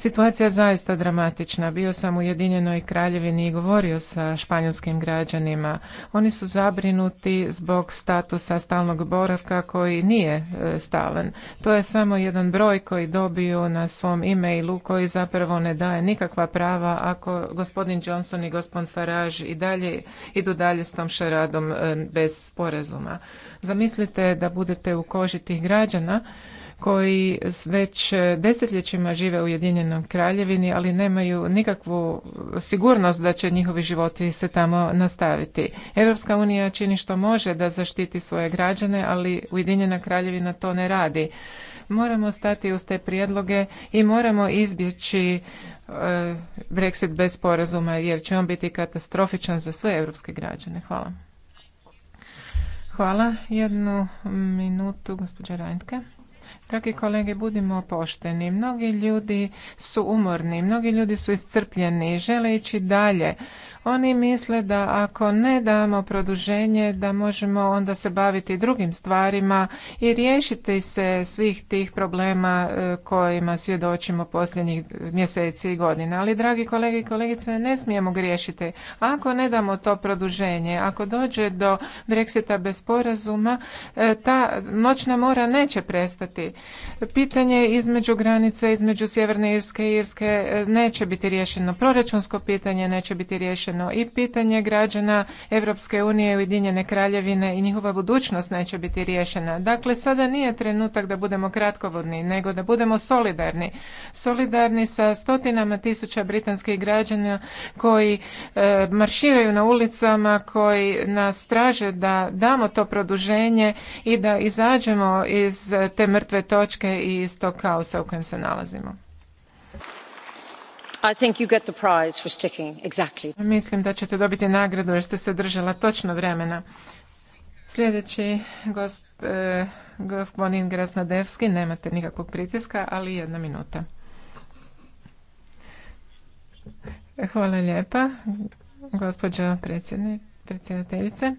Speaker 1: Situacija je zaista dramatična. Bio sam u Jedinjenoj kraljevini i govorio sa španjolskim građanima. Oni su zabrinuti zbog statusa stalnog boravka koji nije e, stalen. To je samo jedan broj koji dobiju na svom e-mailu koji zapravo ne daje nikakva prava ako gospodin Johnson i gospodin Farage i dalje idu dalje s tom šaradom e, bez sporazuma. Zamislite da budete u koži tih građana koji već desetljećima žive u Ujedinjenom kraljevini, ali nemaju nikakvu sigurnost da će njihovi životi se tamo nastaviti. Europska unija čini što može da zaštiti svoje građane, ali Ujedinjena kraljevina to ne radi. Moramo stati uz te prijedloge i moramo izbjeći e, Brexit bez sporazuma jer će on biti katastrofičan za sve europske građane. Hvala. Hvala. Jednu minutu, gospođa Rajntke. Dragi kolege, budimo pošteni. Mnogi ljudi su umorni, mnogi ljudi su iscrpljeni, žele ići dalje oni misle da ako ne damo produženje da možemo onda se baviti drugim stvarima i riješiti se svih tih problema e, kojima svjedočimo posljednjih mjeseci i godina. Ali dragi kolege i kolegice ne smijemo griješiti. Ako ne damo to produženje, ako dođe do Brexita bez porazuma, e, ta noćna mora neće prestati. Pitanje između granice, između Sjeverne Irske i Irske e, neće biti riješeno. Proračunsko pitanje neće biti riješeno riješeno i pitanje građana Europske unije i Ujedinjene kraljevine i njihova budućnost neće biti riješena. Dakle, sada nije trenutak da budemo kratkovodni, nego da budemo solidarni. Solidarni sa stotinama tisuća britanskih građana koji e, marširaju na ulicama, koji nas traže da damo to produženje i da izađemo iz te mrtve točke i iz tog kaosa u kojem se nalazimo. Mislim da ćete dobiti nagradu jer ste se držala točno vremena. Sljedeći gospodin e, Grasnadevski, nemate nikakvog pritiska, ali jedna minuta. Hvala lijepa, gospođo predsjedateljice.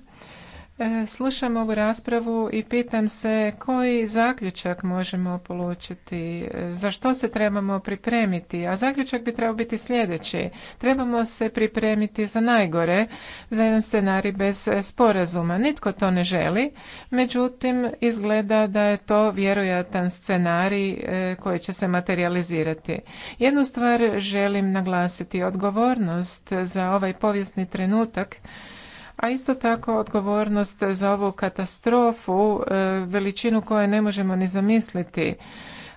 Speaker 1: E, slušam ovu raspravu i pitam se koji zaključak možemo polučiti, e, za što se trebamo pripremiti, a zaključak bi trebao biti sljedeći. Trebamo se pripremiti za najgore, za jedan scenarij bez sporazuma. Nitko to ne želi, međutim izgleda da je to vjerojatan scenarij e, koji će se materializirati. Jednu stvar želim naglasiti, odgovornost za ovaj povijesni trenutak a isto tako odgovornost za ovu katastrofu, e, veličinu koje ne možemo ni zamisliti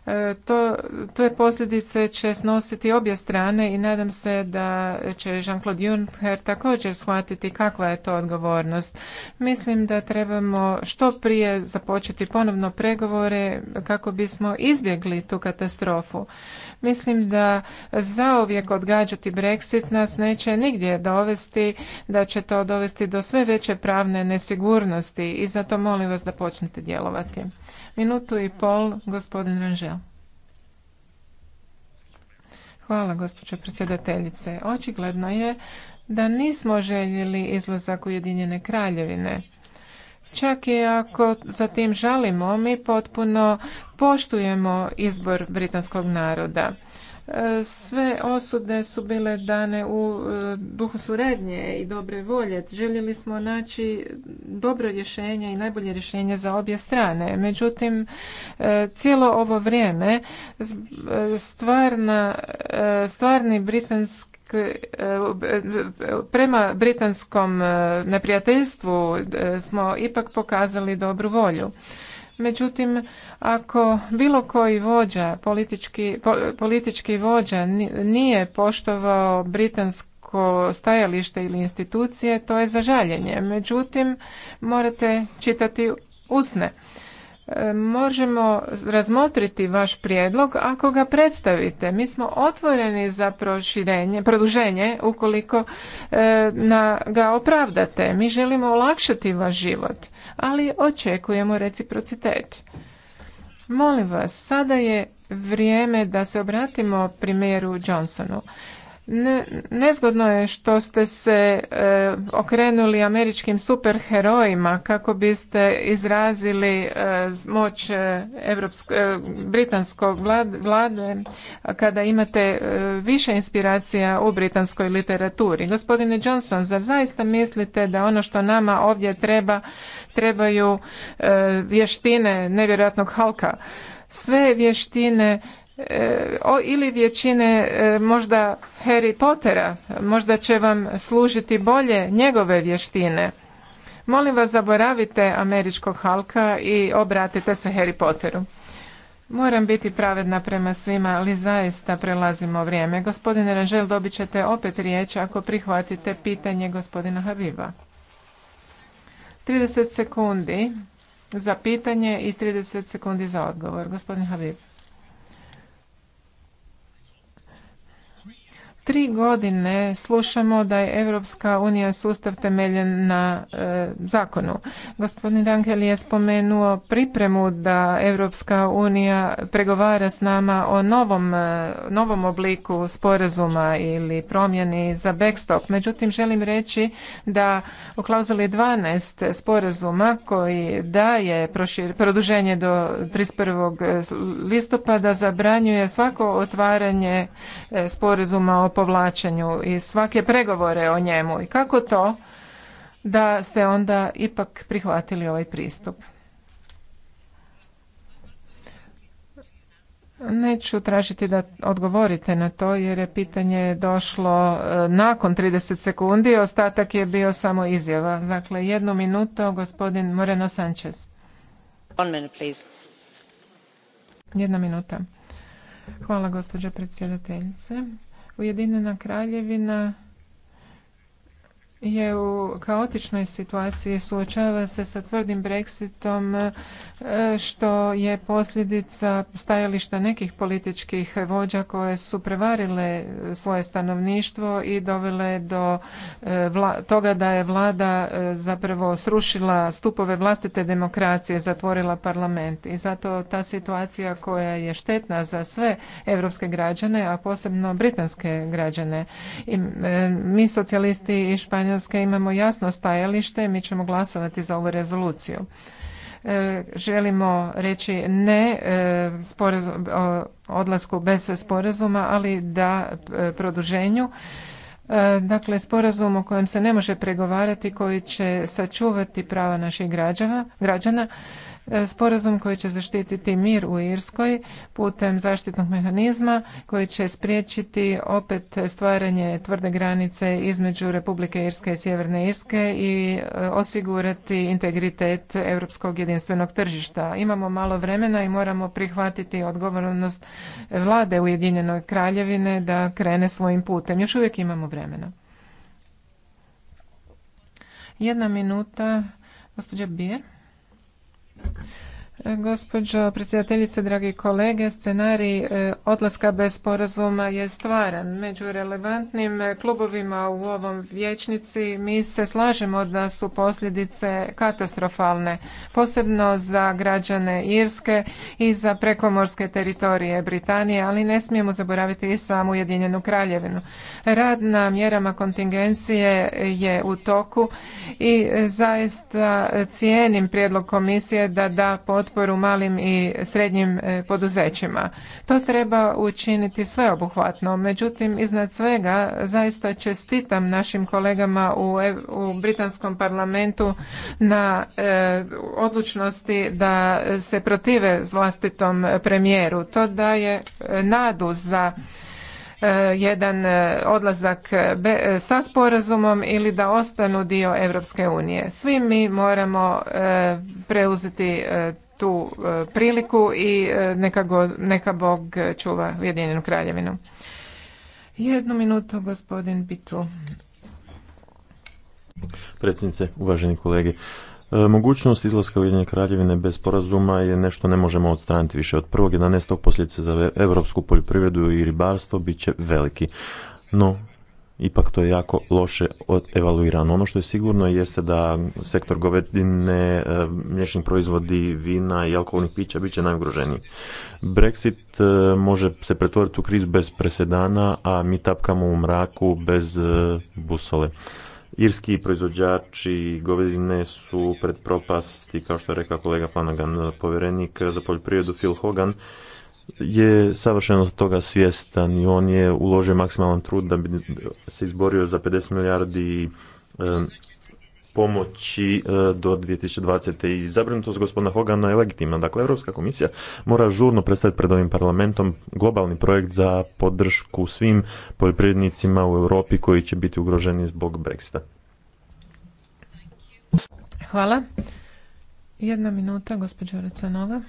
Speaker 1: E, to, te posljedice će snositi obje strane i nadam se da će Jean-Claude Juncker također shvatiti kakva je to odgovornost. Mislim da trebamo što prije započeti ponovno pregovore kako bismo izbjegli tu katastrofu. Mislim da zauvijek odgađati Brexit nas neće nigdje dovesti, da će to dovesti do sve veće pravne nesigurnosti i zato molim vas da počnete djelovati. Minutu i pol, gospodin Ranžel. Hvala, gospođo predsjedateljice. Očigledno je da nismo željeli izlazak Ujedinjene kraljevine. Čak i ako za tim žalimo, mi potpuno poštujemo izbor britanskog naroda. Sve osude su bile dane u e, duhu suradnje i dobre volje. Željeli smo naći dobro rješenje i najbolje rješenje za obje strane. Međutim, e, cijelo ovo vrijeme e, stvarna, stvarni britanski prema britanskom neprijateljstvu smo ipak pokazali dobru volju. Međutim, ako bilo koji vođa, politički, politički vođa nije poštovao britansko stajalište ili institucije, to je zažaljenje. Međutim, morate čitati usne možemo razmotriti vaš prijedlog ako ga predstavite. Mi smo otvoreni za proširenje, produženje ukoliko e, na, ga opravdate. Mi želimo olakšati vaš život, ali očekujemo reciprocitet. Molim vas, sada je vrijeme da se obratimo primjeru Johnsonu nezgodno je što ste se e, okrenuli američkim superherojima kako biste izrazili e, moć e, britanskog vlade kada imate više inspiracija u britanskoj literaturi. Gospodine Johnson, zar zaista mislite da ono što nama ovdje treba trebaju vještine nevjerojatnog halka? Sve vještine o, ili vječine e, možda Harry Pottera, možda će vam služiti bolje njegove vještine. Molim vas zaboravite američkog Halka i obratite se Harry Potteru. Moram biti pravedna prema svima, ali zaista prelazimo vrijeme. Gospodine Ranžel, dobit ćete opet riječ ako prihvatite pitanje gospodina Habiba. 30 sekundi za pitanje i 30 sekundi za odgovor. Gospodin Habib. Tri godine slušamo da je Europska unija sustav temeljen na e, zakonu. Gospodin Rangel je spomenuo pripremu da Europska unija pregovara s nama o novom, e, novom obliku sporazuma ili promjeni za backstop. Međutim, želim reći da u klauzuli 12 sporazuma koji daje prošir, produženje do 31. listopada zabranjuje svako otvaranje e, sporazuma o povlačenju i svake pregovore o njemu i kako to da ste onda ipak prihvatili ovaj pristup. Neću tražiti da odgovorite na to jer je pitanje došlo e, nakon 30 sekundi, ostatak je bio samo izjava. Dakle, jednu minutu, gospodin Moreno Sanchez. Jedna minuta. Hvala gospođo predsjedateljice. Ujedinjena kraljevina je u kaotičnoj situaciji, suočava se sa tvrdim Brexitom e, što je posljedica stajališta nekih političkih vođa koje su prevarile svoje stanovništvo i dovele do e, toga da je vlada e, zapravo srušila stupove vlastite demokracije, zatvorila parlament i zato ta situacija koja je štetna za sve europske građane, a posebno britanske građane. I, mi socijalisti i španjolski Španjolske imamo jasno stajalište, mi ćemo glasovati za ovu rezoluciju. E, želimo reći ne e, odlasku bez sporazuma, ali da e, produženju. Dakle, sporazum o kojem se ne može pregovarati, koji će sačuvati prava naših građana, građana sporazum koji će zaštititi mir u Irskoj putem zaštitnog mehanizma koji će spriječiti opet stvaranje tvrde granice između Republike Irske i Sjeverne Irske i e, osigurati integritet europskog jedinstvenog tržišta. Imamo malo vremena i moramo prihvatiti odgovornost vlade Ujedinjenoj kraljevine da krene svojim putem. Još uvijek imamo vremena. Jedna minuta, gospođa Bjerg. Hvala Gospođo predsjedateljice, dragi kolege, scenarij e, odlaska bez sporazuma je stvaran. Među relevantnim e, klubovima u ovom vječnici mi se slažemo da su posljedice katastrofalne, posebno za građane Irske i za prekomorske teritorije Britanije, ali ne smijemo zaboraviti i samu Ujedinjenu kraljevinu. Rad na mjerama kontingencije je u toku i e, zaista cijenim prijedlog komisije da da potporu potporu malim i srednjim e, poduzećima. To treba učiniti sveobuhvatno. Međutim, iznad svega zaista čestitam našim kolegama u, e, u Britanskom parlamentu na e, odlučnosti da se protive vlastitom premijeru. To daje nadu za jedan odlazak sa sporazumom ili da ostanu dio Europske unije. Svi mi moramo preuzeti tu e, priliku i e, neka, neka Bog čuva Ujedinjenu kraljevinu. Jednu minutu, gospodin Bitu.
Speaker 2: Predsjednice, uvaženi kolege, e, Mogućnost izlaska Ujedinjene kraljevine bez porazuma je nešto ne možemo odstraniti više. Od prvog 1.11. posljedice za evropsku poljoprivredu i ribarstvo bit će veliki. No, ipak to je jako loše evaluirano. Ono što je sigurno jeste da sektor govedine, e, mliječni proizvodi, vina i alkoholnih pića bit će najugroženiji. Brexit e, može se pretvoriti u kriz bez presedana, a mi tapkamo u mraku bez e, busole. Irski proizvođači govedine su pred propasti, kao što je rekao kolega Flanagan, povjerenik za poljoprivredu Phil Hogan, je savršeno toga svjestan i on je uložio maksimalan trud da bi se izborio za 50 milijardi pomoći e, do 2020. i zabrinutost gospodina Hogana je legitimna. Dakle, Europska komisija mora žurno predstaviti pred ovim parlamentom globalni projekt za podršku svim poljoprivrednicima u Europi koji će biti ugroženi zbog Brexita.
Speaker 1: Hvala. Jedna minuta, gospođo Recanova.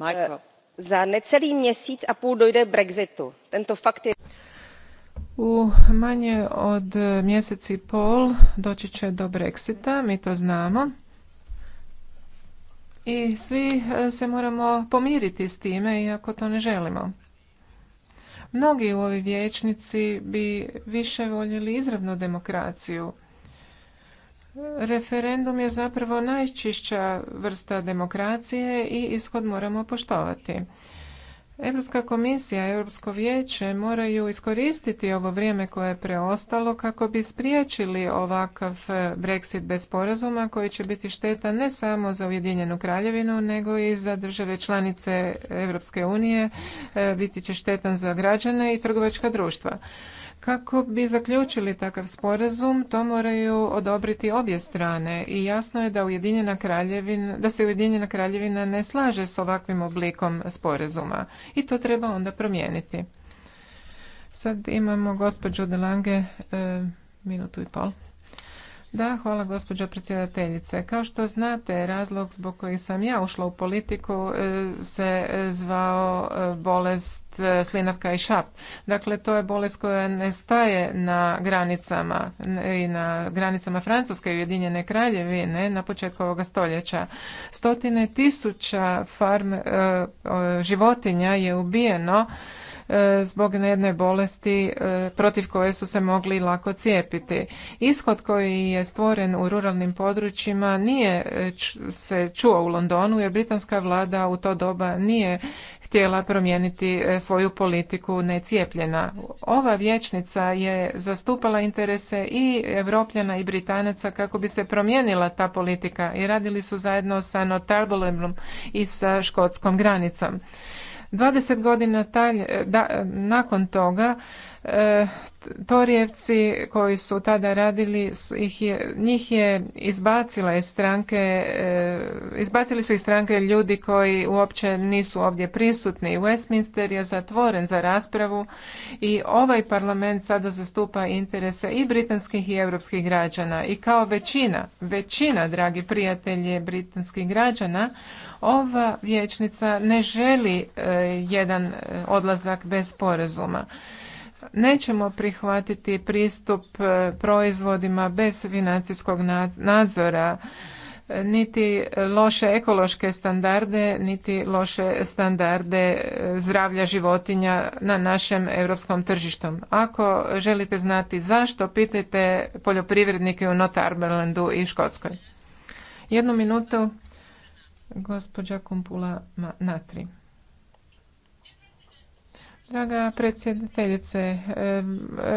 Speaker 7: Eh, za necelý měsíc a půl dojde k brexitu. fakt je.
Speaker 1: U manje od mjesec i pol doći će do Brexita, mi to znamo. I svi eh, se moramo pomiriti s time, iako to ne želimo. Mnogi u ovoj vijećnici bi više voljeli izravnu demokraciju, Referendum je zapravo najčišća vrsta demokracije i ishod moramo poštovati. Europska komisija i Europsko vijeće moraju iskoristiti ovo vrijeme koje je preostalo kako bi spriječili ovakav Brexit bez sporazuma koji će biti šteta ne samo za Ujedinjenu kraljevinu nego i za države članice Europske unije, e, biti će štetan za građane i trgovačka društva. Kako bi zaključili takav sporazum, to moraju odobriti obje strane i jasno je da Ujedinjena kraljevina, da se Ujedinjena kraljevina ne slaže s ovakvim oblikom sporazuma i to treba onda promijeniti. Sad imamo gospođu Lange, eh, minutu i pol. Da, hvala gospođo predsjedateljice. Kao što znate, razlog zbog kojeg sam ja ušla u politiku e, se e, zvao e, bolest slinavka i šap. Dakle, to je bolest koja ne staje na granicama i na granicama Francuske i Ujedinjene kraljevine na početku ovoga stoljeća. Stotine tisuća farm životinja je ubijeno E, zbog jedne bolesti e, protiv koje su se mogli lako cijepiti. Ishod koji je stvoren u ruralnim područjima nije e, se čuo u Londonu jer britanska vlada u to doba nije htjela promijeniti svoju politiku necijepljena. Ova vječnica je zastupala interese i Evropljana i Britanaca kako bi se promijenila ta politika i radili su zajedno sa Northumberlandom i sa škotskom granicom. 20 godina talj, nakon toga e, Torijevci koji su tada radili ih je, njih je izbacila iz stranke e, izbacili su iz stranke ljudi koji uopće nisu ovdje prisutni. Westminster je zatvoren za raspravu i ovaj parlament sada zastupa interese i britanskih i europskih građana i kao većina, većina dragi prijatelji britanskih građana ova vijećnica ne želi e, jedan e, odlazak bez porezuma. Nećemo prihvatiti pristup e, proizvodima bez financijskog nadzora niti loše ekološke standarde, niti loše standarde zdravlja životinja na našem europskom tržištu. Ako želite znati zašto, pitajte poljoprivrednike u Notarberlandu i Škotskoj. Jednu minutu Gospođa Kumpula Natri. Draga predsjedateljice,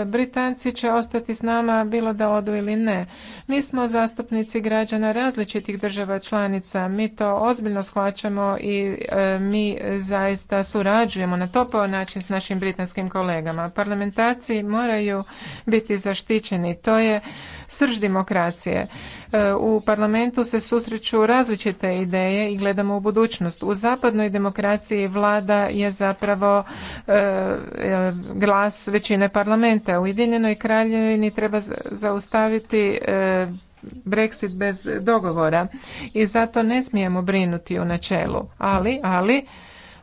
Speaker 1: Britanci će ostati s nama bilo da odu ili ne. Mi smo zastupnici građana različitih država članica, mi to ozbiljno shvaćamo i mi zaista surađujemo na topao način s našim britanskim kolegama. Parlamentarci moraju biti zaštićeni, to je srž demokracije. E, u parlamentu se susreću različite ideje i gledamo u budućnost. U zapadnoj demokraciji vlada je zapravo E, e, glas većine parlamenta. U Ujedinjenoj kraljevini treba zaustaviti e, Brexit bez dogovora i zato ne smijemo brinuti u načelu. Ali, ali,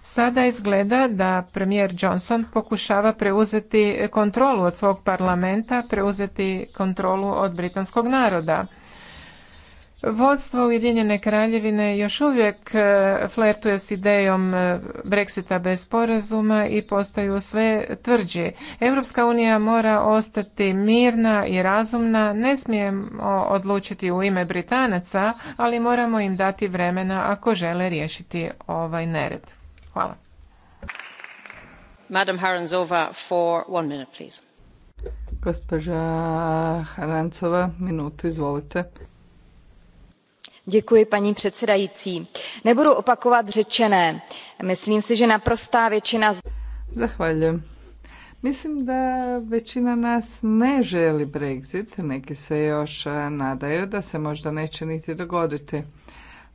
Speaker 1: Sada izgleda da premijer Johnson pokušava preuzeti kontrolu od svog parlamenta, preuzeti kontrolu od britanskog naroda. Vodstvo Ujedinjene kraljevine još uvijek e, flertuje s idejom e, Brexita bez sporazuma i postaju sve tvrđi. Europska unija mora ostati mirna i razumna, ne smijemo odlučiti u ime Britanaca, ali moramo im dati vremena ako žele riješiti ovaj nered. Hvala. Madam for
Speaker 4: Harancova, minutu, izvolite.
Speaker 2: Děkuji, paní předsedající. Nebudu opakovat řečené. Myslím si, že naprostá většina...
Speaker 4: Zahvaljujem. Mislim da većina nas ne želi Brexit, neki se još nadaju da se možda neće niti dogoditi.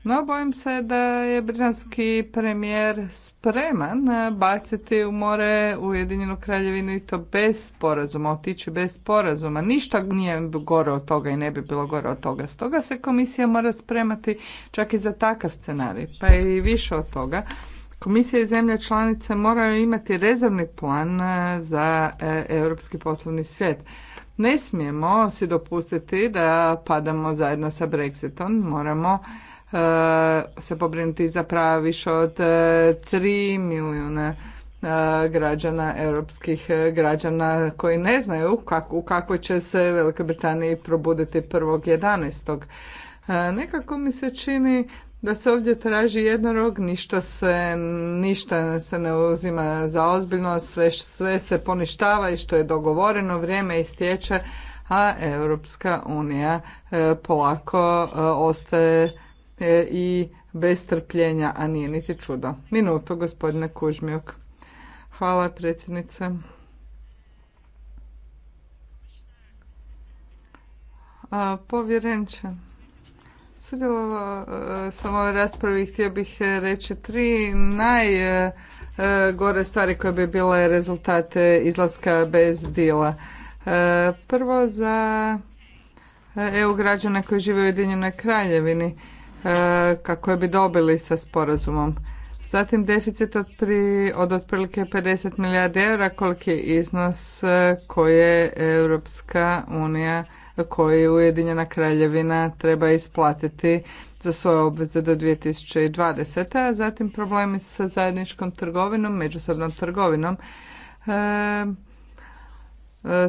Speaker 4: No, bojim se da je britanski premijer spreman eh, baciti u more Ujedinjenu kraljevinu i to bez sporazuma, otići bez sporazuma. Ništa nije gore od toga i ne bi bilo gore od toga. Stoga se komisija mora spremati čak i za takav scenarij, pa i više od toga. Komisija i zemlje članice moraju imati rezervni plan eh, za eh, europski poslovni svijet. Ne smijemo si dopustiti da padamo zajedno sa Brexitom, moramo E, se pobrinuti za prava više od 3 e, milijuna e, građana, europskih građana koji ne znaju u kakvoj će se Velikoj Britaniji probuditi 1.11. Nekako mi se čini da se ovdje traži jednorog, ništa se, ništa se ne uzima za ozbiljno, sve, sve se poništava i što je dogovoreno, vrijeme istječe, a Europska unija polako ostaje E, i bez trpljenja, a nije niti čudo. Minuto, gospodine Kužmijuk. Hvala, predsjednice. povjerenče, sudjelovao e, sam ovoj raspravi htio bih e, reći tri najgore stvari koje bi bile rezultate izlaska bez dila. Prvo za EU građana koji žive u Ujedinjenoj kraljevini E, kako bi dobili sa sporazumom. Zatim deficit od, otprilike 50 milijardi eura koliki je iznos e, koji je Europska unija, koji Ujedinjena kraljevina treba isplatiti za svoje obveze do 2020. A zatim problemi sa zajedničkom trgovinom, međusobnom trgovinom. E,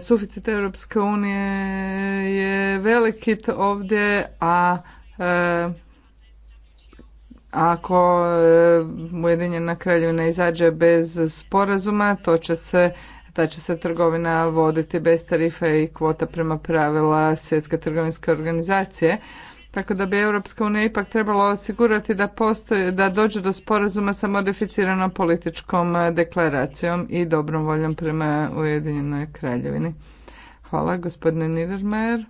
Speaker 4: suficit Europske unije je veliki ovdje, a ako e, Ujedinjena kraljevina izađe bez sporazuma, to će se ta će se trgovina voditi bez tarife i kvota prema pravila Svjetske trgovinske organizacije. Tako da bi Europska unija ipak trebala osigurati da, postoji, da dođe do sporazuma sa modificiranom političkom e, deklaracijom i dobrom voljom prema Ujedinjenoj kraljevini. Hvala, gospodine Niedermayer.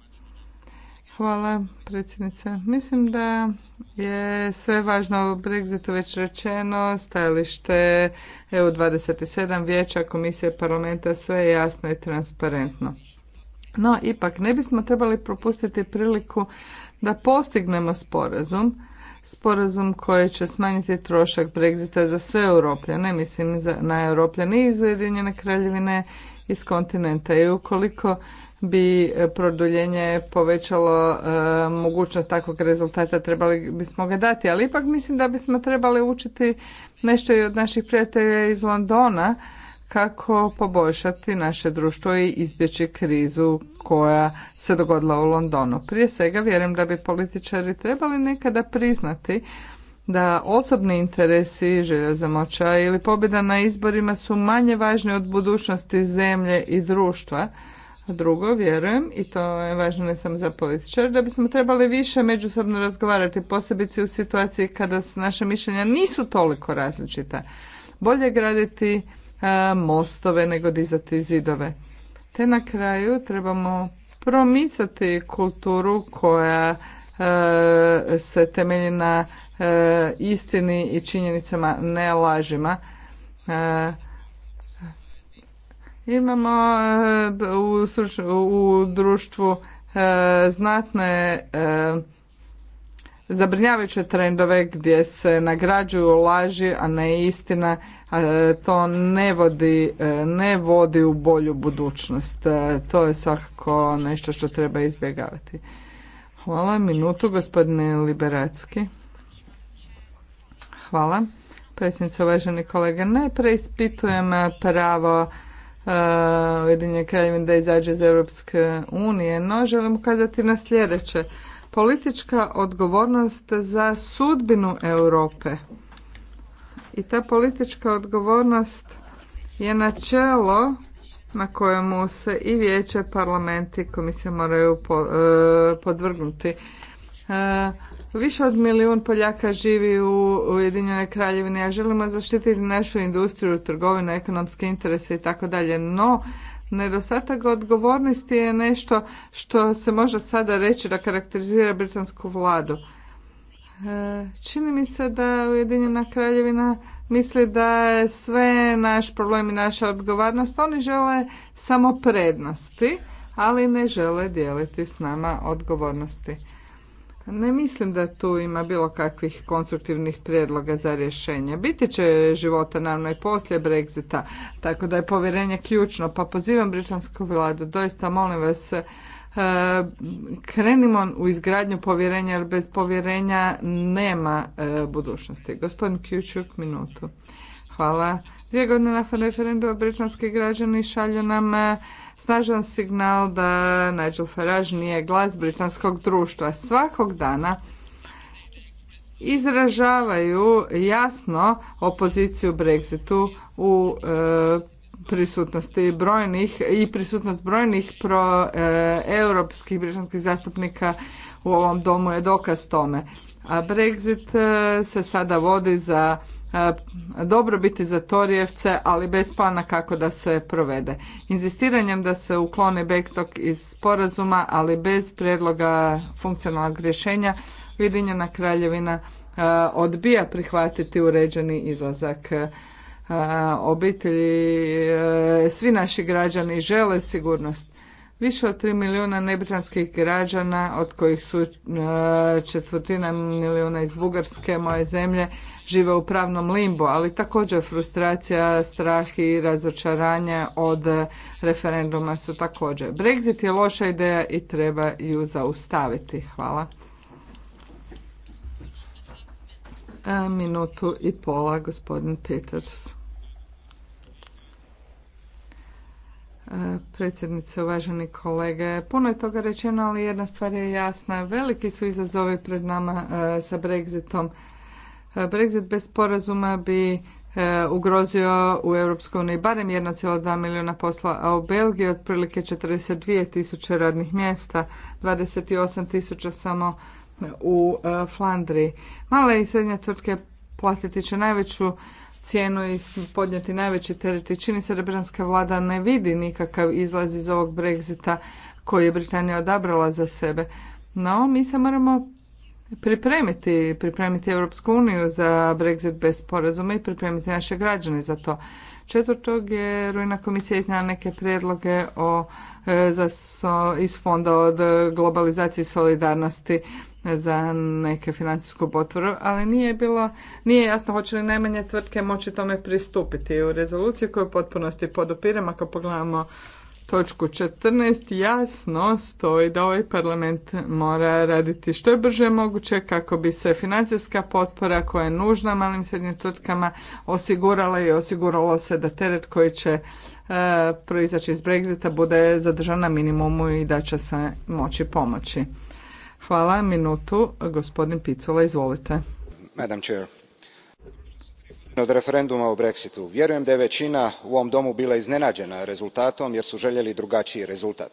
Speaker 4: Hvala predsjednice. Mislim da je sve važno o Brexitu već rečeno, stajalište EU27, vijeća, komisije, parlamenta, sve je jasno i transparentno. No, ipak ne bismo trebali propustiti priliku da postignemo sporazum, sporazum koji će smanjiti trošak Brexita za sve Europljane, mislim na Europljane iz Ujedinjene kraljevine, iz kontinenta i ukoliko bi e, produljenje povećalo e, mogućnost takvog rezultata, trebali bismo ga dati. Ali ipak mislim da bismo trebali učiti nešto i od naših prijatelja iz Londona kako poboljšati naše društvo i izbjeći krizu koja se dogodila u Londonu. Prije svega vjerujem da bi političari trebali nekada priznati da osobni interesi, želja za moća ili pobjeda na izborima su manje važni od budućnosti zemlje i društva Drugo, vjerujem, i to je važno ne sam za političar, da bismo trebali više međusobno razgovarati, posebice u situaciji kada naše mišljenja nisu toliko različita. Bolje graditi mostove nego dizati zidove. Te na kraju trebamo promicati kulturu koja se temelji na istini i činjenicama, ne lažima. Imamo eh, u, u društvu eh, znatne eh, zabrinjavajuće trendove gdje se nagrađuju laži, a ne istina, to ne vodi, ne vodi u bolju budućnost. To je svakako nešto što treba izbjegavati. Hvala. Minutu, gospodine Liberacki. Hvala. Predsjednice, uvaženi kolege, ne preispitujem pravo Ujedinje kraljevine da izađe iz Europske unije, no želim ukazati na sljedeće. Politička odgovornost za sudbinu Europe i ta politička odgovornost je načelo na kojemu se i vijeće, parlamenti i komisija moraju e, podvrgnuti. E, Više od milijun Poljaka živi u Ujedinjenoj kraljevini, a želimo zaštititi našu industriju, trgovinu, ekonomske interese i tako dalje. No, nedostatak odgovornosti je nešto što se može sada reći da karakterizira britansku vladu. E, čini mi se da Ujedinjena kraljevina misli da je sve naš problem i naša odgovornost. Oni žele samo prednosti, ali ne žele dijeliti s nama odgovornosti. Ne mislim da tu ima bilo kakvih konstruktivnih prijedloga za rješenje. Biti će života naravno i poslije Brexita, tako da je povjerenje ključno. Pa pozivam britansku vladu, doista molim vas, e, krenimo u izgradnju povjerenja, jer bez povjerenja nema e, budućnosti. Gospodin Kjučuk, minutu. Hvala. Dvije godine nakon referenduma britanski građani šalju nam e, snažan signal da Nigel Farage nije glas britanskog društva. Svakog dana izražavaju jasno opoziciju Brexitu u e, prisutnosti brojnih i prisutnost brojnih pro e, britanskih zastupnika u ovom domu je dokaz tome. A Brexit e, se sada vodi za E, dobro biti za Torijevce, ali bez plana kako da se provede. Inzistiranjem da se uklone backstop iz sporazuma, ali bez prijedloga funkcionalnog rješenja, Ujedinjena kraljevina e, odbija prihvatiti uređeni izlazak e, obitelji. Svi naši građani žele sigurnost Više od tri milijuna nebritanskih građana, od kojih su e, četvrtina milijuna iz Bugarske, moje zemlje, žive u pravnom limbu, ali također frustracija, strah i razočaranje od referenduma su također. Brexit je loša ideja i treba ju zaustaviti. Hvala. E, minutu i pola, gospodin Peters. predsjednice, uvaženi kolege. Puno je toga rečeno, ali jedna stvar je jasna. Veliki su izazovi pred nama e, sa Brexitom. E, Brexit bez sporazuma bi e, ugrozio u EU barem 1,2 milijuna posla, a u Belgiji otprilike 42 tisuće radnih mjesta, 28 tisuća samo u Flandriji. Male i srednje tvrtke platiti će najveću cijenu i podnijeti najveći teret. I čini se da britanska vlada ne vidi nikakav izlaz iz ovog Brexita koji je Britanija odabrala za sebe. No, mi se moramo pripremiti, pripremiti Europsku uniju za Brexit bez sporazuma i pripremiti naše građane za to. Četvrtog je Rujna komisija iznala neke prijedloge o, e, za, iz fonda od globalizacije i solidarnosti za neke financijsku potvoru, ali nije bilo, nije jasno hoće li najmanje tvrtke moći tome pristupiti. U rezoluciji koju u potpunosti podupiram, ako pogledamo točku 14, jasno stoji da ovaj parlament mora raditi što je brže moguće kako bi se financijska potpora koja je nužna malim srednjim tvrtkama osigurala i osiguralo se da teret koji će e, proizaći iz Brexita bude zadržan na minimumu i da će se moći pomoći. Hvala. Minutu, gospodin Picula, izvolite.
Speaker 5: Madam Chair. Od referenduma o Brexitu. Vjerujem da je većina u ovom domu bila iznenađena rezultatom jer su željeli drugačiji rezultat.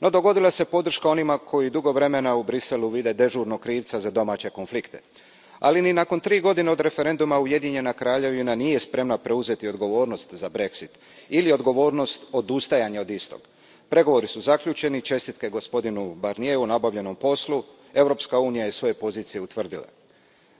Speaker 5: No dogodila se podrška onima koji dugo vremena u Briselu vide dežurno krivca za domaće konflikte. Ali ni nakon tri godine od referenduma Ujedinjena kraljevina nije spremna preuzeti odgovornost za Brexit ili odgovornost odustajanja od istog pregovori su zaključeni čestitke gospodinu barnieru na obavljenom poslu europska unija je svoje pozicije utvrdila.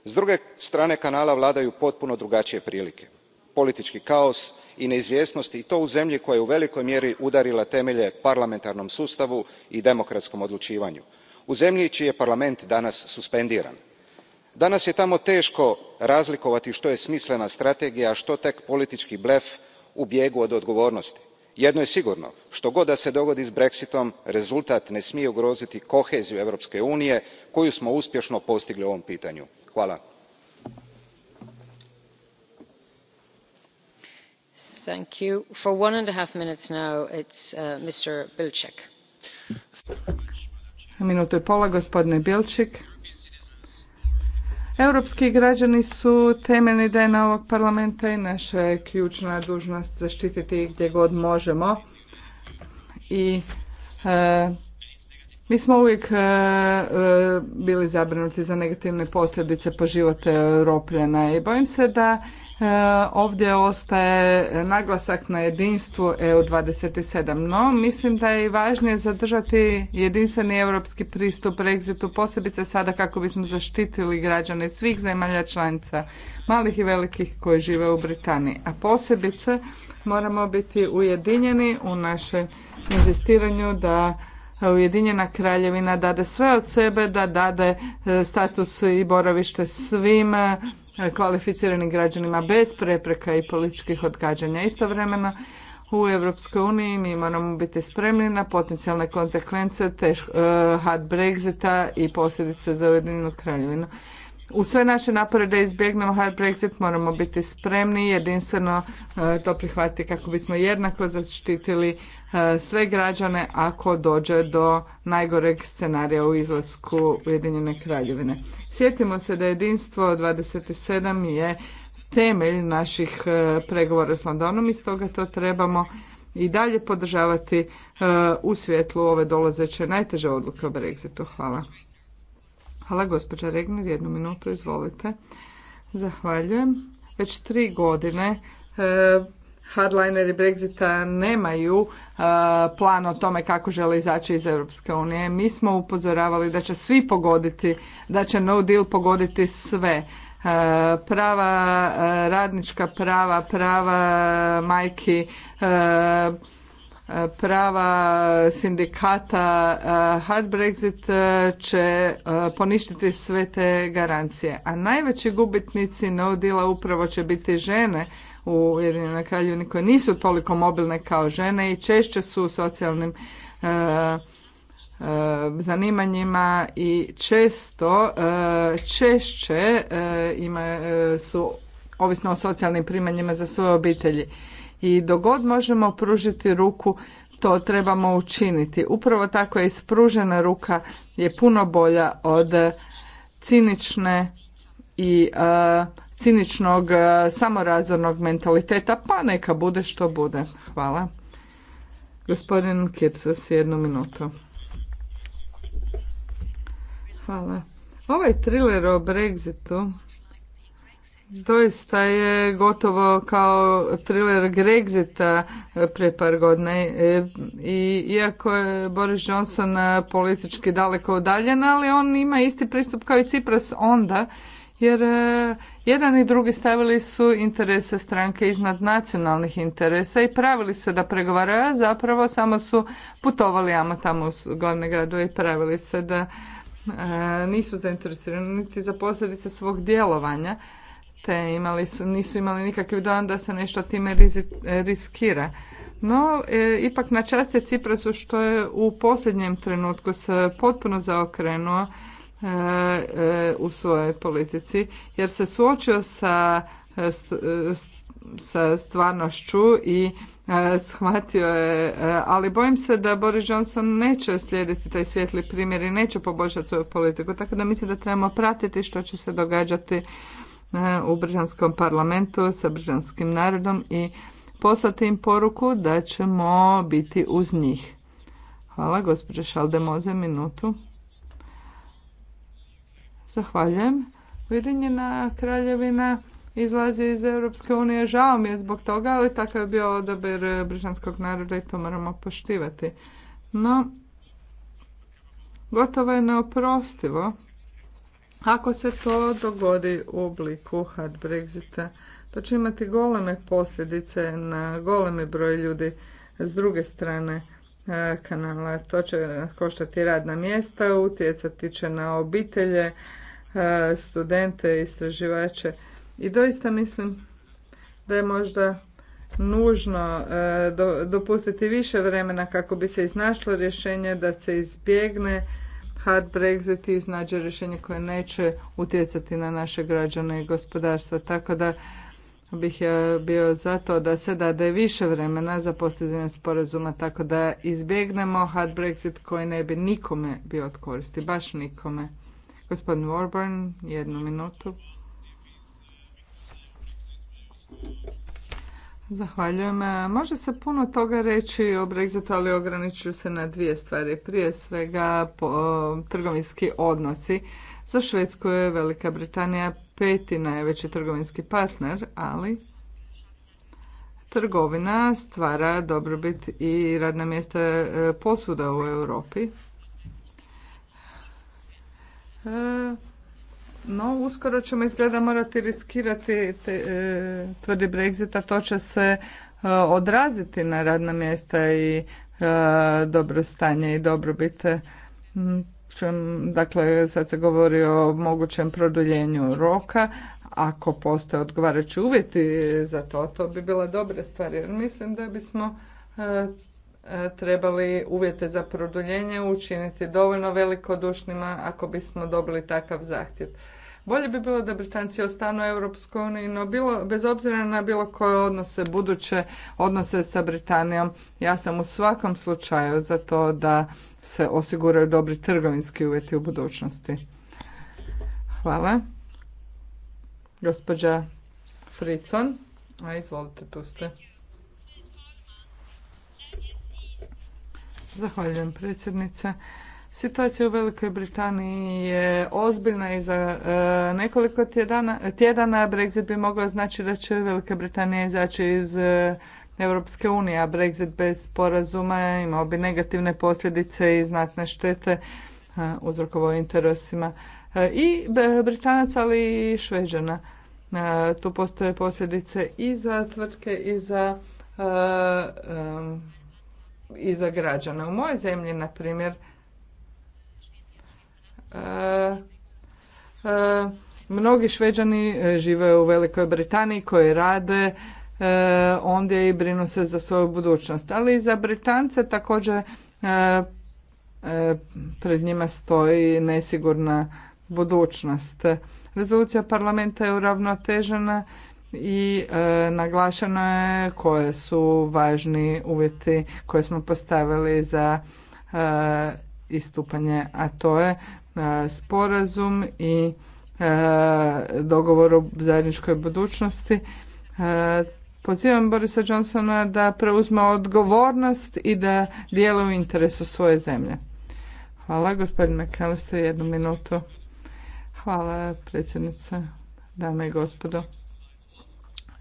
Speaker 5: s druge strane kanala vladaju potpuno drugačije prilike politički kaos i neizvjesnost i to u zemlji koja je u velikoj mjeri udarila temelje parlamentarnom sustavu i demokratskom odlučivanju u zemlji čiji je parlament danas suspendiran. danas je tamo teško razlikovati što je smislena strategija a što tek politički blef u bijegu od odgovornosti jedno je sigurno što god da se dogodi s brexitom rezultat ne smije ugroziti koheziju europske unije koju smo uspješno postigli u ovom pitanju. hvala.
Speaker 4: Europski građani su temeljni na ovog parlamenta i naša je ključna dužnost zaštititi ih gdje god možemo. I e, mi smo uvijek e, e, bili zabrinuti za negativne posljedice po život Europljana i bojim se da E, ovdje ostaje naglasak na jedinstvu EU27, no mislim da je i važnije zadržati jedinstveni europski pristup Brexitu, posebice sada kako bismo zaštitili građane svih zemalja članica, malih i velikih koji žive u Britaniji. A posebice moramo biti ujedinjeni u našem inzistiranju da Ujedinjena kraljevina dade sve od sebe, da dade e, status i boravište svima kvalificiranim građanima bez prepreka i političkih odgađanja. Istovremeno u Europskoj uniji mi moramo biti spremni na potencijalne konsekvence te eh, hard Brexita i posljedice za Ujedinjenu kraljevinu. U sve naše napore da izbjegnemo hard Brexit moramo biti spremni jedinstveno eh, to prihvatiti kako bismo jednako zaštitili eh, sve građane ako dođe do najgoreg scenarija u izlasku Ujedinjene kraljevine. Sjetimo se da jedinstvo 27 je temelj naših e, pregovora s Londonom i stoga to trebamo i dalje podržavati e, u svjetlu ove dolazeće najteže odluke o Brexitu. Hvala. Hvala gospođa Regner, jednu minutu izvolite. Zahvaljujem. Već tri godine e, hardlineri Brexita nemaju uh, plan o tome kako žele izaći iz Europske unije. Mi smo upozoravali da će svi pogoditi, da će no deal pogoditi sve. Uh, prava uh, radnička prava, prava majki, prava sindikata hard Brexit će poništiti sve te garancije. A najveći gubitnici no deala upravo će biti žene u Ujedinjenoj kraljevini koje nisu toliko mobilne kao žene i češće su u socijalnim e, e zanimanjima i često e, češće e, e, su ovisno o socijalnim primanjima za svoje obitelji. I dogod možemo pružiti ruku to trebamo učiniti. Upravo tako je ispružena ruka je puno bolja od cinične i ciničnog, e, samorazornog mentaliteta, pa neka bude što bude. Hvala. Gospodin Kircos, jednu minutu. Hvala. Ovaj triler o Brexitu doista je gotovo kao triler Grexita pre par godina e, i iako je Boris Johnson e, politički daleko udaljen, ali on ima isti pristup kao i Cipras onda jer e, jedan i drugi stavili su interese stranke iznad nacionalnih interesa i pravili se da pregovaraju, a zapravo samo su putovali ama tamo u glavne gradu i pravili se da e, nisu zainteresirani niti za posljedice svog djelovanja, te imali su, nisu imali nikakvi dojam da se nešto time riskira. No, e, ipak na čast je Ciprasu što je u posljednjem trenutku se potpuno zaokrenuo E, u svojoj politici jer se suočio sa, e, e, sa stvarnošću i shvatio je, ali bojim se da Boris Johnson neće slijediti taj svjetli primjer i neće poboljšati svoju politiku, tako da mislim da trebamo pratiti što će se događati u britanskom parlamentu sa britanskim narodom i poslati im poruku da ćemo biti uz njih. Hvala, gospođo Šaldemoze, minutu. Zahvaljujem. Ujedinjena kraljevina izlazi iz Europske unije. Žao mi je zbog toga, ali takav je bio odabir eh, britanskog naroda i to moramo poštivati. No, gotovo je neoprostivo ako se to dogodi u obliku hard Brexita. To će imati goleme posljedice na golemi broj ljudi s druge strane eh, kanala. To će koštati radna mjesta, utjecati će na obitelje, E, studente, istraživače i doista mislim da je možda nužno e, dopustiti više vremena kako bi se iznašlo rješenje da se izbjegne hard Brexit i iznađe rješenje koje neće utjecati na naše građane i gospodarstva. Tako da bih ja bio za to da se dade više vremena za postizanje sporazuma tako da izbjegnemo hard Brexit koji ne bi nikome bio od koristi, baš nikome. Gospodin Warburn, jednu minutu. Zahvaljujem. Može se puno toga reći o Brexitu, ali ograničuju se na dvije stvari. Prije svega trgovinski odnosi. Za Švedsku je Velika Britanija peti najveći trgovinski partner, ali trgovina stvara dobrobit i radna mjesta e, posuda u Europi. E, no, uskoro ćemo izgleda morati riskirati te, e, tvrdi Brexit, a to će se e, odraziti na radna mjesta i dobro stanje i dobrobit. Dakle, sad se govori o mogućem produljenju roka. Ako postoje odgovarajući uvjeti za to, to bi bila dobra stvar jer mislim da bismo E, trebali uvjete za produljenje učiniti dovoljno velikodušnima ako bismo dobili takav zahtjev. Bolje bi bilo da Britanci ostanu u Europskoj uniji, no bilo, bez obzira na bilo koje odnose, buduće odnose sa Britanijom, ja sam u svakom slučaju za to da se osiguraju dobri trgovinski uvjeti u budućnosti. Hvala. Gospođa Fricon, a izvolite, tu ste. Zahvaljujem predsjednice. Situacija u Velikoj Britaniji je ozbiljna i za e, nekoliko tjedana, tjedana Brexit bi mogao znači da će Velika Britanija izaći iz e, Europske unije, a Brexit bez sporazuma imao bi negativne posljedice i znatne štete e, uzrokovao interesima e, i Britanaca, ali i Šveđana. Tu postoje posljedice i za tvrtke i za i za građane. U mojoj zemlji, na primjer, e, e, mnogi šveđani e, žive u Velikoj Britaniji koji rade ondje i brinu se za svoju budućnost. Ali i za Britance također pred njima stoji nesigurna budućnost. Rezolucija parlamenta je uravnotežena i e, naglašeno je koje su važni uvjeti koje smo postavili za e, istupanje, a to je e, sporazum i dogovor o zajedničkoj budućnosti. Pozivam Borisa Johnsona da preuzme odgovornost i da dijela u interesu svoje zemlje. Hvala, gospodine McAllister, jednu minutu. Hvala, predsjednice, dame i gospodo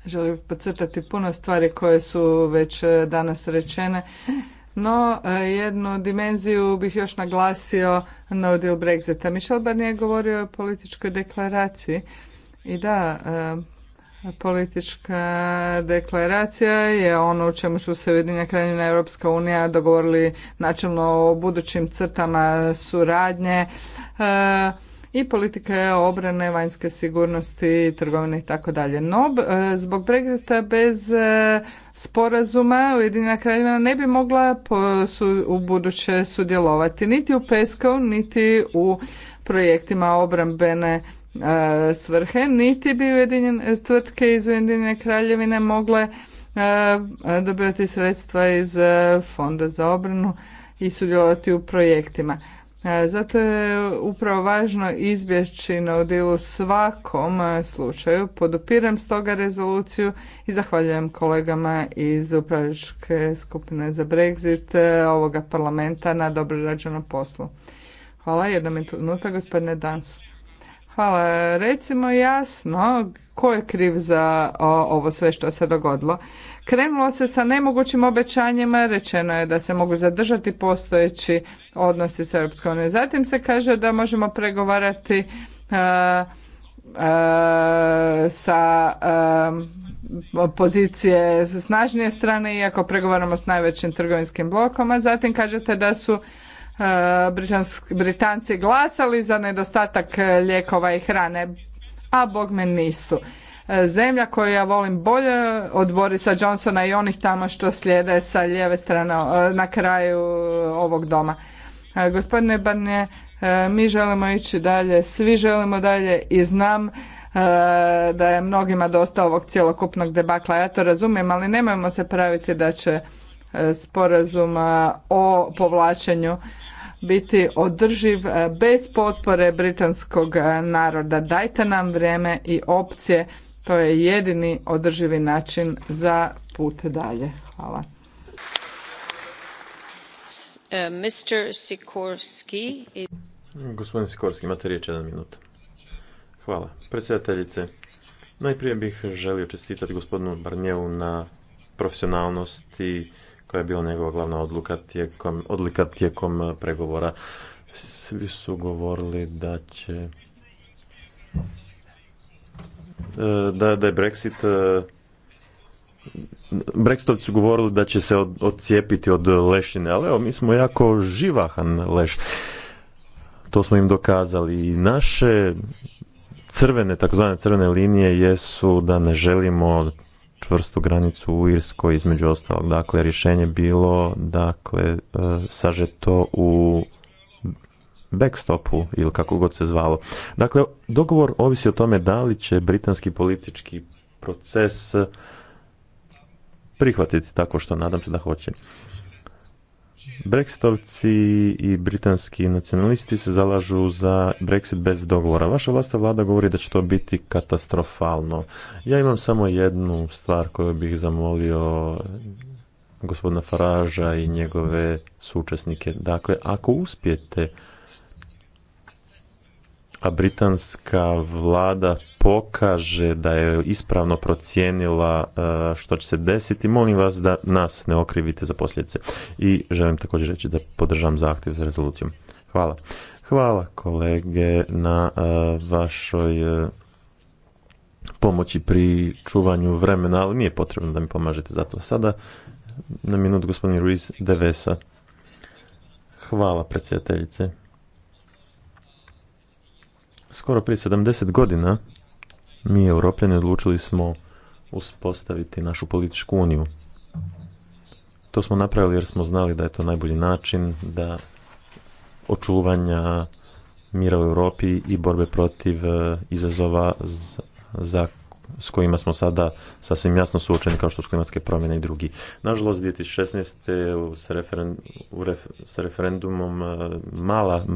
Speaker 4: želim podcrtati puno stvari koje su već e, danas rečene. No, e, jednu dimenziju bih još naglasio no deal Brexita. Michel Barnier govorio o političkoj deklaraciji i da, e, politička deklaracija je ono u čemu su se Ujedinja Kraljevina Europska unija dogovorili načelno o budućim crtama suradnje i politike obrane, vanjske sigurnosti, trgovine i tako dalje. No, e, zbog Brexita bez e, sporazuma Ujedinjena kraljevina ne bi mogla su, u buduće sudjelovati niti u PESCO, niti u projektima obrambene e, svrhe, niti bi ujedinjene tvrtke iz Ujedinjene kraljevine mogle dobivati sredstva iz Fonda za obranu i sudjelovati u projektima. E, zato je upravo važno izbjeći na udilu svakom e, slučaju. Podupiram stoga rezoluciju i zahvaljujem kolegama iz upravičke skupine za Brexit e, ovoga parlamenta na dobro rađenom poslu. Hvala, jedna minuta gospodine Dans. Hvala, recimo jasno ko je kriv za ovo sve što se dogodilo. Krenulo se sa nemogućim obećanjima, rečeno je da se mogu zadržati postojeći odnosi s Europskom Zatim se kaže da možemo pregovarati e, e, sa e, pozicije snažnije strane, iako pregovaramo s najvećim trgovinskim blokom, a zatim kažete da su Britanci glasali za nedostatak lijekova i hrane, a bogme nisu. E, zemlja koju ja volim bolje od Borisa Johnsona i onih tamo što slijede sa lijeve strane e, na kraju ovog doma. E, gospodine Barnje, mi želimo ići dalje, svi želimo dalje i znam da je mnogima dosta ovog cjelokupnog debakla. Ja to razumijem, ali nemojmo se praviti da će sporazum o povlačenju biti održiv bez potpore britanskog naroda. Dajte nam vrijeme i opcije to je jedini održivi način za put dalje. Hvala.
Speaker 7: E, Mr. Sikorski.
Speaker 2: Gospodin Sikorski, imate riječ jedan minut. Hvala. Predsjedateljice, najprije bih želio čestitati gospodinu Barnjevu na profesionalnosti koja je bila njegova glavna odluka tijekom, odlika tijekom e, pregovora. Svi su govorili da će E, da, da je Brexit e, Brexitovci su govorili da će se od, odcijepiti od lešine, ali evo, mi smo jako živahan leš. To smo im dokazali i naše crvene, takozvane crvene linije jesu da ne želimo čvrstu granicu u Irskoj između ostalog. Dakle, rješenje bilo dakle, e, sažeto u backstopu ili kako god se zvalo. Dakle, dogovor ovisi o tome da li će britanski politički proces prihvatiti tako što nadam se da hoće. Brexitovci i britanski nacionalisti se zalažu za Brexit bez dogovora. Vaša vlasta vlada govori da će to biti katastrofalno. Ja imam samo jednu stvar koju bih zamolio gospodina Faraža i njegove sučesnike. Dakle, ako uspijete a britanska vlada pokaže da je ispravno procijenila e, što će se desiti, molim vas da nas ne okrivite za posljedice. I želim također reći da podržam zahtjev za rezolucijom. Hvala. Hvala kolege na e, vašoj e, pomoći pri čuvanju vremena, ali nije potrebno da mi pomažete zato. Sada na minut gospodin Ruiz Devesa. Hvala predsjedateljice skoro prije 70 godina mi europljani odlučili smo uspostaviti našu političku uniju. To smo napravili jer smo znali da je to najbolji način da očuvanja mira u Europi i borbe protiv e, izazova za s kojima smo sada sasvim jasno suočeni kao što su klimatske promjene i drugi. Nažalost, 2016. s, referen, u ref, s referendumom e, mala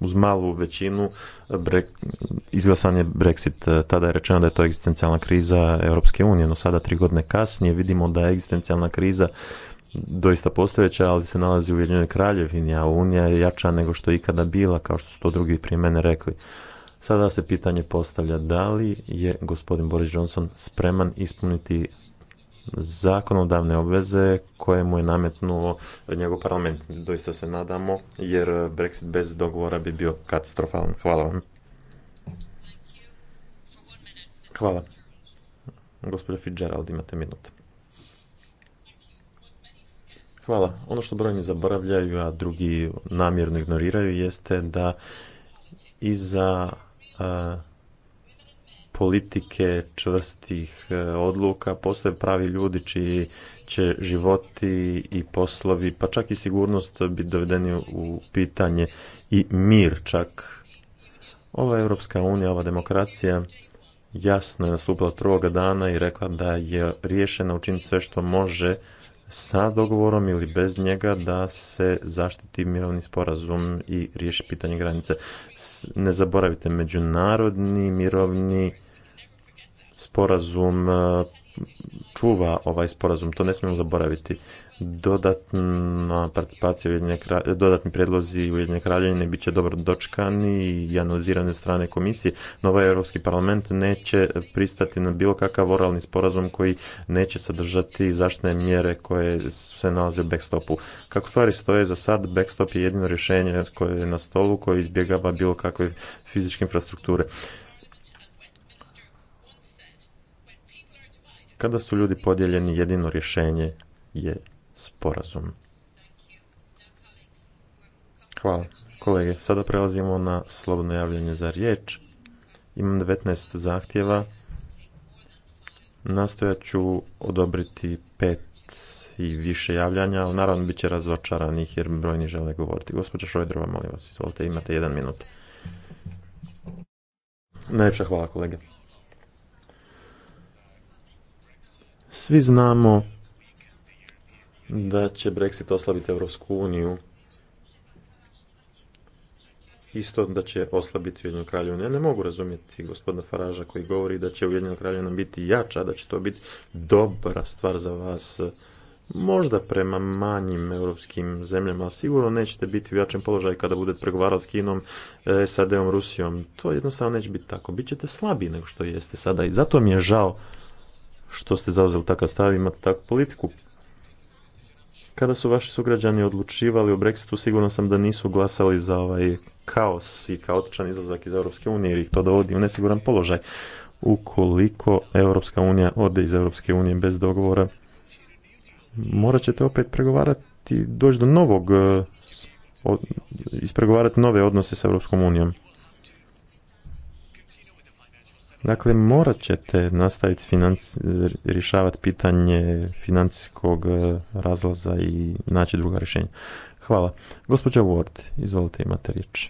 Speaker 2: uz malu većinu izglasan je Brexit. E, tada je rečeno da je to egzistencijalna kriza Europske unije, no sada tri godine kasnije vidimo da je egzistencijalna kriza doista postojeća, ali se nalazi u Ujedinjenoj kraljevini, a Unija je jača nego što je ikada bila, kao što su to drugi prije mene rekli. Sada se pitanje postavlja da li je gospodin Boris Johnson spreman ispuniti zakonodavne obveze koje mu je nametnuo njegov parlament. Doista se nadamo jer Brexit bez dogovora bi bio katastrofalan. Hvala vam. Hvala. Gospodin Fitzgerald, imate minut. Hvala. Ono što brojni zaboravljaju, a drugi namjerno ignoriraju, jeste da iza politike čvrstih e, odluka, postoje pravi ljudi čiji će životi i poslovi, pa čak i sigurnost biti dovedeni u pitanje i mir čak. Ova Europska unija, ova demokracija jasno je nastupila od prvoga dana i rekla da je riješena učiniti sve što može sa dogovorom ili bez njega da se zaštiti mirovni sporazum i riješi pitanje granice. Ne zaboravite, međunarodni mirovni sporazum eh, čuva ovaj sporazum, to ne smijemo zaboraviti dodatna participacija Ujedinjene dodatni predlozi Ujedinjene kraljevine bit će dobro dočkani i analizirani od strane komisije. No Europski parlament neće pristati na bilo kakav oralni sporazum koji neće sadržati zaštne mjere koje se nalaze u backstopu. Kako stvari stoje za sad, backstop je jedino rješenje koje je na stolu koje izbjegava bilo kakve fizičke infrastrukture. Kada su ljudi podijeljeni, jedino rješenje je sporazum. Hvala kolege. Sada prelazimo na slobodno javljanje za riječ. Imam 19 zahtjeva. Nastojat ću odobriti pet i više javljanja, ali naravno bit će razočaranih jer brojni žele govoriti. Gospođa Šojdrova, molim vas, izvolite, imate jedan minut. Najljepša hvala kolege. Svi znamo da će Brexit oslabiti Europsku uniju. Isto da će oslabiti Ujedinjenu kraljevinu. Ja ne mogu razumjeti gospodina Faraža koji govori da će Ujedinjena kraljevina biti jača, da će to biti dobra stvar za vas. Možda prema manjim europskim zemljama, ali sigurno nećete biti u jačem položaju kada budete pregovarali s Kinom, eh, SAD-om, Rusijom. To jednostavno neće biti tako. Bićete slabiji nego što jeste sada i zato mi je žao što ste zauzeli takav stav, imate takvu politiku. Kada su vaši sugrađani odlučivali o Brexitu, sigurno sam da nisu glasali za ovaj kaos i kaotičan izlazak iz Europske unije jer ih to dovodi u nesiguran položaj. Ukoliko Europska unija ode iz Europske unije bez dogovora, morat ćete opet pregovarati, doći do novog, eh, ispregovarati nove odnose sa Europskom unijom. Dakle, morat ćete nastaviti rješavati pitanje financijskog e, razlaza i naći druga rješenja. Hvala. Gospođa Ward, izvolite imate riječ.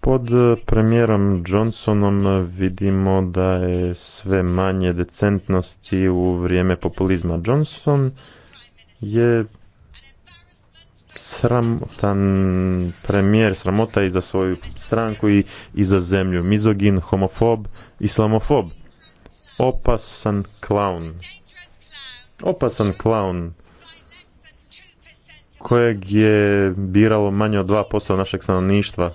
Speaker 2: Pod e, premijerom Johnsonom e, vidimo da je sve manje decentnosti u vrijeme populizma. Johnson je sramotan premijer, sramota i za svoju stranku i, i za zemlju. Mizogin, homofob, islamofob. Opasan klaun. Opasan klaun kojeg je biralo manje od 2% našeg stanovništva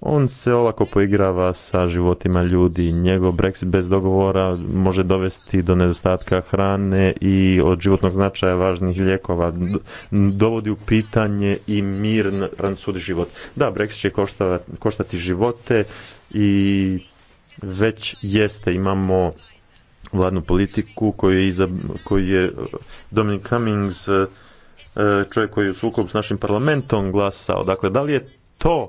Speaker 2: on se olako poigrava sa životima ljudi. Njegov Brexit bez dogovora može dovesti do nedostatka hrane i od životnog značaja važnih lijekova. Dovodi u pitanje i mir sud život. Da, Brexit će koštati živote i već jeste. Imamo vladnu politiku koju je, iza, koju je uh, Dominic Cummings, uh, uh, čovjek koji je u sukobu s našim parlamentom glasao. Dakle, da li je to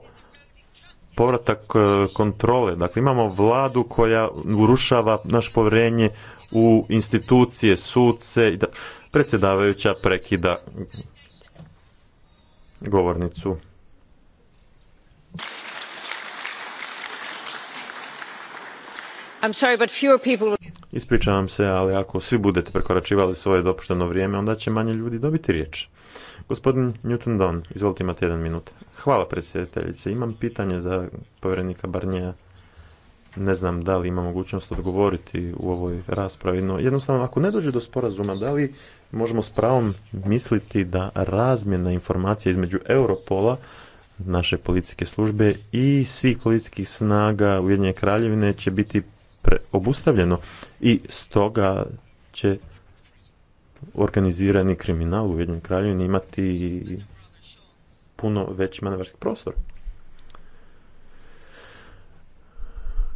Speaker 2: povratak e, kontrole. Dakle, imamo vladu koja urušava naš povjerenje u institucije, suce. Predsjedavajuća prekida govornicu.
Speaker 7: I'm sorry, but fewer people...
Speaker 2: Ispričavam se, ali ako svi budete prekoračivali svoje dopušteno vrijeme, onda će manje ljudi dobiti riječ. Gospodin Newton Don, izvolite imate jedan minut. Hvala predsjedateljice. Imam pitanje za povjerenika Barnija. Ne znam da li ima mogućnost odgovoriti u ovoj raspravi, no jednostavno ako ne dođe do sporazuma, da li možemo s pravom misliti da razmjena informacija između Europola naše policijske službe i svih policijskih snaga Ujedinjene kraljevine će biti obustavljeno i stoga će organizirani kriminal u Ujedinjenoj kraljevini imati puno veći manevarski prostor.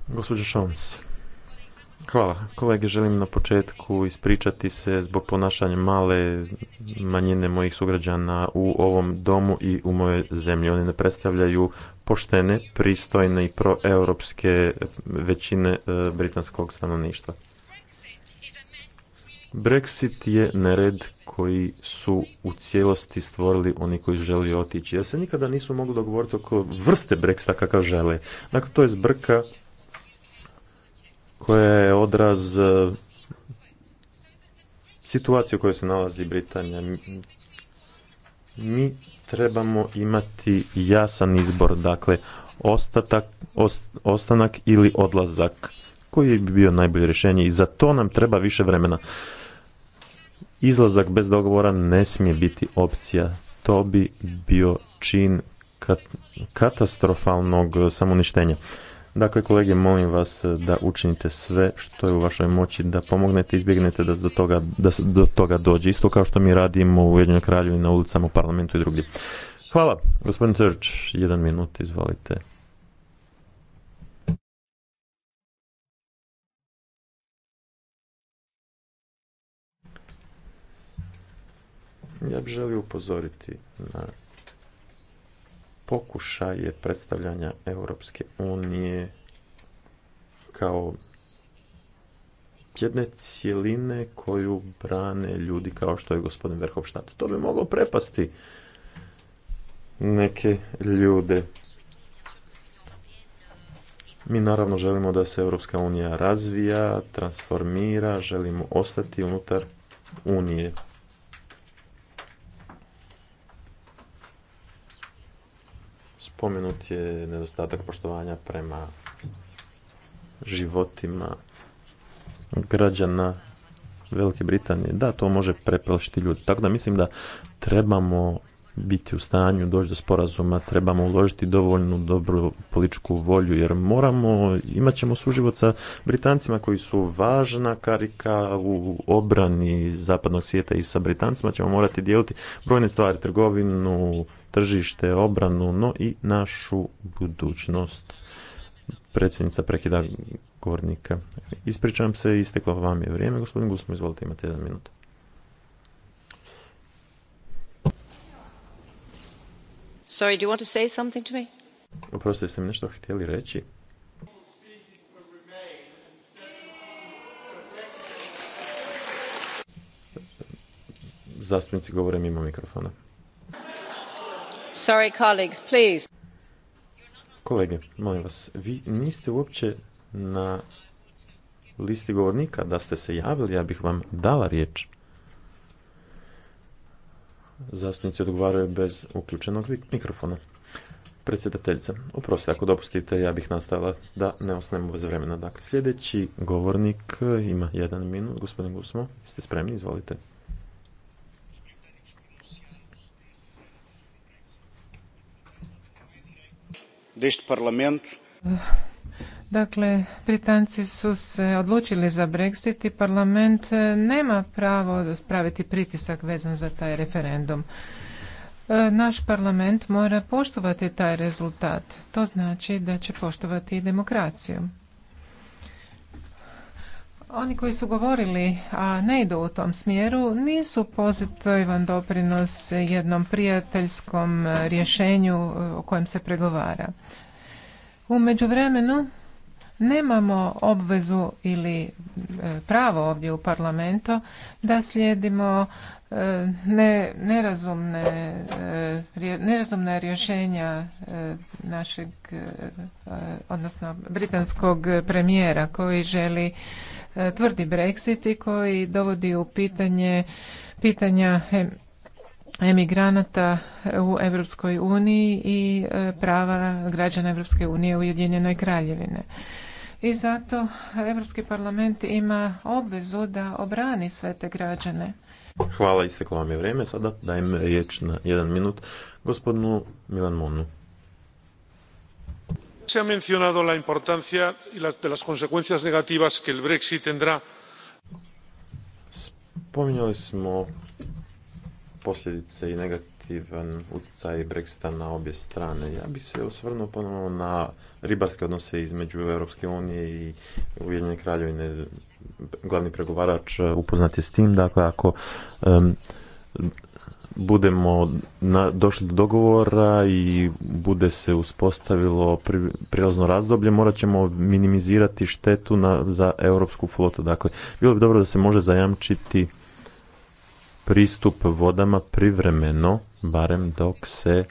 Speaker 2: Gospođa šomis Hvala. Kolege, želim na početku ispričati se zbog ponašanja male manjine mojih sugrađana u ovom domu i u mojoj zemlji. Oni ne predstavljaju poštene, pristojne i proeuropske većine e, britanskog stanovništva. Brexit je nered koji su u cijelosti stvorili oni koji želi otići, jer se nikada nisu mogli dogovoriti oko vrste Brexita kakav žele. Dakle, to je zbrka koja je odraz e, situacije u kojoj se nalazi Britanija. Mi trebamo imati jasan izbor, dakle ostatak, ostanak ili odlazak koji bi bio najbolje rješenje i za to nam treba više vremena. Izlazak bez dogovora ne smije biti opcija. To bi bio čin katastrofalnog e, samoništenja. Dakle, kolege, molim vas eh, da učinite sve što je u vašoj moći, da pomognete, izbjegnete da, do toga, da do toga dođe. Isto kao što mi radimo u Ujedinjenoj kralju i na ulicama, u parlamentu i drugdje. Hvala. Gospodin jedan minut, izvolite. Ja bih želio upozoriti na je predstavljanja Europske unije kao jedne cjeline koju brane ljudi kao što je gospodin Verhofstadt. To bi moglo prepasti neke ljude. Mi naravno želimo da se Europska unija razvija, transformira, želimo ostati unutar unije. spomenut je nedostatak poštovanja prema životima građana Velike Britanije. Da, to može preplašiti ljudi. Tako da mislim da trebamo biti u stanju doći do sporazuma, trebamo uložiti dovoljnu dobru političku volju, jer moramo, imat ćemo suživot sa Britancima koji su važna karika u obrani zapadnog svijeta i sa Britancima ćemo morati dijeliti brojne stvari, trgovinu, tržište, obranu, no i našu budućnost. Predsjednica prekida govornika. Ispričavam se, isteklo vam je vrijeme. Gospodin Gusmo, izvolite, imate jedan minut.
Speaker 8: Sorry, do you want to say something to me?
Speaker 2: Oprostite, ste mi nešto htjeli reći? Zastupnici govore mimo mikrofona. Sorry, Kolege, molim vas, vi niste uopće na listi govornika. Da ste se javili, ja bih vam dala riječ. Zastupnici odgovaraju bez uključenog mikrofona. Predsjedateljica, oprostite, ako dopustite, ja bih nastavila da ne osnemo bez vremena. Dakle, sljedeći govornik e, ima jedan minut. Gospodin Gusmo, ste spremni?
Speaker 5: Izvolite. deste parlamento.
Speaker 1: Dakle, Britanci su se odlučili za Brexit i parlament nema pravo spraviti pritisak vezan za taj referendum. E, naš parlament mora poštovati taj rezultat. To znači da će poštovati i demokraciju. Oni koji su govorili, a ne idu u tom smjeru, nisu pozitivan doprinos jednom prijateljskom e, rješenju e, o kojem se pregovara. U međuvremenu nemamo obvezu ili e, pravo ovdje u parlamentu da slijedimo nerazumne, nerazumna rješenja našeg, odnosno britanskog premijera koji želi E, tvrdi Brexit i koji dovodi u pitanje pitanja e, emigranata u Europskoj uniji i e, prava građana Europske unije u Ujedinjenoj kraljevine. I zato Europski parlament ima obvezu da obrani sve te građane.
Speaker 2: Hvala, isteklo vam je vrijeme. Sada dajem riječ na jedan minut gospodinu Milan Monu se ha mencionado la importancia de las consecuencias negativas que el tendrá. Spominjali smo posljedice i negativan utjecaj Brexita na obje strane. Ja bih se osvrnuo ponovno na ribarske odnose između Europske unije i Ujedinjene kraljevine. Glavni pregovarač upoznat je s tim, dakle ako budemo na, došli do dogovora i bude se uspostavilo pri, prijelazno razdoblje, morat ćemo minimizirati štetu na, za europsku flotu. Dakle, bilo bi dobro da se može zajamčiti pristup vodama privremeno, barem dok se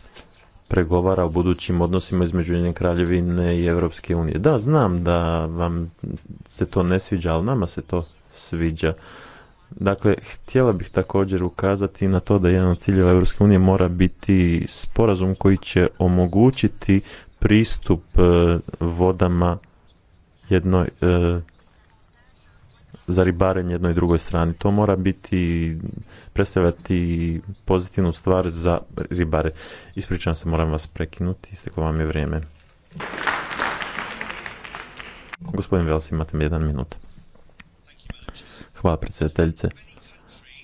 Speaker 2: pregovara o budućim odnosima između Ujedinjene kraljevine i Europske unije. Da, znam da vam se to ne sviđa, ali nama se to sviđa. Dakle, htjela bih također ukazati na to da jedan od ciljeva Europske unije mora biti sporazum koji će omogućiti pristup e, vodama jednoj e, za ribarenje jednoj i drugoj strani. To mora biti, predstavljati pozitivnu stvar za ribare. Ispričavam se, moram vas prekinuti, isteklo vam je vrijeme. Gospodin Vels, imate jedan minut. Hvala predsjedateljice.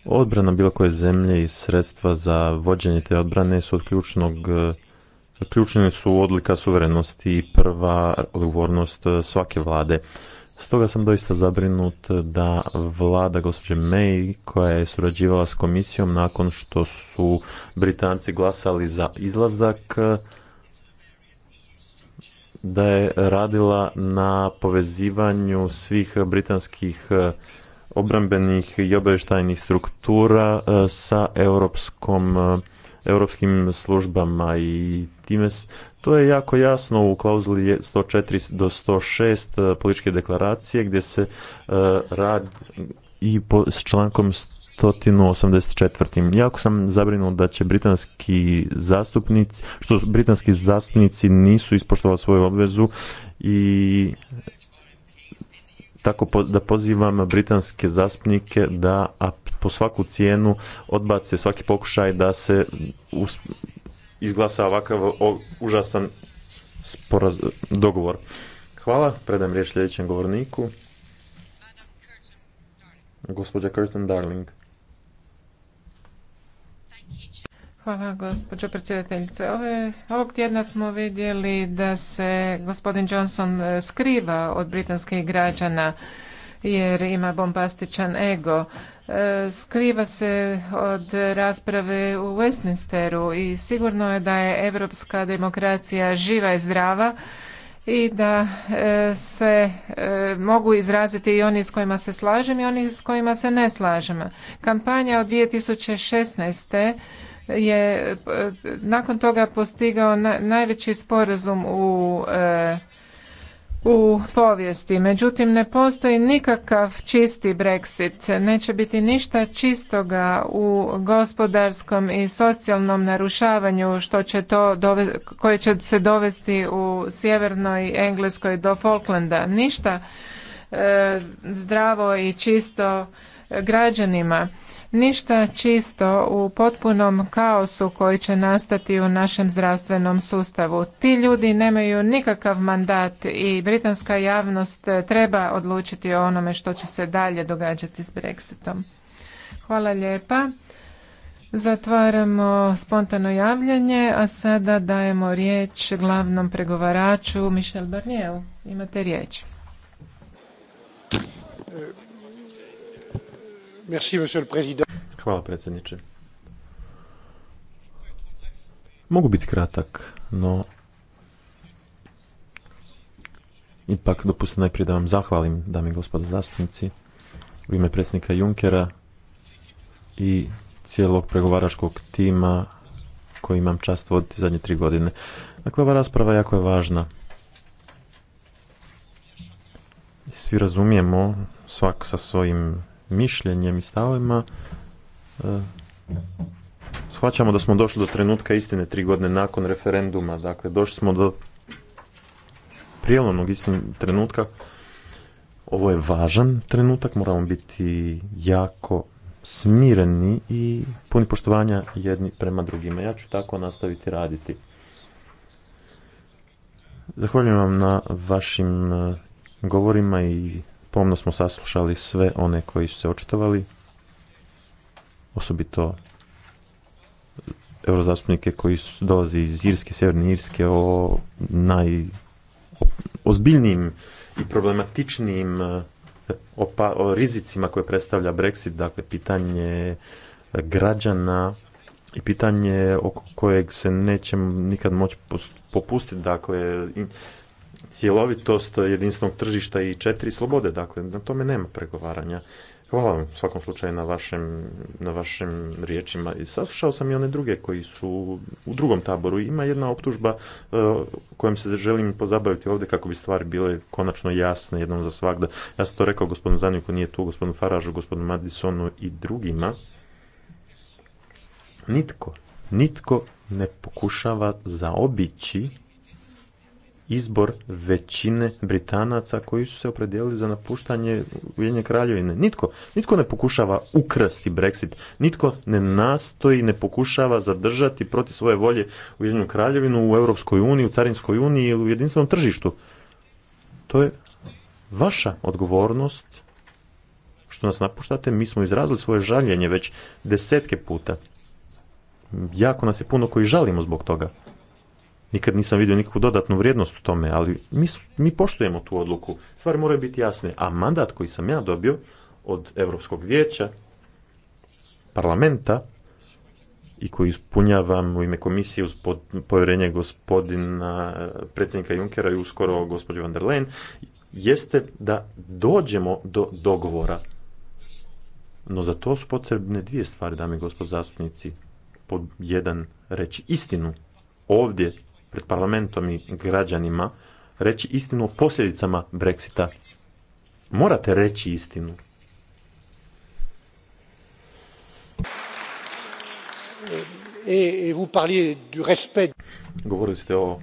Speaker 2: Odbrana bilo koje zemlje i sredstva za vođenje te odbrane su od ključnog ključne su odlika suverenosti i prva odgovornost e, svake vlade. Stoga sam doista zabrinut da vlada gospođe May koja je surađivala s komisijom nakon što su Britanci glasali za izlazak e, da je radila na povezivanju svih britanskih e, obrambenih i obavještajnih struktura e, sa europskom e, europskim službama i time to je jako jasno u klauzuli 104 do 106 e, političke deklaracije gdje se rad i po, s člankom 184. Jako sam zabrinut da će britanski zastupnici, što britanski zastupnici nisu ispoštovali svoju obvezu i tako da pozivam britanske zastupnike da po svaku cijenu odbace svaki pokušaj da se izglasa ovakav užasan dogovor. Hvala, predam riječ sljedećem govorniku. Gospođa Curtin Darling.
Speaker 1: Hvala gospođo predsjedateljice. Ove, ovog tjedna smo vidjeli da se gospodin Johnson e, skriva od britanskih građana jer ima bombastičan ego. E, skriva se od rasprave u Westminsteru i sigurno je da je europska demokracija živa i zdrava i da e, se mogu izraziti i oni s kojima se slažem i oni s kojima se ne slažem. Kampanja od 2016 je eh, nakon toga postigao najveći sporazum u eh, u povijesti. Međutim, ne postoji nikakav čisti Brexit. Neće biti ništa čistoga u gospodarskom i socijalnom narušavanju što će to dove, koje će se dovesti u sjevernoj Engleskoj do Falklanda. Ništa eh, zdravo i čisto građanima ništa čisto u potpunom kaosu koji će nastati u našem zdravstvenom sustavu. Ti ljudi nemaju nikakav mandat i britanska javnost treba odlučiti o onome što će se dalje događati s Brexitom. Hvala lijepa. Zatvaramo spontano javljanje, a sada dajemo riječ glavnom pregovaraču Michel Barnier. Imate riječ.
Speaker 2: Hvala predsjedniče. Mogu biti kratak, no ipak dopustite najprije da vam zahvalim, dame i gospodo zastupnici, u ime predsjednika Junkera i cijelog pregovaračkog tima koji imam čast voditi zadnje tri godine. Dakle, ova rasprava jako je važna. Svi razumijemo svak sa svojim mišljenjem i stavovima e, shvaćamo da smo došli do trenutka istine tri godine nakon referenduma. Dakle, došli smo do prijelomnog istine trenutka. Ovo je važan trenutak, moramo biti jako smireni i puni poštovanja jedni prema drugima. Ja ću tako nastaviti raditi. Zahvaljujem vam na vašim e, govorima i Pomno smo saslušali sve one koji su se očitovali, osobito eurozastupnike koji su, dolazi iz Irske, Sjeverne Irske o najozbiljnijim i problematičnijim e, opa, o rizicima koje predstavlja Brexit, dakle pitanje građana i pitanje oko kojeg se nećemo nikad moći popustiti, dakle cjelovitost jedinstvenog tržišta i četiri slobode. Dakle, na tome nema pregovaranja. Hvala vam u svakom slučaju na vašem, na vašim riječima. I saslušao sam i one druge koji su u drugom taboru. Ima jedna optužba uh, kojom se želim pozabaviti ovdje kako bi stvari bile konačno jasne jednom za svakda. Ja sam to rekao gospodinu Zaniku, nije tu, gospodinu Faražu, gospodinu Madisonu i drugima. Nitko, nitko ne pokušava zaobići izbor većine Britanaca koji su se opredijelili za napuštanje Ujedinjene kraljevine. Nitko, nitko ne pokušava ukrasti Brexit, nitko ne nastoji, ne pokušava zadržati protiv svoje volje Ujedinjenu kraljevinu u Europskoj uniji, u Carinskoj uniji ili u jedinstvenom tržištu. To je vaša odgovornost što nas napuštate, mi smo izrazili svoje žaljenje već desetke puta. Jako nas je puno koji žalimo zbog toga. Nikad nisam vidio nikakvu dodatnu vrijednost u tome, ali mi, mi poštujemo tu odluku. Stvari moraju biti jasne. A mandat koji sam ja dobio od Europskog vijeća, parlamenta i koji ispunjavam u ime komisije uz povjerenje gospodina eh, predsjednika Junkera i uskoro gospođe van der Leyen, jeste da dođemo do dogovora. No za to su potrebne dvije stvari, dame i gospod zastupnici. Pod jedan, reći istinu ovdje pred parlamentom i građanima reći istinu o posljedicama Brexita. Morate reći istinu. Govorili ste o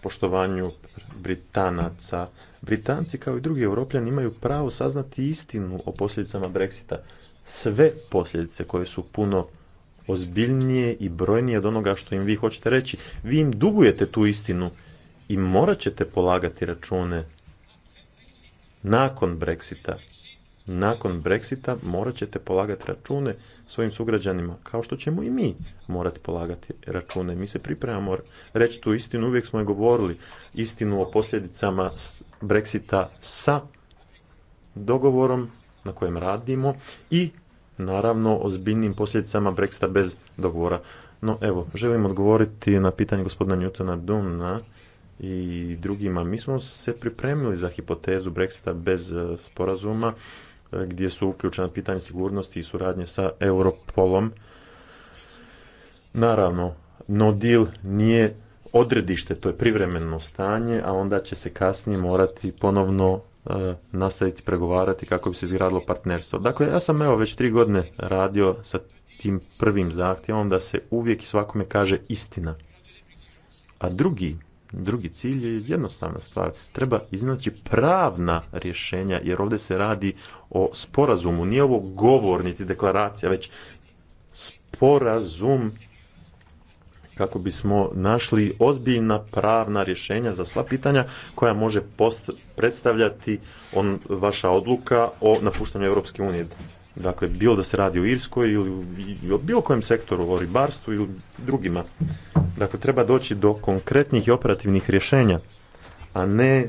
Speaker 2: poštovanju Britanaca. Britanci kao i drugi Europljani imaju pravo saznati istinu o posljedicama Brexita. Sve posljedice koje su puno ozbiljnije i brojnije od onoga što im vi hoćete reći. Vi im dugujete tu istinu i morat ćete polagati račune nakon Brexita. Nakon Brexita morat ćete polagati račune svojim sugrađanima, kao što ćemo i mi morati polagati račune. Mi se pripremamo reći tu istinu, uvijek smo je govorili, istinu o posljedicama Brexita sa dogovorom na kojem radimo i naravno ozbiljnim posljedicama Brexita bez dogovora. No evo, želim odgovoriti na pitanje gospodina Newtona Duna i drugima. Mi smo se pripremili za hipotezu Brexita bez e, sporazuma e, gdje su uključena pitanje sigurnosti i suradnje sa Europolom. Naravno, no deal nije odredište, to je privremeno stanje, a onda će se kasnije morati ponovno E, nastaviti pregovarati kako bi se izgradilo partnerstvo. Dakle, ja sam evo već tri godine radio sa tim prvim zahtjevom da se uvijek i svakome kaže istina. A drugi, drugi cilj je jednostavna stvar. Treba iznaći pravna rješenja jer ovdje se radi o sporazumu. Nije ovo govor niti deklaracija, već sporazum kako bismo našli ozbiljna pravna rješenja za sva pitanja koja može predstavljati on, vaša odluka o napuštanju Europske unije. Dakle, bilo da se radi o Irskoj ili o bilo kojem sektoru, o ribarstvu ili drugima. Dakle, treba doći do konkretnih i operativnih rješenja, a ne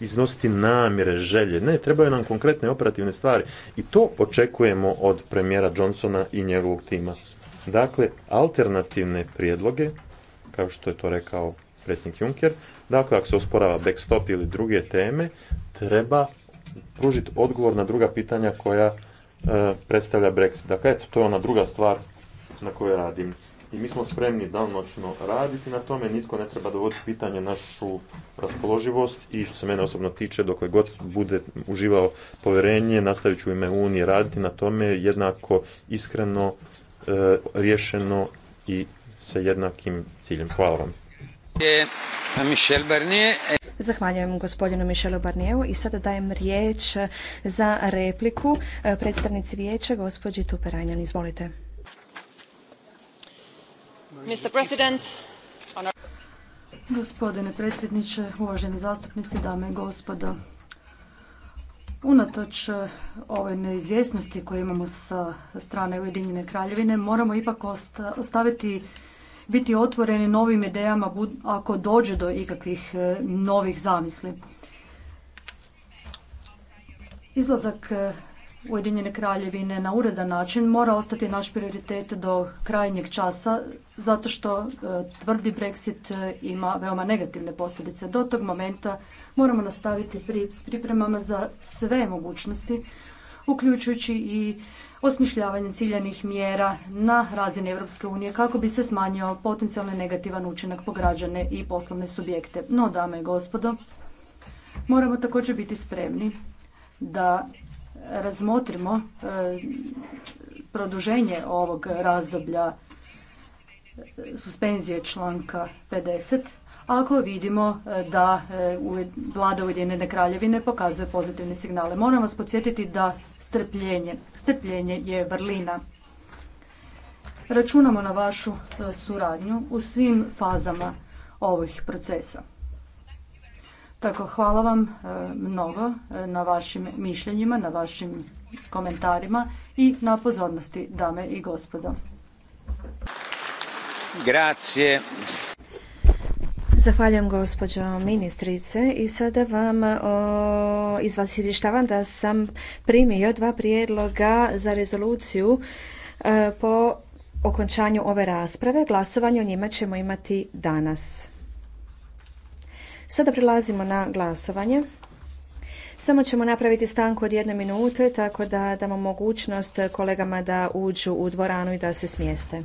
Speaker 2: iznositi namjere, želje. Ne, trebaju nam konkretne operativne stvari. I to očekujemo od premijera Johnsona i njegovog tima dakle alternativne prijedloge, kao što je to rekao predsjednik Juncker, dakle ako se osporava backstop ili druge teme, treba pružiti odgovor na druga pitanja koja e, predstavlja Brexit. Dakle, eto, to je ona druga stvar na kojoj radim. I mi smo spremni danonoćno raditi na tome, nitko ne treba dovoditi pitanje našu raspoloživost i što se mene osobno tiče, dokle god bude uživao povjerenje, nastavit ću u ime Unije raditi na tome jednako iskreno E, riješeno i sa jednakim ciljem. Hvala vam.
Speaker 7: Zahvaljujem gospodinu Mišelu Barnijevu i sada dajem riječ za repliku e, predstavnici vijeća gospođi Tuperanjan. Izvolite.
Speaker 9: Mr. President, Gospodine predsjedniče, uvaženi zastupnici, dame i gospodo. Unatoč e, ove neizvjesnosti koje imamo sa strane Ujedinjene kraljevine, moramo ipak ostaviti, biti otvoreni novim idejama ako dođe do ikakvih e, novih zamisli. Izlazak e, Ujedinjene kraljevine na uredan način mora ostati naš prioritet do krajnjeg časa zato što e, tvrdi Brexit e, ima veoma negativne posljedice. Do tog momenta moramo nastaviti s pripremama za sve mogućnosti uključujući i osmišljavanje ciljanih mjera na razini Europske unije kako bi se smanjio potencijalni negativan učinak po građane i poslovne subjekte. No, dame i gospodo, moramo također biti spremni da razmotrimo e, produženje ovog razdoblja e, suspenzije članka 50 ako vidimo e, da vlada Ujedinjene kraljevine pokazuje pozitivne signale. Moram vas podsjetiti da strpljenje, strpljenje je vrlina. Računamo na vašu suradnju u svim fazama ovih procesa. Tako, hvala vam e, mnogo e, na vašim mišljenjima, na vašim komentarima i na pozornosti,
Speaker 7: dame i gospodo.
Speaker 3: Grazie.
Speaker 7: Zahvaljujem gospođo ministrice i sada vam e, o, iz vas izvještavam da sam primio dva prijedloga za rezoluciju po okončanju ove rasprave. Glasovanje o njima ćemo imati danas. Sada prelazimo na glasovanje. Samo ćemo napraviti stanku od jedne minute, tako da damo mogućnost kolegama da uđu u dvoranu i da se smjeste.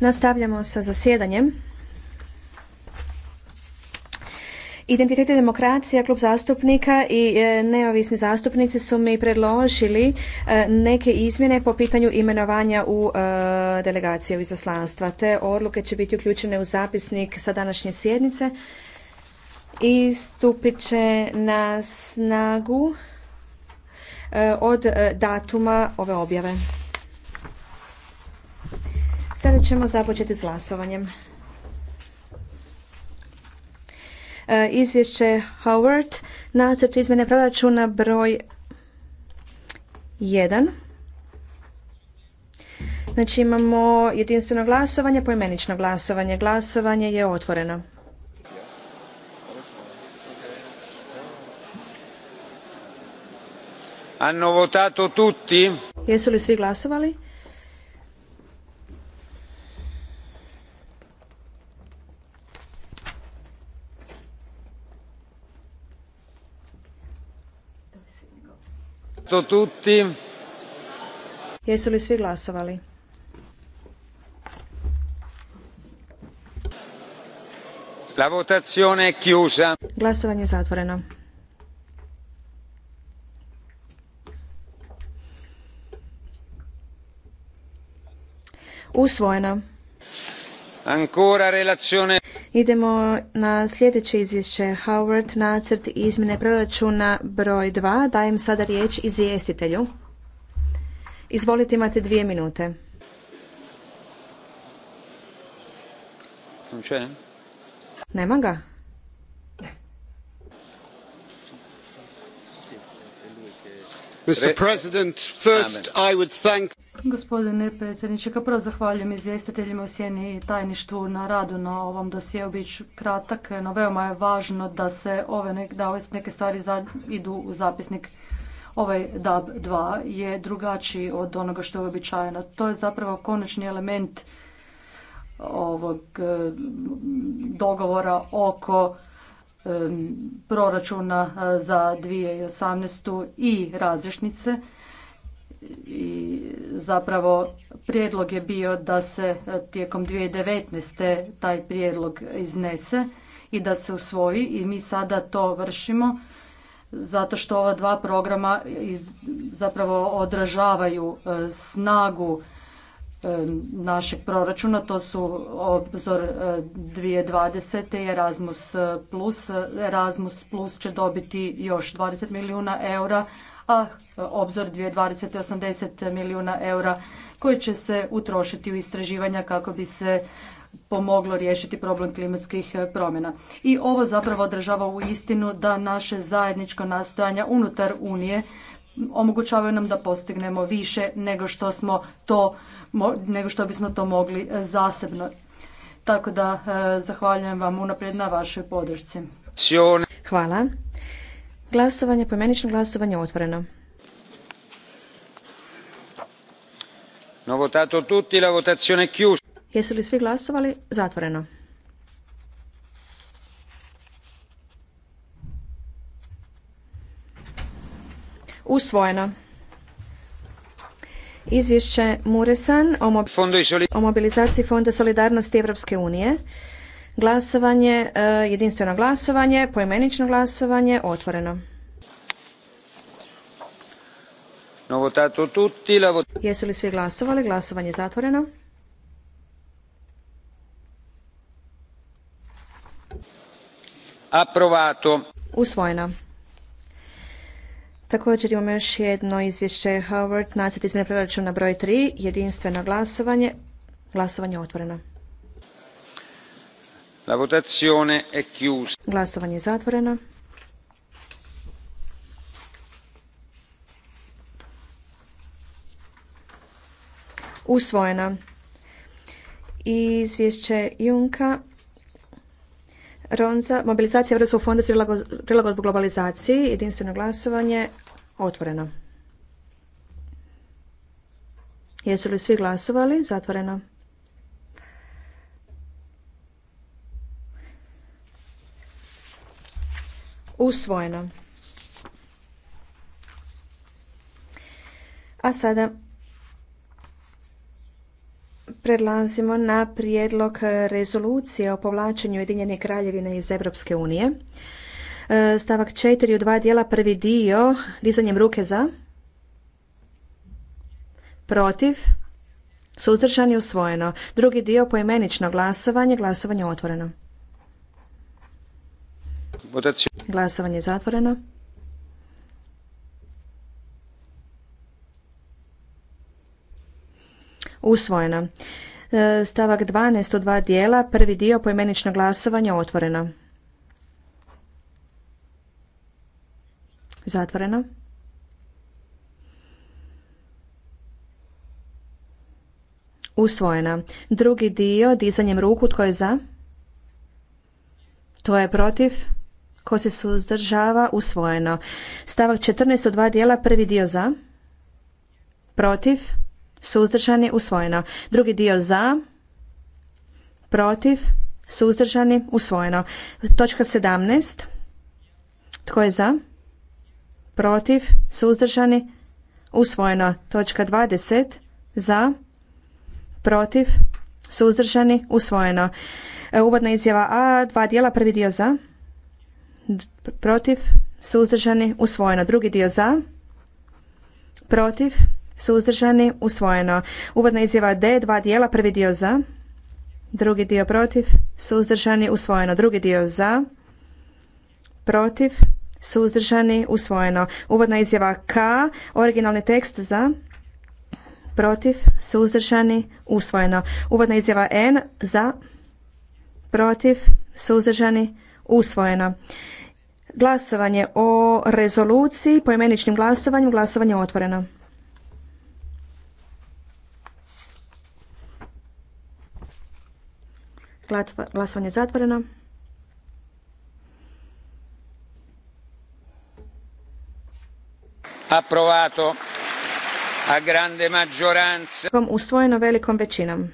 Speaker 7: Nastavljamo sa zasjedanjem. Identitet i demokracija, klub zastupnika i e, neovisni zastupnici su mi predložili e, neke izmjene po pitanju imenovanja u e, delegaciju izaslanstva. Te odluke će biti uključene u zapisnik sa današnje sjednice i stupit će na snagu od datuma ove objave. Sada ćemo započeti s glasovanjem. E, izvješće Howard, nacrt izmjene proračuna broj 1. Znači imamo jedinstveno glasovanje, poimenično glasovanje. Glasovanje je otvoreno. votato Jesu li svi glasovali?
Speaker 3: votato tutti?
Speaker 7: Jesu li svi glasovali?
Speaker 3: La votazione è chiusa.
Speaker 7: Glasovanje je zatvoreno. Usvojeno.
Speaker 3: Ancora relazione...
Speaker 7: Idemo na sljedeće izvješće. Howard, nacrt izmjene proračuna broj 2. Dajem sada riječ izvjestitelju. Izvolite, imate dvije minute. Nema ga?
Speaker 5: Mr. President, first I would thank
Speaker 9: Gospodine predsjedniče, kao prvo zahvaljujem izvjestiteljima u sjeni i tajništvu na radu na ovom dosjeu bit ću kratak, no veoma je važno da se ove neke, da ove neke stvari idu u zapisnik. Ovaj DAB 2 je drugačiji od onoga što je uobičajeno. To je zapravo konačni element ovog e, dogovora oko e, proračuna e, za 2018. i razrešnice i zapravo prijedlog je bio da se e, tijekom 2019. taj prijedlog iznese i da se usvoji i mi sada to vršimo zato što ova dva programa zapravo odražavaju e, snagu e, našeg proračuna, to su obzor 2020. i Erasmus+. Plus. Erasmus Plus će dobiti još 20 milijuna eura, a obzor 2020. 80 milijuna eura koji će se utrošiti u istraživanja kako bi se pomoglo riješiti problem klimatskih e, promjena. I ovo zapravo održava u istinu da naše zajedničko nastojanja unutar Unije omogućavaju nam da postignemo više nego što smo to, nego što bismo to mogli e, zasebno. Tako da e, zahvaljujem vam unaprijed na vašoj podršci.
Speaker 7: Hvala. Glasovanje, pojmenično glasovanje otvoreno.
Speaker 3: No votato tutti, la votazione chiusa.
Speaker 7: Jesu li svi glasovali? Zatvoreno. Usvojeno. Izvješće Muresan o mobilizaciji Fonda solidarnosti Evropske unije. Glasovanje, e, jedinstveno glasovanje, poimenično glasovanje, otvoreno. Jesu li svi glasovali? Glasovanje je zatvoreno.
Speaker 3: Aprovato.
Speaker 7: Usvojeno. Također imamo još jedno izvješće Howard, nacrt izmjene proračuna broj 3, jedinstveno glasovanje, glasovanje otvoreno. Glasovanje je zatvoreno. Usvojena. Izvješće Junka Ronza, mobilizacija Europskog fonda za prilagodbu globalizaciji, jedinstveno glasovanje, otvoreno. Jesu li svi glasovali? Zatvoreno. usvojeno. A sada prelazimo na prijedlog rezolucije o povlačenju Ujedinjene kraljevine iz Europske unije. E, stavak četiri u dva dijela, prvi dio, dizanjem ruke za, protiv, suzdržan i usvojeno. Drugi dio, poimenično glasovanje, glasovanje otvoreno. Glasovanje je zatvoreno. Usvojeno. E, stavak 12 od dva dijela. Prvi dio poimenično glasovanje otvoreno. Zatvoreno. Usvojena. Drugi dio dizanjem ruku. Tko je za? Tko je protiv? Ko se suzdržava? Usvojeno. Stavak 14 u dva dijela. Prvi dio za. Protiv. Suzdržani. Usvojeno. Drugi dio za. Protiv. Suzdržani. Usvojeno. Točka 17. Tko je za? Protiv. Suzdržani. Usvojeno. Točka 20. Za. Protiv. Suzdržani. Usvojeno. E, uvodna izjava A. Dva dijela. Prvi dio za protiv, suzdržani, usvojeno. Drugi dio za, protiv, suzdržani, usvojeno. Uvodna izjava D, dva dijela, prvi dio za, drugi dio protiv, suzdržani, usvojeno. Drugi dio za, protiv, suzdržani, usvojeno. Uvodna izjava K, originalni tekst za, protiv, suzdržani, usvojeno. Uvodna izjava N za, protiv, suzdržani, usvojeno. Glasovanje o rezoluciji poimeničnim glasovanjem. Glasovanje je otvoreno. Glasovanje je zatvoreno.
Speaker 3: Aprovato. a grande maggioranza.
Speaker 7: Usvojeno velikom većinom.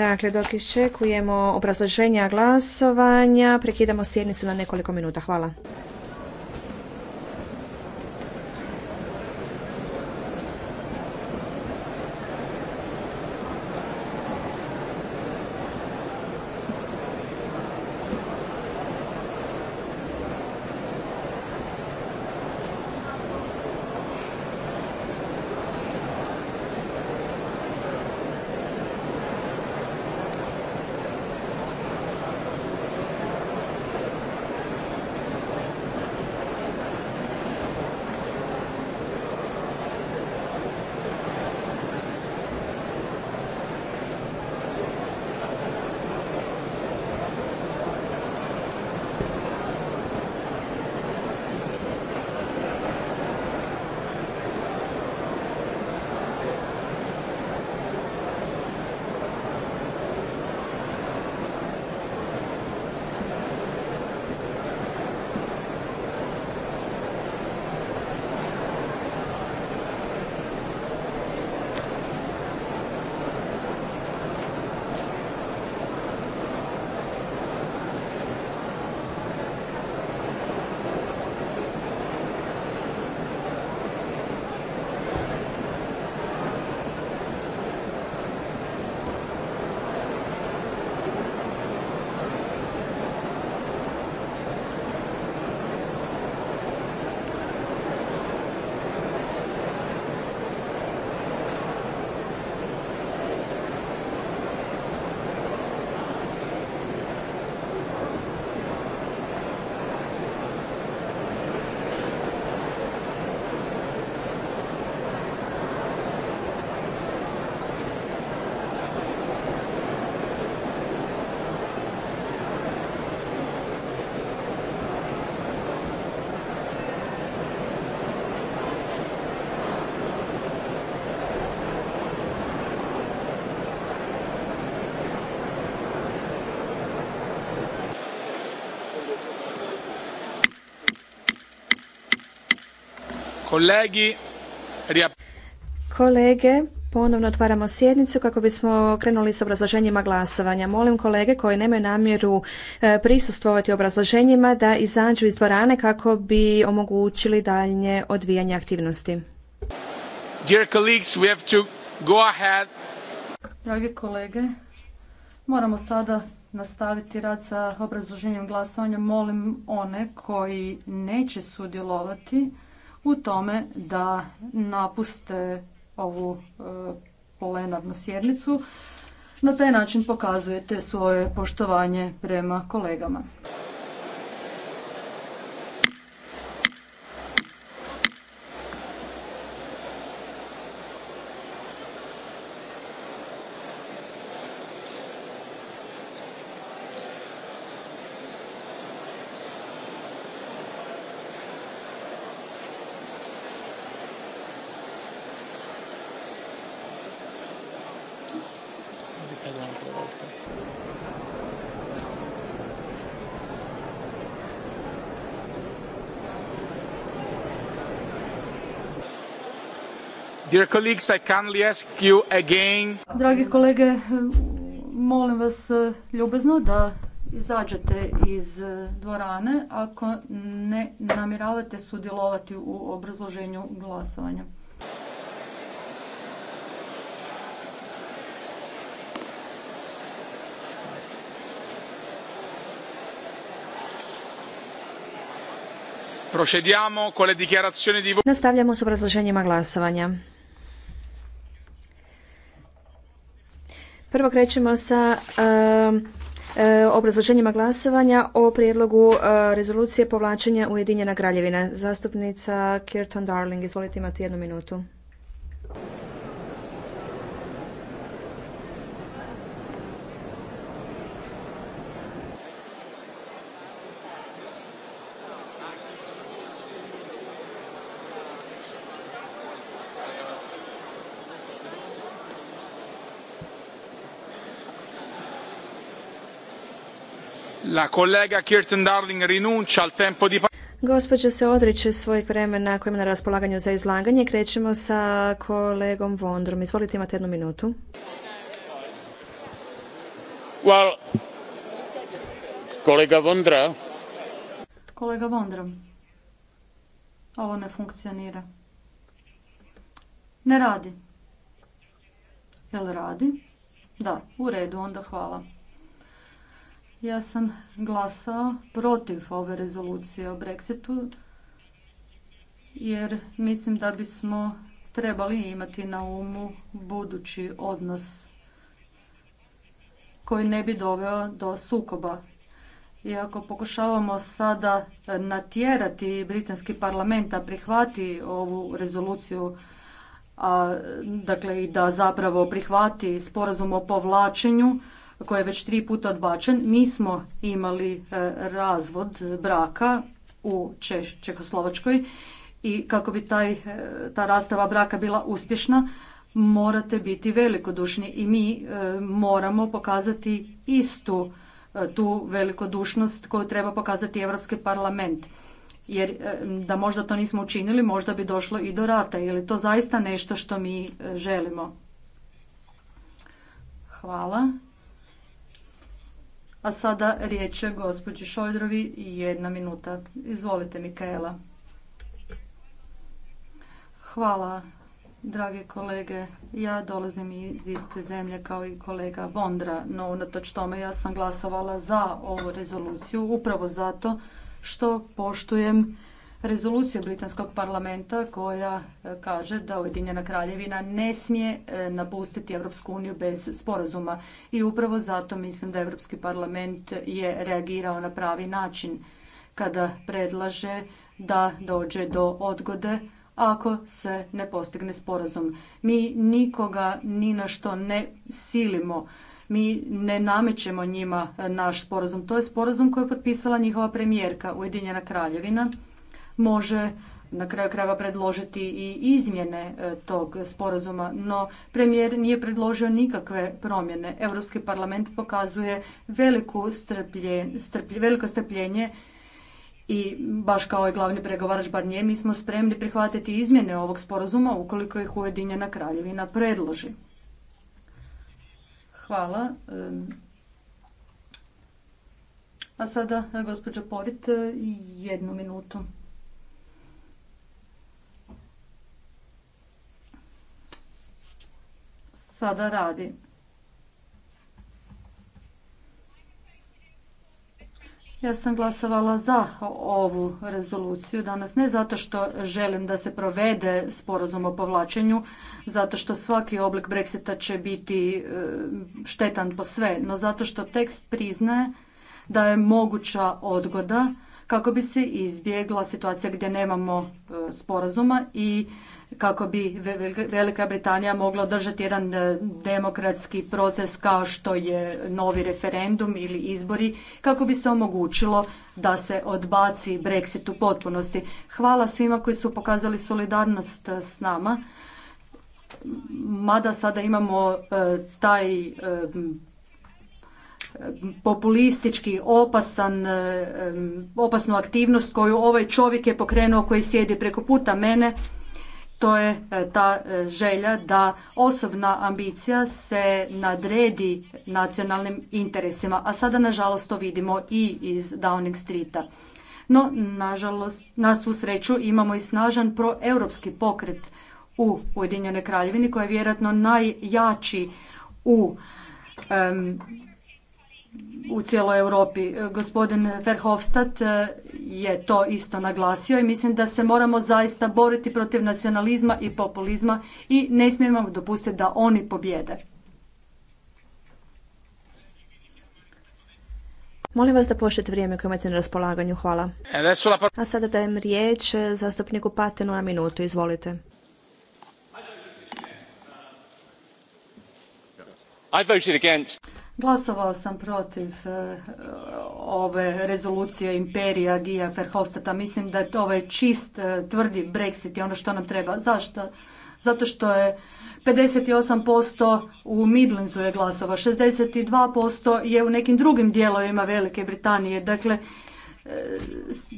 Speaker 7: Dakle, dok iščekujemo obrazloženja glasovanja, prekidamo sjednicu na nekoliko minuta. Hvala. Kolege, ponovno otvaramo sjednicu kako bismo krenuli s obrazloženjima glasovanja. Molim kolege koji nemaju namjeru e, prisustvovati obrazloženjima da izađu iz dvorane kako bi omogućili daljnje odvijanje aktivnosti. Dear Dragi kolege,
Speaker 9: moramo sada nastaviti rad sa obrazloženjem glasovanja. Molim one koji neće sudjelovati u tome da napuste ovu e, plenarnu sjednicu. Na taj način pokazujete svoje poštovanje prema kolegama. Dear Dragi kolege, molim vas e, ljubezno da izađete iz e, dvorane ako ne namiravate sudjelovati u obrazloženju glasovanja.
Speaker 5: Procediamo con
Speaker 7: Nastavljamo s obrazloženjima glasovanja. Prvo krećemo sa um, uh, obrazloženjima glasovanja o prijedlogu uh, rezolucije povlačenja Ujedinjena kraljevina. Zastupnica Kirton Darling, izvolite imate jednu minutu.
Speaker 5: La collega Darling pa-
Speaker 7: Gospođa se odriče svojeg vremena koje ima na raspolaganju za izlaganje. Krećemo sa kolegom Vondrom. Izvolite, imate jednu minutu.
Speaker 3: kolega Vondra.
Speaker 7: Kolega
Speaker 9: Vondra. Ovo ne funkcionira. Ne radi. Jel radi? Da, u redu, onda hvala ja sam glasao protiv ove rezolucije o Brexitu jer mislim da bismo trebali imati na umu budući odnos koji ne bi doveo do sukoba. Iako pokušavamo sada natjerati britanski parlament da prihvati ovu rezoluciju, a, dakle i da zapravo prihvati sporazum o povlačenju, koji je već tri puta odbačen. Mi smo imali e, razvod braka u Češ, Čehoslovačkoj i kako bi taj, e, ta rastava braka bila uspješna, morate biti velikodušni i mi e, moramo pokazati istu tu velikodušnost koju treba pokazati Europski parlament. Jer da možda to nismo učinili, možda bi došlo i do rata. Je li to zaista nešto što mi želimo? Hvala. A sada riječ je gospođi Šojdrovi i jedna minuta. Izvolite Mikaela. Hvala, drage kolege. Ja dolazim iz iste zemlje kao i kolega Vondra, no unatoč tome ja sam glasovala za ovu rezoluciju upravo zato što poštujem rezoluciju Britanskog parlamenta koja e, kaže da Ujedinjena kraljevina ne smije e, napustiti Europsku uniju bez sporazuma i upravo zato mislim da Europski parlament je reagirao na pravi način kada predlaže da dođe do odgode ako se ne postigne sporazum. Mi nikoga ni na što ne silimo mi ne namećemo njima e, naš sporazum. To je sporazum koji je potpisala njihova premijerka Ujedinjena kraljevina može na kraju krajeva predložiti i izmjene e, tog sporazuma, no premijer nije predložio nikakve promjene. Europski parlament pokazuje veliko strpljenje, veliko strpljenje i baš kao i glavni pregovarač Barnije, mi smo spremni prihvatiti izmjene ovog sporazuma ukoliko ih Ujedinjena kraljevina predloži. Hvala. A sada, e, gospođa Porit, e, jednu minutu. sada radi. Ja sam glasovala za ovu rezoluciju danas, ne zato što želim da se provede sporazum o povlačenju, zato što svaki oblik Brexita će biti e, štetan po sve, no zato što tekst priznaje da je moguća odgoda kako bi se izbjegla situacija gdje nemamo e, sporazuma i kako bi Velika Britanija mogla održati jedan e, demokratski proces kao što je novi referendum ili izbori, kako bi se omogućilo da se odbaci Brexit u potpunosti. Hvala svima koji su pokazali solidarnost e, s nama. Mada sada imamo e, taj populistički opasan, opasnu aktivnost koju ovaj čovjek je pokrenuo koji sjedi preko puta mene to je e, ta e, želja da osobna ambicija se nadredi nacionalnim interesima, a sada nažalost to vidimo i iz Downing Streeta. No, nažalost, na svu sreću imamo i snažan proeuropski pokret u Ujedinjenoj Kraljevini koji je vjerojatno najjači u u cijeloj Europi. E, gospodin Verhofstadt e, je to isto naglasio i mislim da se moramo zaista boriti protiv nacionalizma i populizma
Speaker 7: i ne smijemo dopustiti da oni pobjede. Molim vas da poštujete vrijeme koje imate na raspolaganju. Hvala. A sada dajem riječ zastupniku Patenu na minutu. Izvolite.
Speaker 6: I voted against.
Speaker 7: Glasovao
Speaker 9: sam protiv e, ove rezolucije imperija Gija Verhofstadta. Mislim da je to ovaj čist, e, tvrdi Brexit i ono što nam treba. Zašto? Zato što je 58% u Midlandsu je glasova, 62% je u nekim drugim dijelovima Velike Britanije. Dakle,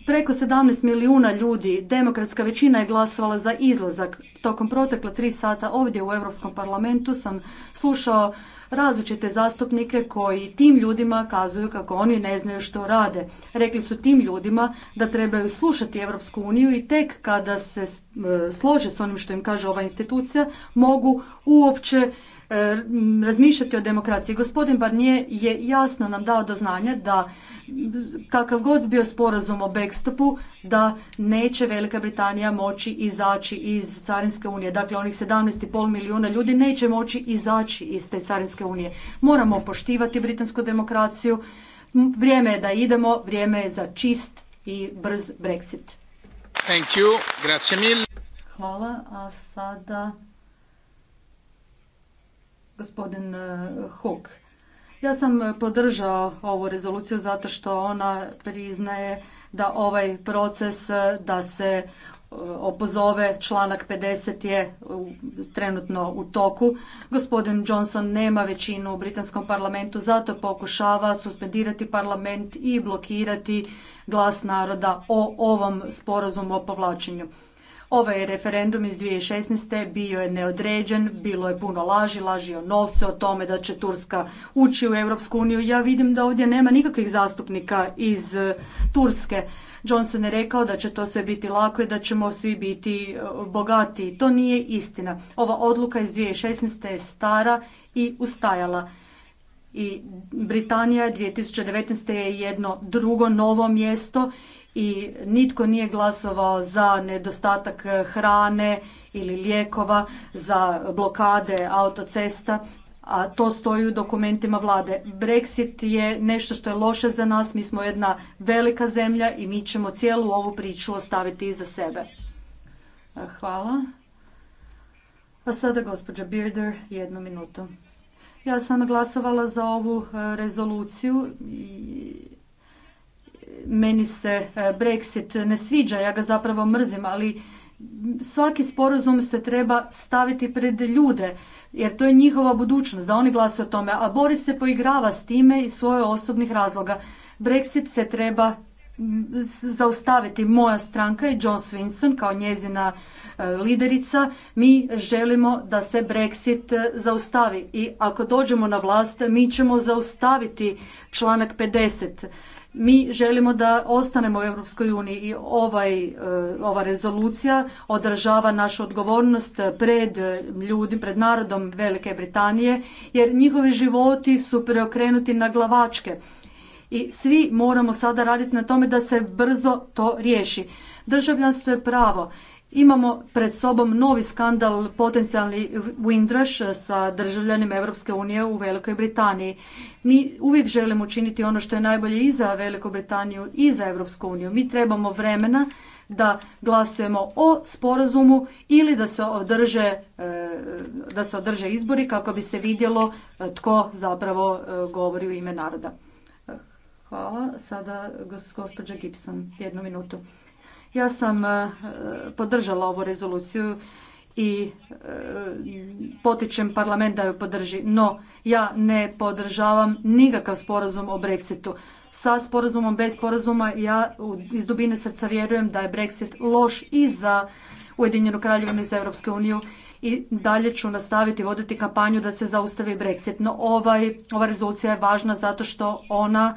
Speaker 9: preko 17 milijuna ljudi, demokratska većina je glasovala za izlazak. Tokom protekla tri sata ovdje u Europskom parlamentu sam slušao različite zastupnike koji tim ljudima kazuju kako oni ne znaju što rade. Rekli su tim ljudima da trebaju slušati Europsku uniju i tek kada se e, slože s onim što im kaže ova institucija mogu uopće E, razmišljati o demokraciji. Gospodin Barnier je jasno nam dao do znanja da kakav god bio sporazum o backstopu, da neće Velika Britanija moći izaći iz Carinske unije. Dakle, onih 17,5 milijuna ljudi neće moći izaći iz te Carinske unije. Moramo poštivati britansku demokraciju. Vrijeme je da idemo, vrijeme je za čist i brz Brexit.
Speaker 5: Hvala, a sada
Speaker 9: gospodin e, Hook. Ja sam podržao ovu rezoluciju zato što ona priznaje da ovaj proces e, da se e, opozove članak 50 je trenutno u toku. Gospodin Johnson nema većinu u britanskom parlamentu, zato pokušava suspendirati parlament i blokirati glas naroda o ovom sporazumu o povlačenju. Ovaj referendum iz 2016. bio je neodređen, bilo je puno laži, laži o novcu, o tome da će Turska ući u Europsku uniju. Ja vidim da ovdje nema nikakvih zastupnika iz e, Turske. Johnson je rekao da će to sve biti lako i da ćemo svi biti e, bogatiji. To nije istina. Ova odluka iz 2016. je stara i ustajala. I Britanija 2019. je jedno drugo novo mjesto i nitko nije glasovao za nedostatak hrane ili lijekova, za blokade autocesta, a to stoji u dokumentima vlade. Brexit je nešto što je loše za nas, mi smo jedna velika zemlja i mi ćemo cijelu ovu priču ostaviti iza sebe. Hvala. A sada gospođa Birder, jednu minutu. Ja sam glasovala za ovu e, rezoluciju i meni se e, Brexit ne sviđa, ja ga zapravo mrzim, ali svaki sporazum se treba staviti pred ljude, jer to je njihova budućnost, da oni glasuju o tome, a Boris se poigrava s time i svoje osobnih razloga. Brexit se treba zaustaviti. Moja stranka je John Swinson kao njezina e, liderica. Mi želimo da se Brexit e, zaustavi i ako dođemo na vlast mi ćemo zaustaviti članak 50 mi želimo da ostanemo u Europskoj uniji i ovaj, e, ova rezolucija održava našu odgovornost pred e, ljudim, pred narodom Velike Britanije, jer njihovi životi su preokrenuti na glavačke. I svi moramo sada raditi na tome da se brzo to riješi. Državljanstvo je pravo Imamo pred sobom novi skandal, potencijalni Windrush sa državljanima Europske unije u Velikoj Britaniji. Mi uvijek želimo učiniti ono što je najbolje i za Veliku Britaniju i za Europsku uniju. Mi trebamo vremena da glasujemo o sporazumu ili da se održe, e, da se održe izbori kako bi se vidjelo e, tko zapravo e, govori u ime naroda. Hvala. Sada gospođa Gibson, jednu minutu. Ja sam e, podržala ovu rezoluciju i e, potičem parlament da ju podrži, no ja ne podržavam nikakav sporazum o Brexitu. Sa sporazumom, bez sporazuma, ja iz dubine srca vjerujem da je Brexit loš i za Ujedinjenu kraljevinu i za Europsku uniju i dalje ću nastaviti voditi kampanju da se zaustavi Brexit. No ovaj, ova rezolucija je važna zato što ona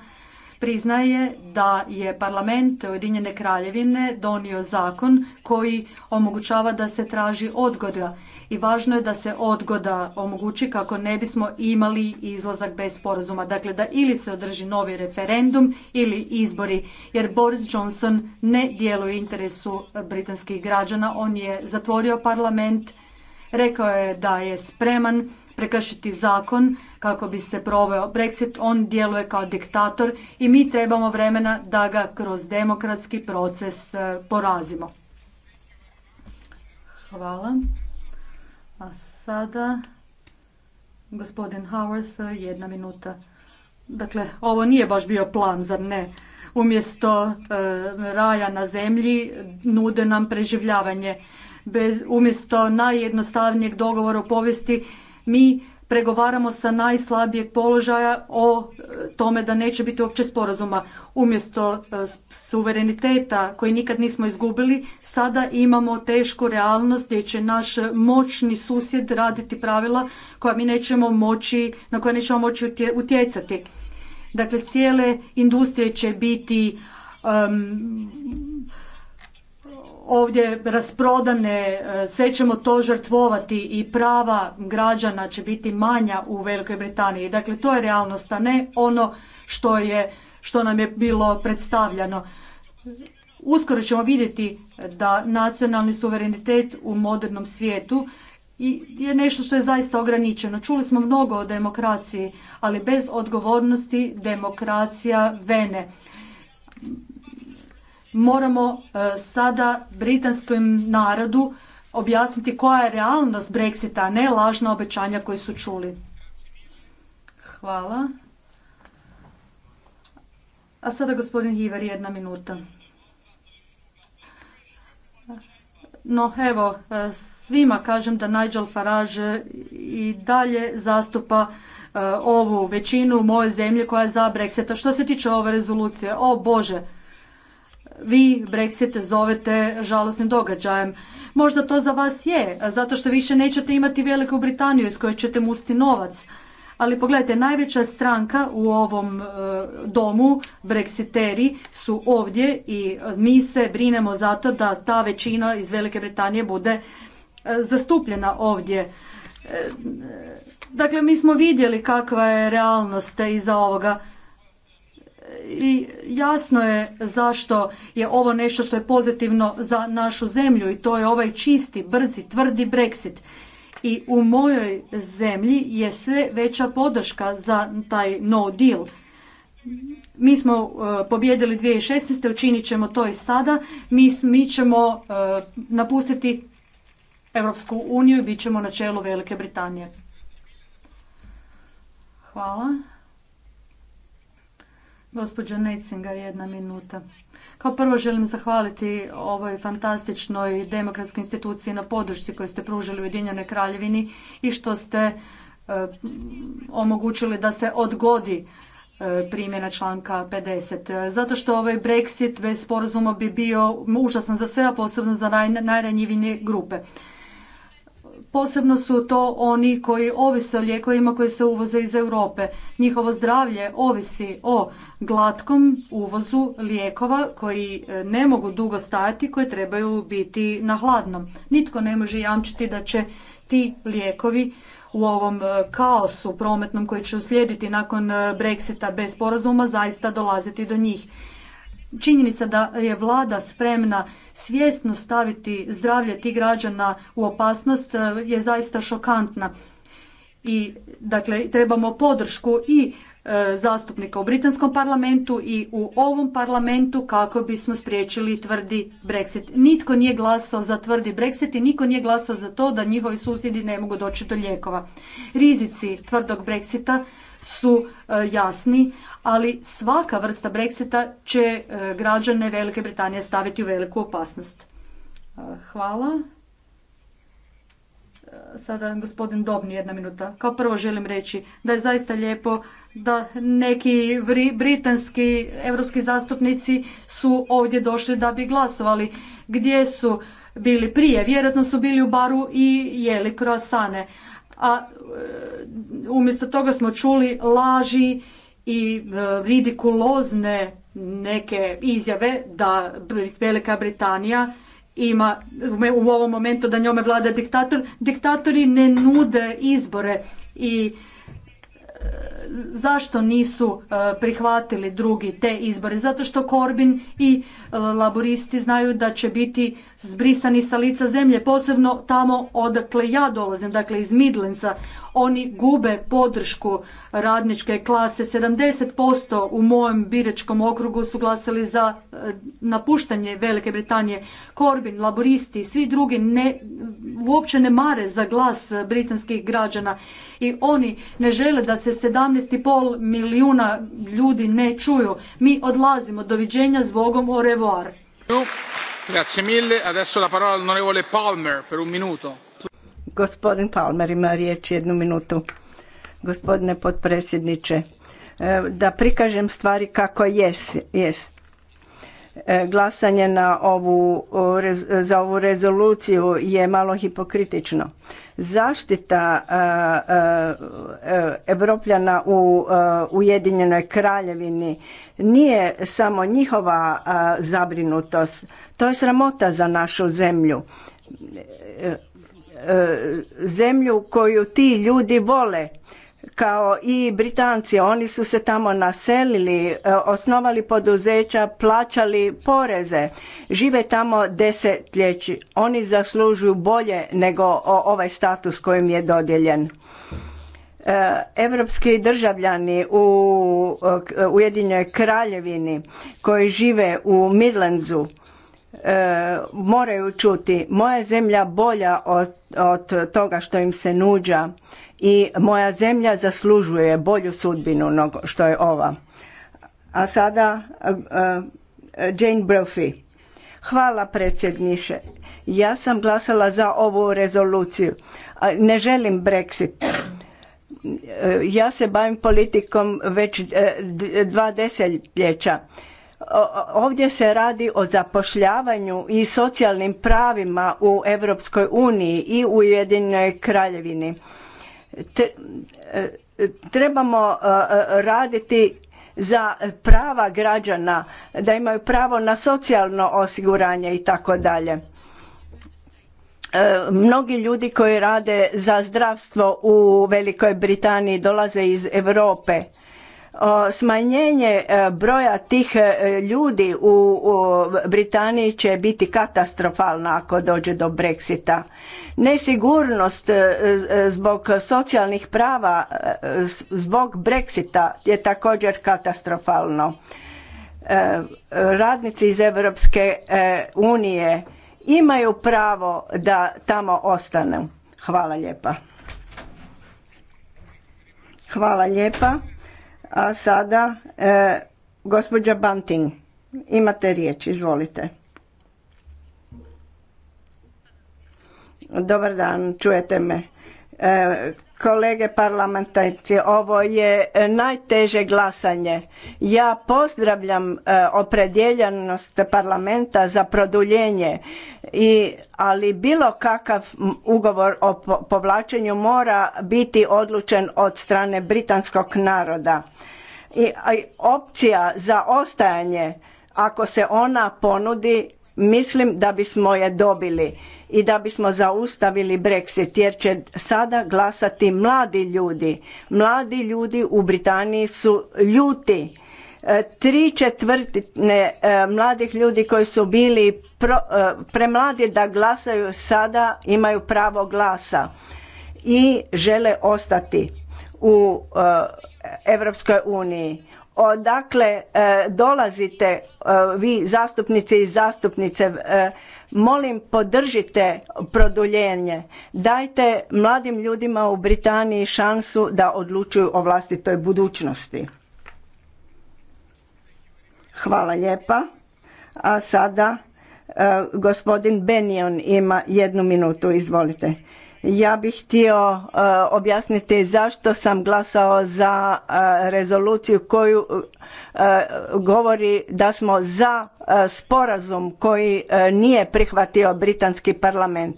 Speaker 9: priznaje da je parlament Ujedinjene kraljevine donio zakon koji omogućava da se traži odgoda i važno je da se odgoda omogući kako ne bismo imali izlazak bez sporazuma. Dakle, da ili se održi novi referendum ili izbori, jer Boris Johnson ne djeluje u interesu britanskih građana. On je zatvorio parlament, rekao je da je spreman prekršiti zakon kako bi se proveo Brexit. On djeluje kao diktator i mi trebamo vremena da ga kroz demokratski proces e, porazimo. Hvala. A sada gospodin Howarth, jedna minuta. Dakle, ovo nije baš bio plan, zar ne? Umjesto e, raja na zemlji nude nam preživljavanje. Bez, umjesto najjednostavnijeg dogovora u povijesti mi pregovaramo sa najslabijeg položaja o e, tome da neće biti uopće sporazuma. Umjesto e, suvereniteta koji nikad nismo izgubili, sada imamo tešku realnost gdje će naš moćni susjed raditi pravila koja mi nećemo moći, na koja nećemo moći utjecati. Dakle, cijele industrije će biti ovdje rasprodane, e, sve ćemo to žrtvovati i prava građana će biti manja u Velikoj Britaniji. Dakle, to je realnost, a ne ono što, je, što nam je bilo predstavljano. Uskoro ćemo vidjeti da nacionalni suverenitet u modernom svijetu je nešto što je zaista ograničeno. Čuli smo mnogo o demokraciji, ali bez odgovornosti demokracija vene moramo e, sada britanskom narodu objasniti koja je realnost Brexita, a ne lažna obećanja koje su čuli. Hvala. A sada gospodin Hiver, jedna minuta. No evo, e, svima kažem da Nigel Farage i dalje zastupa e, ovu većinu moje zemlje koja je za Brexita. Što se tiče ove rezolucije, o Bože, vi Brexit zovete žalosnim događajem. Možda to za vas je, zato što više nećete imati Veliku Britaniju iz koje ćete musti novac. Ali pogledajte, najveća stranka u ovom e, domu, breksiteri su ovdje i mi se brinemo zato da ta većina iz Velike Britanije bude e, zastupljena ovdje. E, dakle, mi smo vidjeli kakva je realnost iza ovoga i jasno je zašto je ovo nešto što je pozitivno za našu zemlju i to je ovaj čisti, brzi, tvrdi Brexit. I u mojoj zemlji je sve veća podrška za taj no deal. Mi smo uh, pobjedili 2016. učinit ćemo to i sada. Mi, mi ćemo e, napustiti Europsku uniju i bit ćemo na čelu Velike Britanije. Hvala. Gospođo Necinga jedna minuta. Kao prvo želim zahvaliti ovoj fantastičnoj demokratskoj instituciji na podršci koju ste pružili Ujedinjenoj kraljevini i što ste e, omogućili da se odgodi e, primjena članka 50. Zato što ovaj Brexit bez ovaj sporazuma bi bio užasan za sve, a posebno za najranjivije grupe. Posebno su to oni koji ovise o lijekovima koji se uvoze iz Europe. Njihovo zdravlje ovisi o glatkom uvozu lijekova koji e, ne mogu dugo stajati, koji trebaju biti na hladnom. Nitko ne može jamčiti da će ti lijekovi u ovom e, kaosu prometnom koji će uslijediti nakon e, Brexita bez sporazuma zaista dolaziti do njih. Činjenica da je vlada spremna svjesno staviti zdravlje tih građana u opasnost e, je zaista šokantna. I dakle trebamo podršku i e, zastupnika u britanskom parlamentu i u ovom parlamentu kako bismo spriječili tvrdi Brexit. Nitko nije glasao za tvrdi Brexit i nitko nije glasao za to da njihovi susjedi ne mogu doći do lijekova. Rizici tvrdog Brexita su e, jasni, ali svaka vrsta Brexita će e, građane Velike Britanije staviti u veliku opasnost. E, hvala. Sada gospodin Dobni, jedna minuta. Kao prvo želim reći da je zaista lijepo da neki britanski europski zastupnici su ovdje došli da bi glasovali. Gdje su bili prije? Vjerojatno su bili u baru i jeli kroasane a e, umjesto toga smo čuli laži i e, ridikulozne neke izjave da Velika Britanija ima u ovom momentu da njome vlada diktator. Diktatori ne nude izbore i e, zašto nisu e, prihvatili drugi te izbore? Zato što Korbin i e, laboristi znaju da će biti zbrisani sa lica zemlje, posebno tamo odakle ja dolazim, dakle iz Midlenca. Oni gube podršku radničke klase. 70% u mojem biračkom okrugu su glasali za e, napuštanje Velike Britanije. Korbin, laboristi i svi drugi ne, uopće ne mare za glas britanskih građana i oni ne žele da se 17 17,5 milijuna ljudi ne čuju. Mi odlazimo. Doviđenja s Bogom au revoir.
Speaker 5: Grazie mille. Adesso la parola Palmer per un minuto.
Speaker 8: Gospodin Palmer ima riječ jednu minutu. Gospodine potpredsjedniče, e, da prikažem stvari kako jest. Jes. Glasanje na ovu, za ovu rezoluciju je malo hipokritično Zaštita e, Evropljana u e, Ujedinjenoj kraljevini nije samo njihova zabrinutost, to je sramota za našu zemlju. E, zemlju koju ti ljudi vole kao i Britanci. Oni su se tamo naselili, e, osnovali poduzeća, plaćali poreze, žive tamo desetljeći. Oni zaslužuju bolje nego ovaj status kojim je dodijeljen. Europski državljani u e, e, Ujedinjenoj Kraljevini koji žive u Midlandsu moraju čuti moja zemlja bolja od, od toga što im se nuđa i moja zemlja zaslužuje bolju sudbinu nego što je ova. A sada e, e, Jane Brophy. Hvala predsjedniče. Ja sam glasala za ovu rezoluciju. Ne želim Brexit. E, ja se bavim politikom već dva desetljeća. Ovdje se radi o zapošljavanju i socijalnim pravima u Europskoj uniji i Ujedinjenoj kraljevini E, trebamo e, raditi za prava građana, da imaju pravo na socijalno osiguranje i tako dalje. E, mnogi ljudi koji rade za zdravstvo u Velikoj Britaniji dolaze iz Europe Smanjenje e, broja tih e, ljudi u Britaniji će biti katastrofalna ako dođe do Brexita. Nesigurnost e, zbog socijalnih prava, zbog Brexita je također katastrofalno. Radnici iz Europske unije imaju pravo da tamo ostanu. Hvala lijepa. Hvala lijepa. A sada e, gospođa Banting, imate riječ, izvolite. Dobar dan, čujete me. E, kolege parlamentarci, ovo je e, najteže glasanje. Ja pozdravljam e, opredjeljenost parlamenta za produljenje, i, ali bilo kakav ugovor o povlačenju mora biti odlučen od strane britanskog naroda. I opcija za ostajanje, ako se ona ponudi, mislim da bismo je dobili i da bismo zaustavili Brexit jer će sada glasati mladi ljudi. Mladi ljudi u Britaniji su ljuti. E, tri četvrtine e, mladih ljudi koji su bili e, premladi da glasaju sada imaju pravo glasa i žele ostati u Europskoj uniji. Odakle dolazite vi zastupnice i zastupnice Molim, podržite produljenje. Dajte mladim ljudima u Britaniji šansu da odlučuju o vlastitoj budućnosti. Hvala lijepa. A sada e, gospodin Benion ima jednu minutu. Izvolite. Ja bih htio e, objasniti zašto sam glasao za e, rezoluciju koju e, govori da smo za sporazum koji nije prihvatio britanski parlament.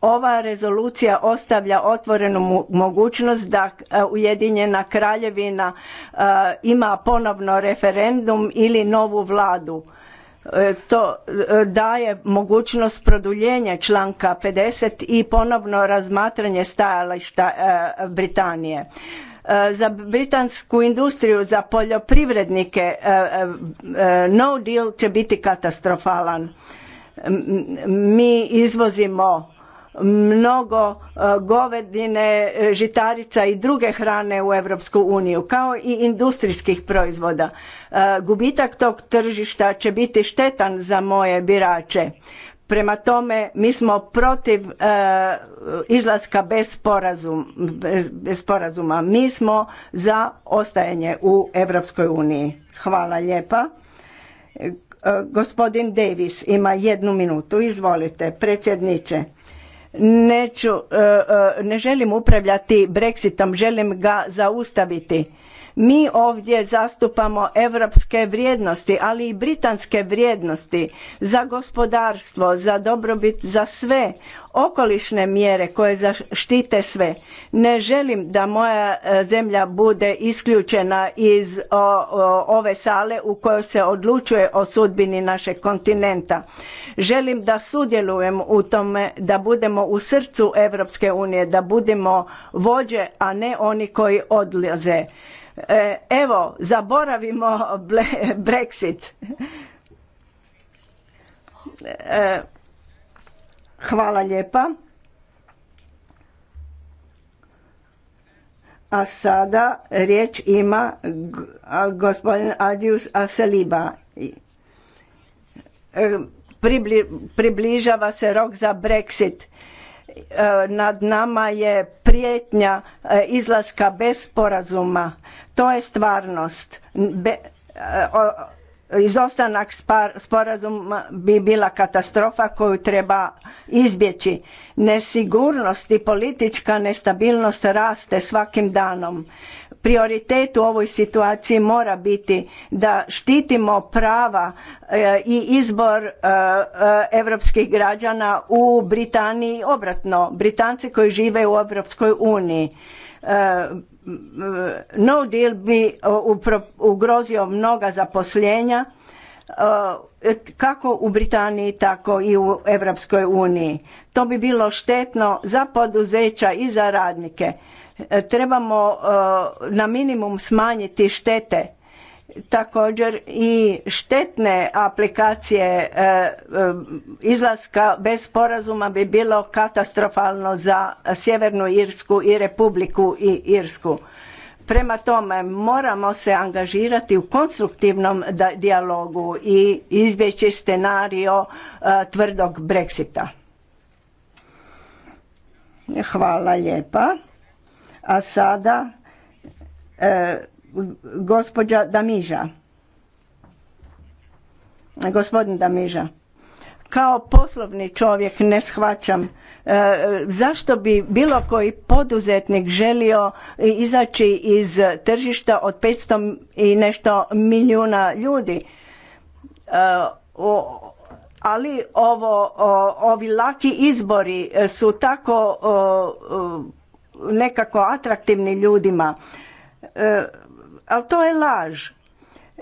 Speaker 8: Ova rezolucija ostavlja otvorenu mogućnost da Ujedinjena Kraljevina ima ponovno referendum ili novu vladu E, to e, daje mogućnost produljenja članka 50 i ponovno razmatranje stajališta e, Britanije. Za britansku industriju, za poljoprivrednike no deal će biti katastrofalan. Mi izvozimo mnogo e, govedine, e, žitarica i druge hrane u Europsku uniju, kao i industrijskih proizvoda. E, gubitak tog tržišta će biti štetan za moje birače. Prema tome, mi smo protiv izlaska bez, sporazum, sporazuma. Mi smo za ostajanje u Europskoj uniji. Hvala lijepa. Gospodin Davis ima jednu minutu. Izvolite, predsjedniče. Neću, e, e, ne želim upravljati Brexitom, želim ga zaustaviti. Mi ovdje zastupamo europske vrijednosti, ali i britanske vrijednosti za gospodarstvo, za dobrobit, za sve okolišne mjere koje zaštite sve. Ne želim da moja e, zemlja bude isključena iz ove sale u kojoj se odlučuje o sudbini našeg kontinenta. Želim da sudjelujem u tome da budemo u srcu Europske unije, da budemo vođe, a ne oni koji odlaze. E, evo, zaboravimo [LAUGHS] Brexit. E, Hvala lijepa. A sada riječ ima gospodin Adius Aseliba. E, približava se rok za Brexit. E, nad nama je prijetnja e, izlaska bez sporazuma. To je stvarnost izostanak sporazuma bi bila katastrofa koju treba izbjeći. Nesigurnost i politička nestabilnost raste svakim danom. Prioritet u ovoj situaciji mora biti da štitimo prava e, i izbor europskih e, građana u Britaniji obratno. Britanci koji žive u Europskoj uniji e, no deal bi ugrozio mnoga zaposlenja kako u Britaniji tako i u Europskoj uniji. To bi bilo štetno za poduzeća i za radnike. E, trebamo na minimum smanjiti štete također i štetne aplikacije e, e, izlaska bez sporazuma bi bilo katastrofalno za Sjevernu Irsku i Republiku i Irsku. Prema tome moramo se angažirati u konstruktivnom dijalogu i izbjeći scenario e, tvrdog Brexita. Hvala lijepa. A sada gospođa Damiža. Gospodin Damiža. Kao poslovni čovjek ne shvaćam e, zašto bi bilo koji poduzetnik želio izaći iz tržišta od 500 i nešto milijuna ljudi. E, ali ovo, ovi laki izbori su tako nekako atraktivni ljudima. E, ali to je laž.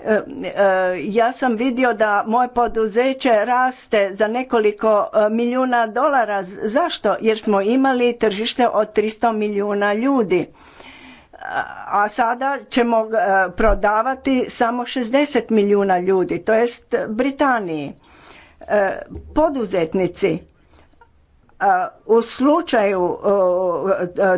Speaker 8: E, e, ja sam vidio da moje poduzeće raste za nekoliko e, milijuna dolara. Zašto? Jer smo imali tržište od 300 milijuna ljudi. A sada ćemo prodavati samo 60 milijuna ljudi, to jest Britaniji. Poduzetnici u slučaju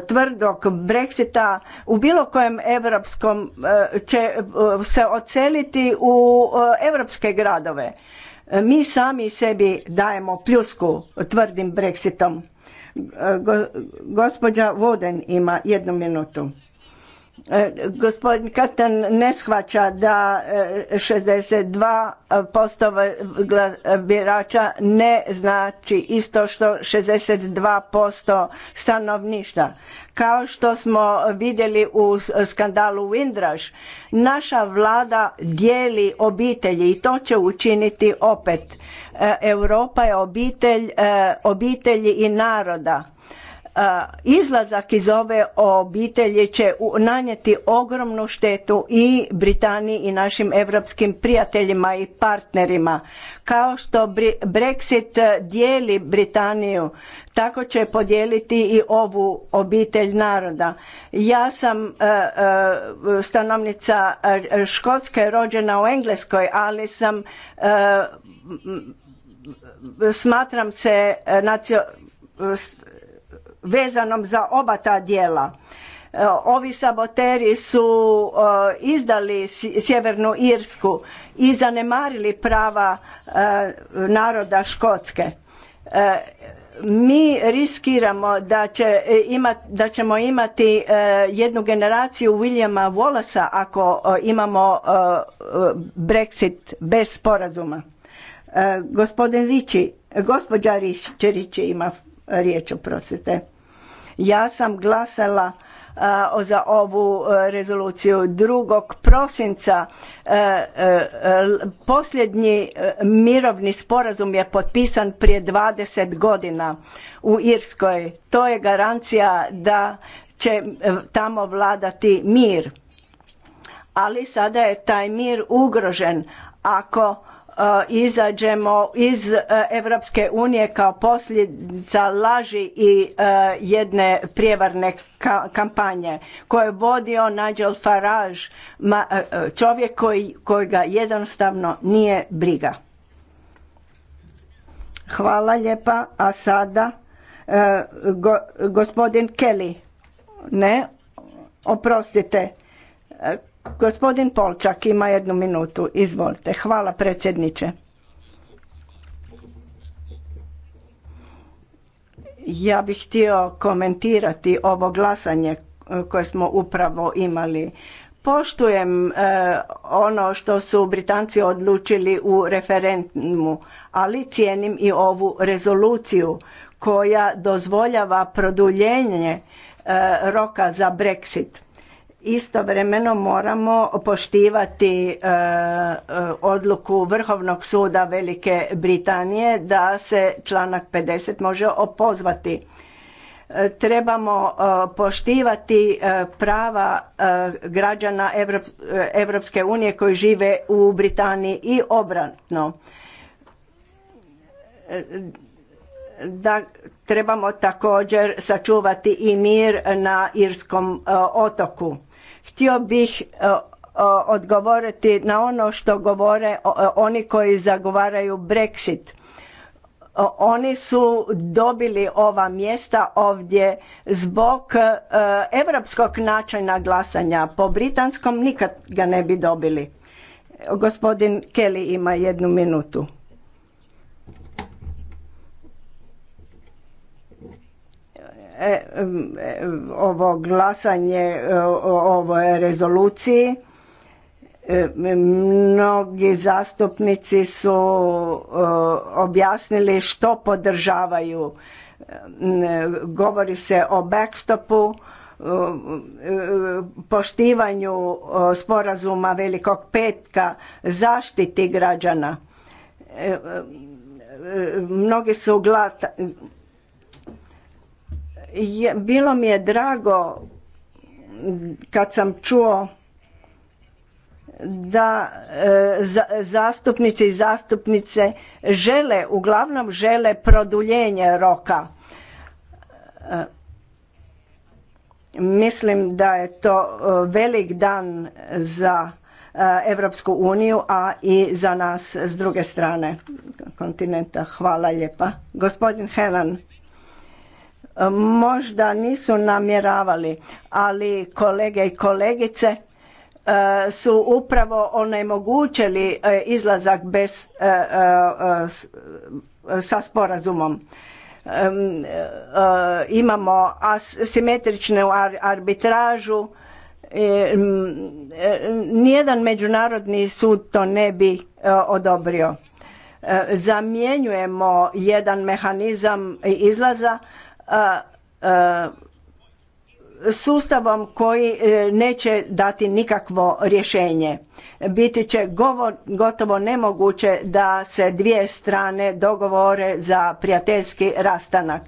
Speaker 8: tvrdog Brexita u bilo kojem europskom e, će e, se oceliti u europske gradove. Mi sami sebi dajemo pljusku tvrdim Brexitom. E, gospođa Voden ima jednu minutu. E, gospodin Katan ne shvaća da 62% e, e, birača ne znači isto što 62% stanovništa. Kao što smo vidjeli u skandalu Windraž, naša vlada dijeli obitelji i to će učiniti opet. Europa je obitelj, obitelji i naroda Izlazak iz ove obitelji će nanijeti ogromnu štetu i Britaniji i našim europskim prijateljima i partnerima. Kao što Brexit e, dijeli Britaniju, tako će podijeliti i ovu obitelj naroda. Ja sam e, e, stanovnica Škotske, rođena u Engleskoj, ali sam smatram se nacio vezanom za oba ta dijela. E, ovi saboteri su e, izdali Sjevernu Irsku i zanemarili prava e, naroda Škotske. Mi riskiramo da, će da ćemo imati jednu generaciju Williama Wallasa ako imamo Brexit bez sporazuma. Gospodin Riči, gospođa Riči, ima riječ, oprostite. Ja sam glasala za ovu e, rezoluciju 2. prosinca. E, e, posljednji mirovni sporazum je potpisan prije 20 godina u Irskoj. To je garancija da će tamo vladati mir. Ali sada je taj mir ugrožen ako E, izađemo iz Europske unije kao posljedica laži i e, jedne prijevarne kampanje koje je vodio Nigel Farage, e, čovjek koji, kojega jednostavno nije briga. Hvala lijepa, a sada gospodin Kelly. Ne, oprostite, Gospodin Polčak ima jednu minutu. Izvolite. Hvala predsjedniče. Ja bih htio komentirati ovo glasanje eh, koje smo upravo imali. Poštujem eh, ono što su Britanci odlučili u referendumu, ali cijenim i ovu rezoluciju koja dozvoljava produljenje eh, roka za Brexit. Istovremeno moramo poštivati e, e, odluku Vrhovnog suda Velike Britanije da se članak 50 može opozvati. E, trebamo poštivati prava građana Europske unije koji žive u Britaniji i obratno. Da trebamo također sačuvati i mir na Irskom otoku Htio bih e, odgovoriti na ono što govore e, oni koji zagovaraju Brexit. Oni su dobili ova mjesta ovdje zbog e, europskog načina glasanja. Po britanskom nikad ga ne bi dobili. Gospodin Kelly ima jednu minutu. E, e, ovo glasanje e, o ovoj rezoluciji. Mnogi zastupnici su objasnili što podržavaju. Govori se o backstopu, poštivanju sporazuma Velikog petka, zaštiti građana. Mnogi su bilo mi je drago kad sam čuo da e, zastupnice i zastupnice žele, uglavnom žele produljenje roka. E, mislim da je to e, velik dan za Evropsku uniju, a i za nas s druge strane kontinenta. Hvala lijepa. Gospodin Henan možda nisu namjeravali, ali kolege i kolegice e, su upravo onemogućili e, izlazak bez, e, sa sporazumom. Imamo asimetričnu arbitražu, nijedan međunarodni sud to ne bi odobrio. Zamjenjujemo jedan mehanizam izlaza sustavom koji e, neće dati nikakvo rješenje. Biti će gotovo nemoguće da se dvije strane dogovore za prijateljski rastanak.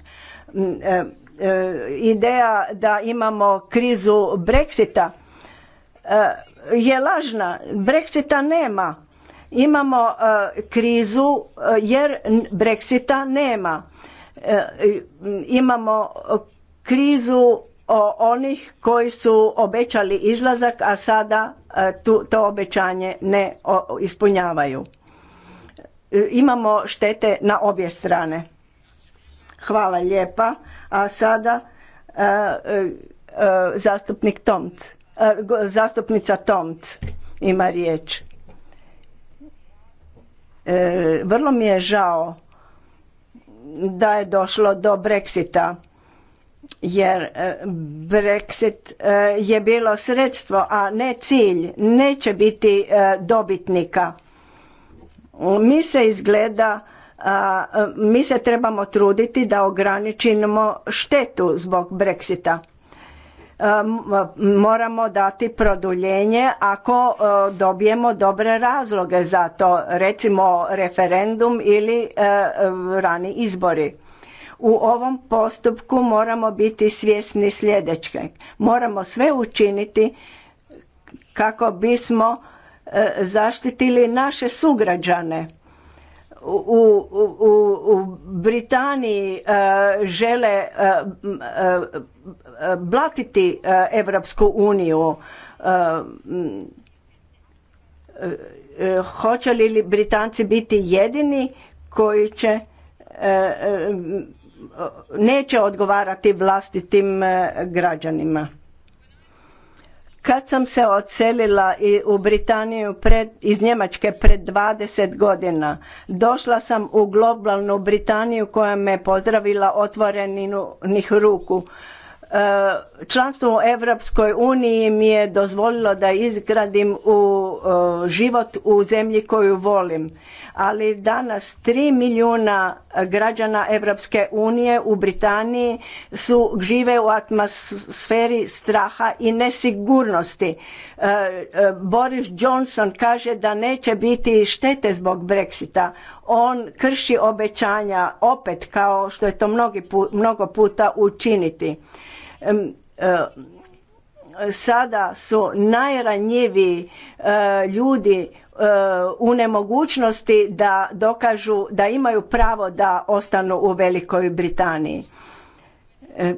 Speaker 8: E, e, ideja da imamo krizu Brexita je lažna. Brexita nema. Imamo krizu jer Brexita nema E, imamo krizu onih koji su obećali izlazak, a sada e, to obećanje ne ispunjavaju. E, imamo štete na obje strane. Hvala lijepa. A sada zastupnik Tomc, zastupnica Tomc ima riječ. Vrlo mi je žao da je došlo do Brexita jer e, Brexit e, je bilo sredstvo, a ne cilj, neće biti e, dobitnika. Mi se izgleda, mi se trebamo truditi da ograničimo štetu zbog Brexita moramo dati produljenje ako e, dobijemo dobre razloge za to, recimo referendum ili e, rani izbori. U ovom postupku moramo biti svjesni sljedećeg. Moramo sve učiniti kako bismo e, zaštitili naše sugrađane. U, u, u Britaniji žele blatiti e, Evropsku uniju. E, e, hoće li Britanci biti jedini koji će neće odgovarati vlastitim građanima. Kad sam se odselila u Britaniju pred, iz Njemačke pred 20 godina, došla sam u globalnu Britaniju koja me pozdravila otvorenih ruku. Eh, članstvo u Europskoj uniji mi je dozvolilo da izgradim u eh, život u zemlji koju volim ali danas 3 milijuna građana Europske unije u Britaniji su žive u atmosferi straha i nesigurnosti. E, e, Boris Johnson kaže da neće biti štete zbog Brexita. On krši obećanja opet kao što je to mnogi mnogo puta učiniti. E, sada su najranjiviji ljudi E, u nemogućnosti da dokažu da imaju pravo da ostanu u Velikoj Britaniji. E,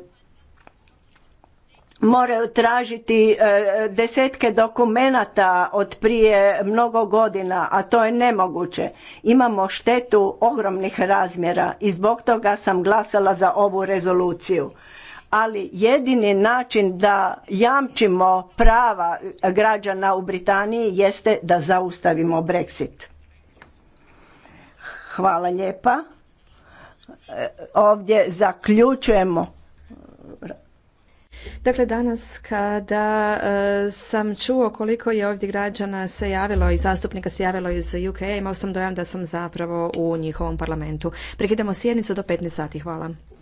Speaker 8: moraju tražiti e, desetke dokumenata od prije mnogo godina, a to je nemoguće. Imamo štetu ogromnih razmjera i zbog toga sam glasala za ovu rezoluciju ali jedini način da jamčimo prava građana u Britaniji jeste da zaustavimo Brexit. Hvala lijepa. E, ovdje zaključujemo Dakle,
Speaker 7: danas kada e, sam čuo koliko je ovdje građana se javilo i zastupnika se javilo iz UK, imao sam dojam da sam zapravo u njihovom parlamentu. Prekidamo sjednicu do 15 sati. Hvala.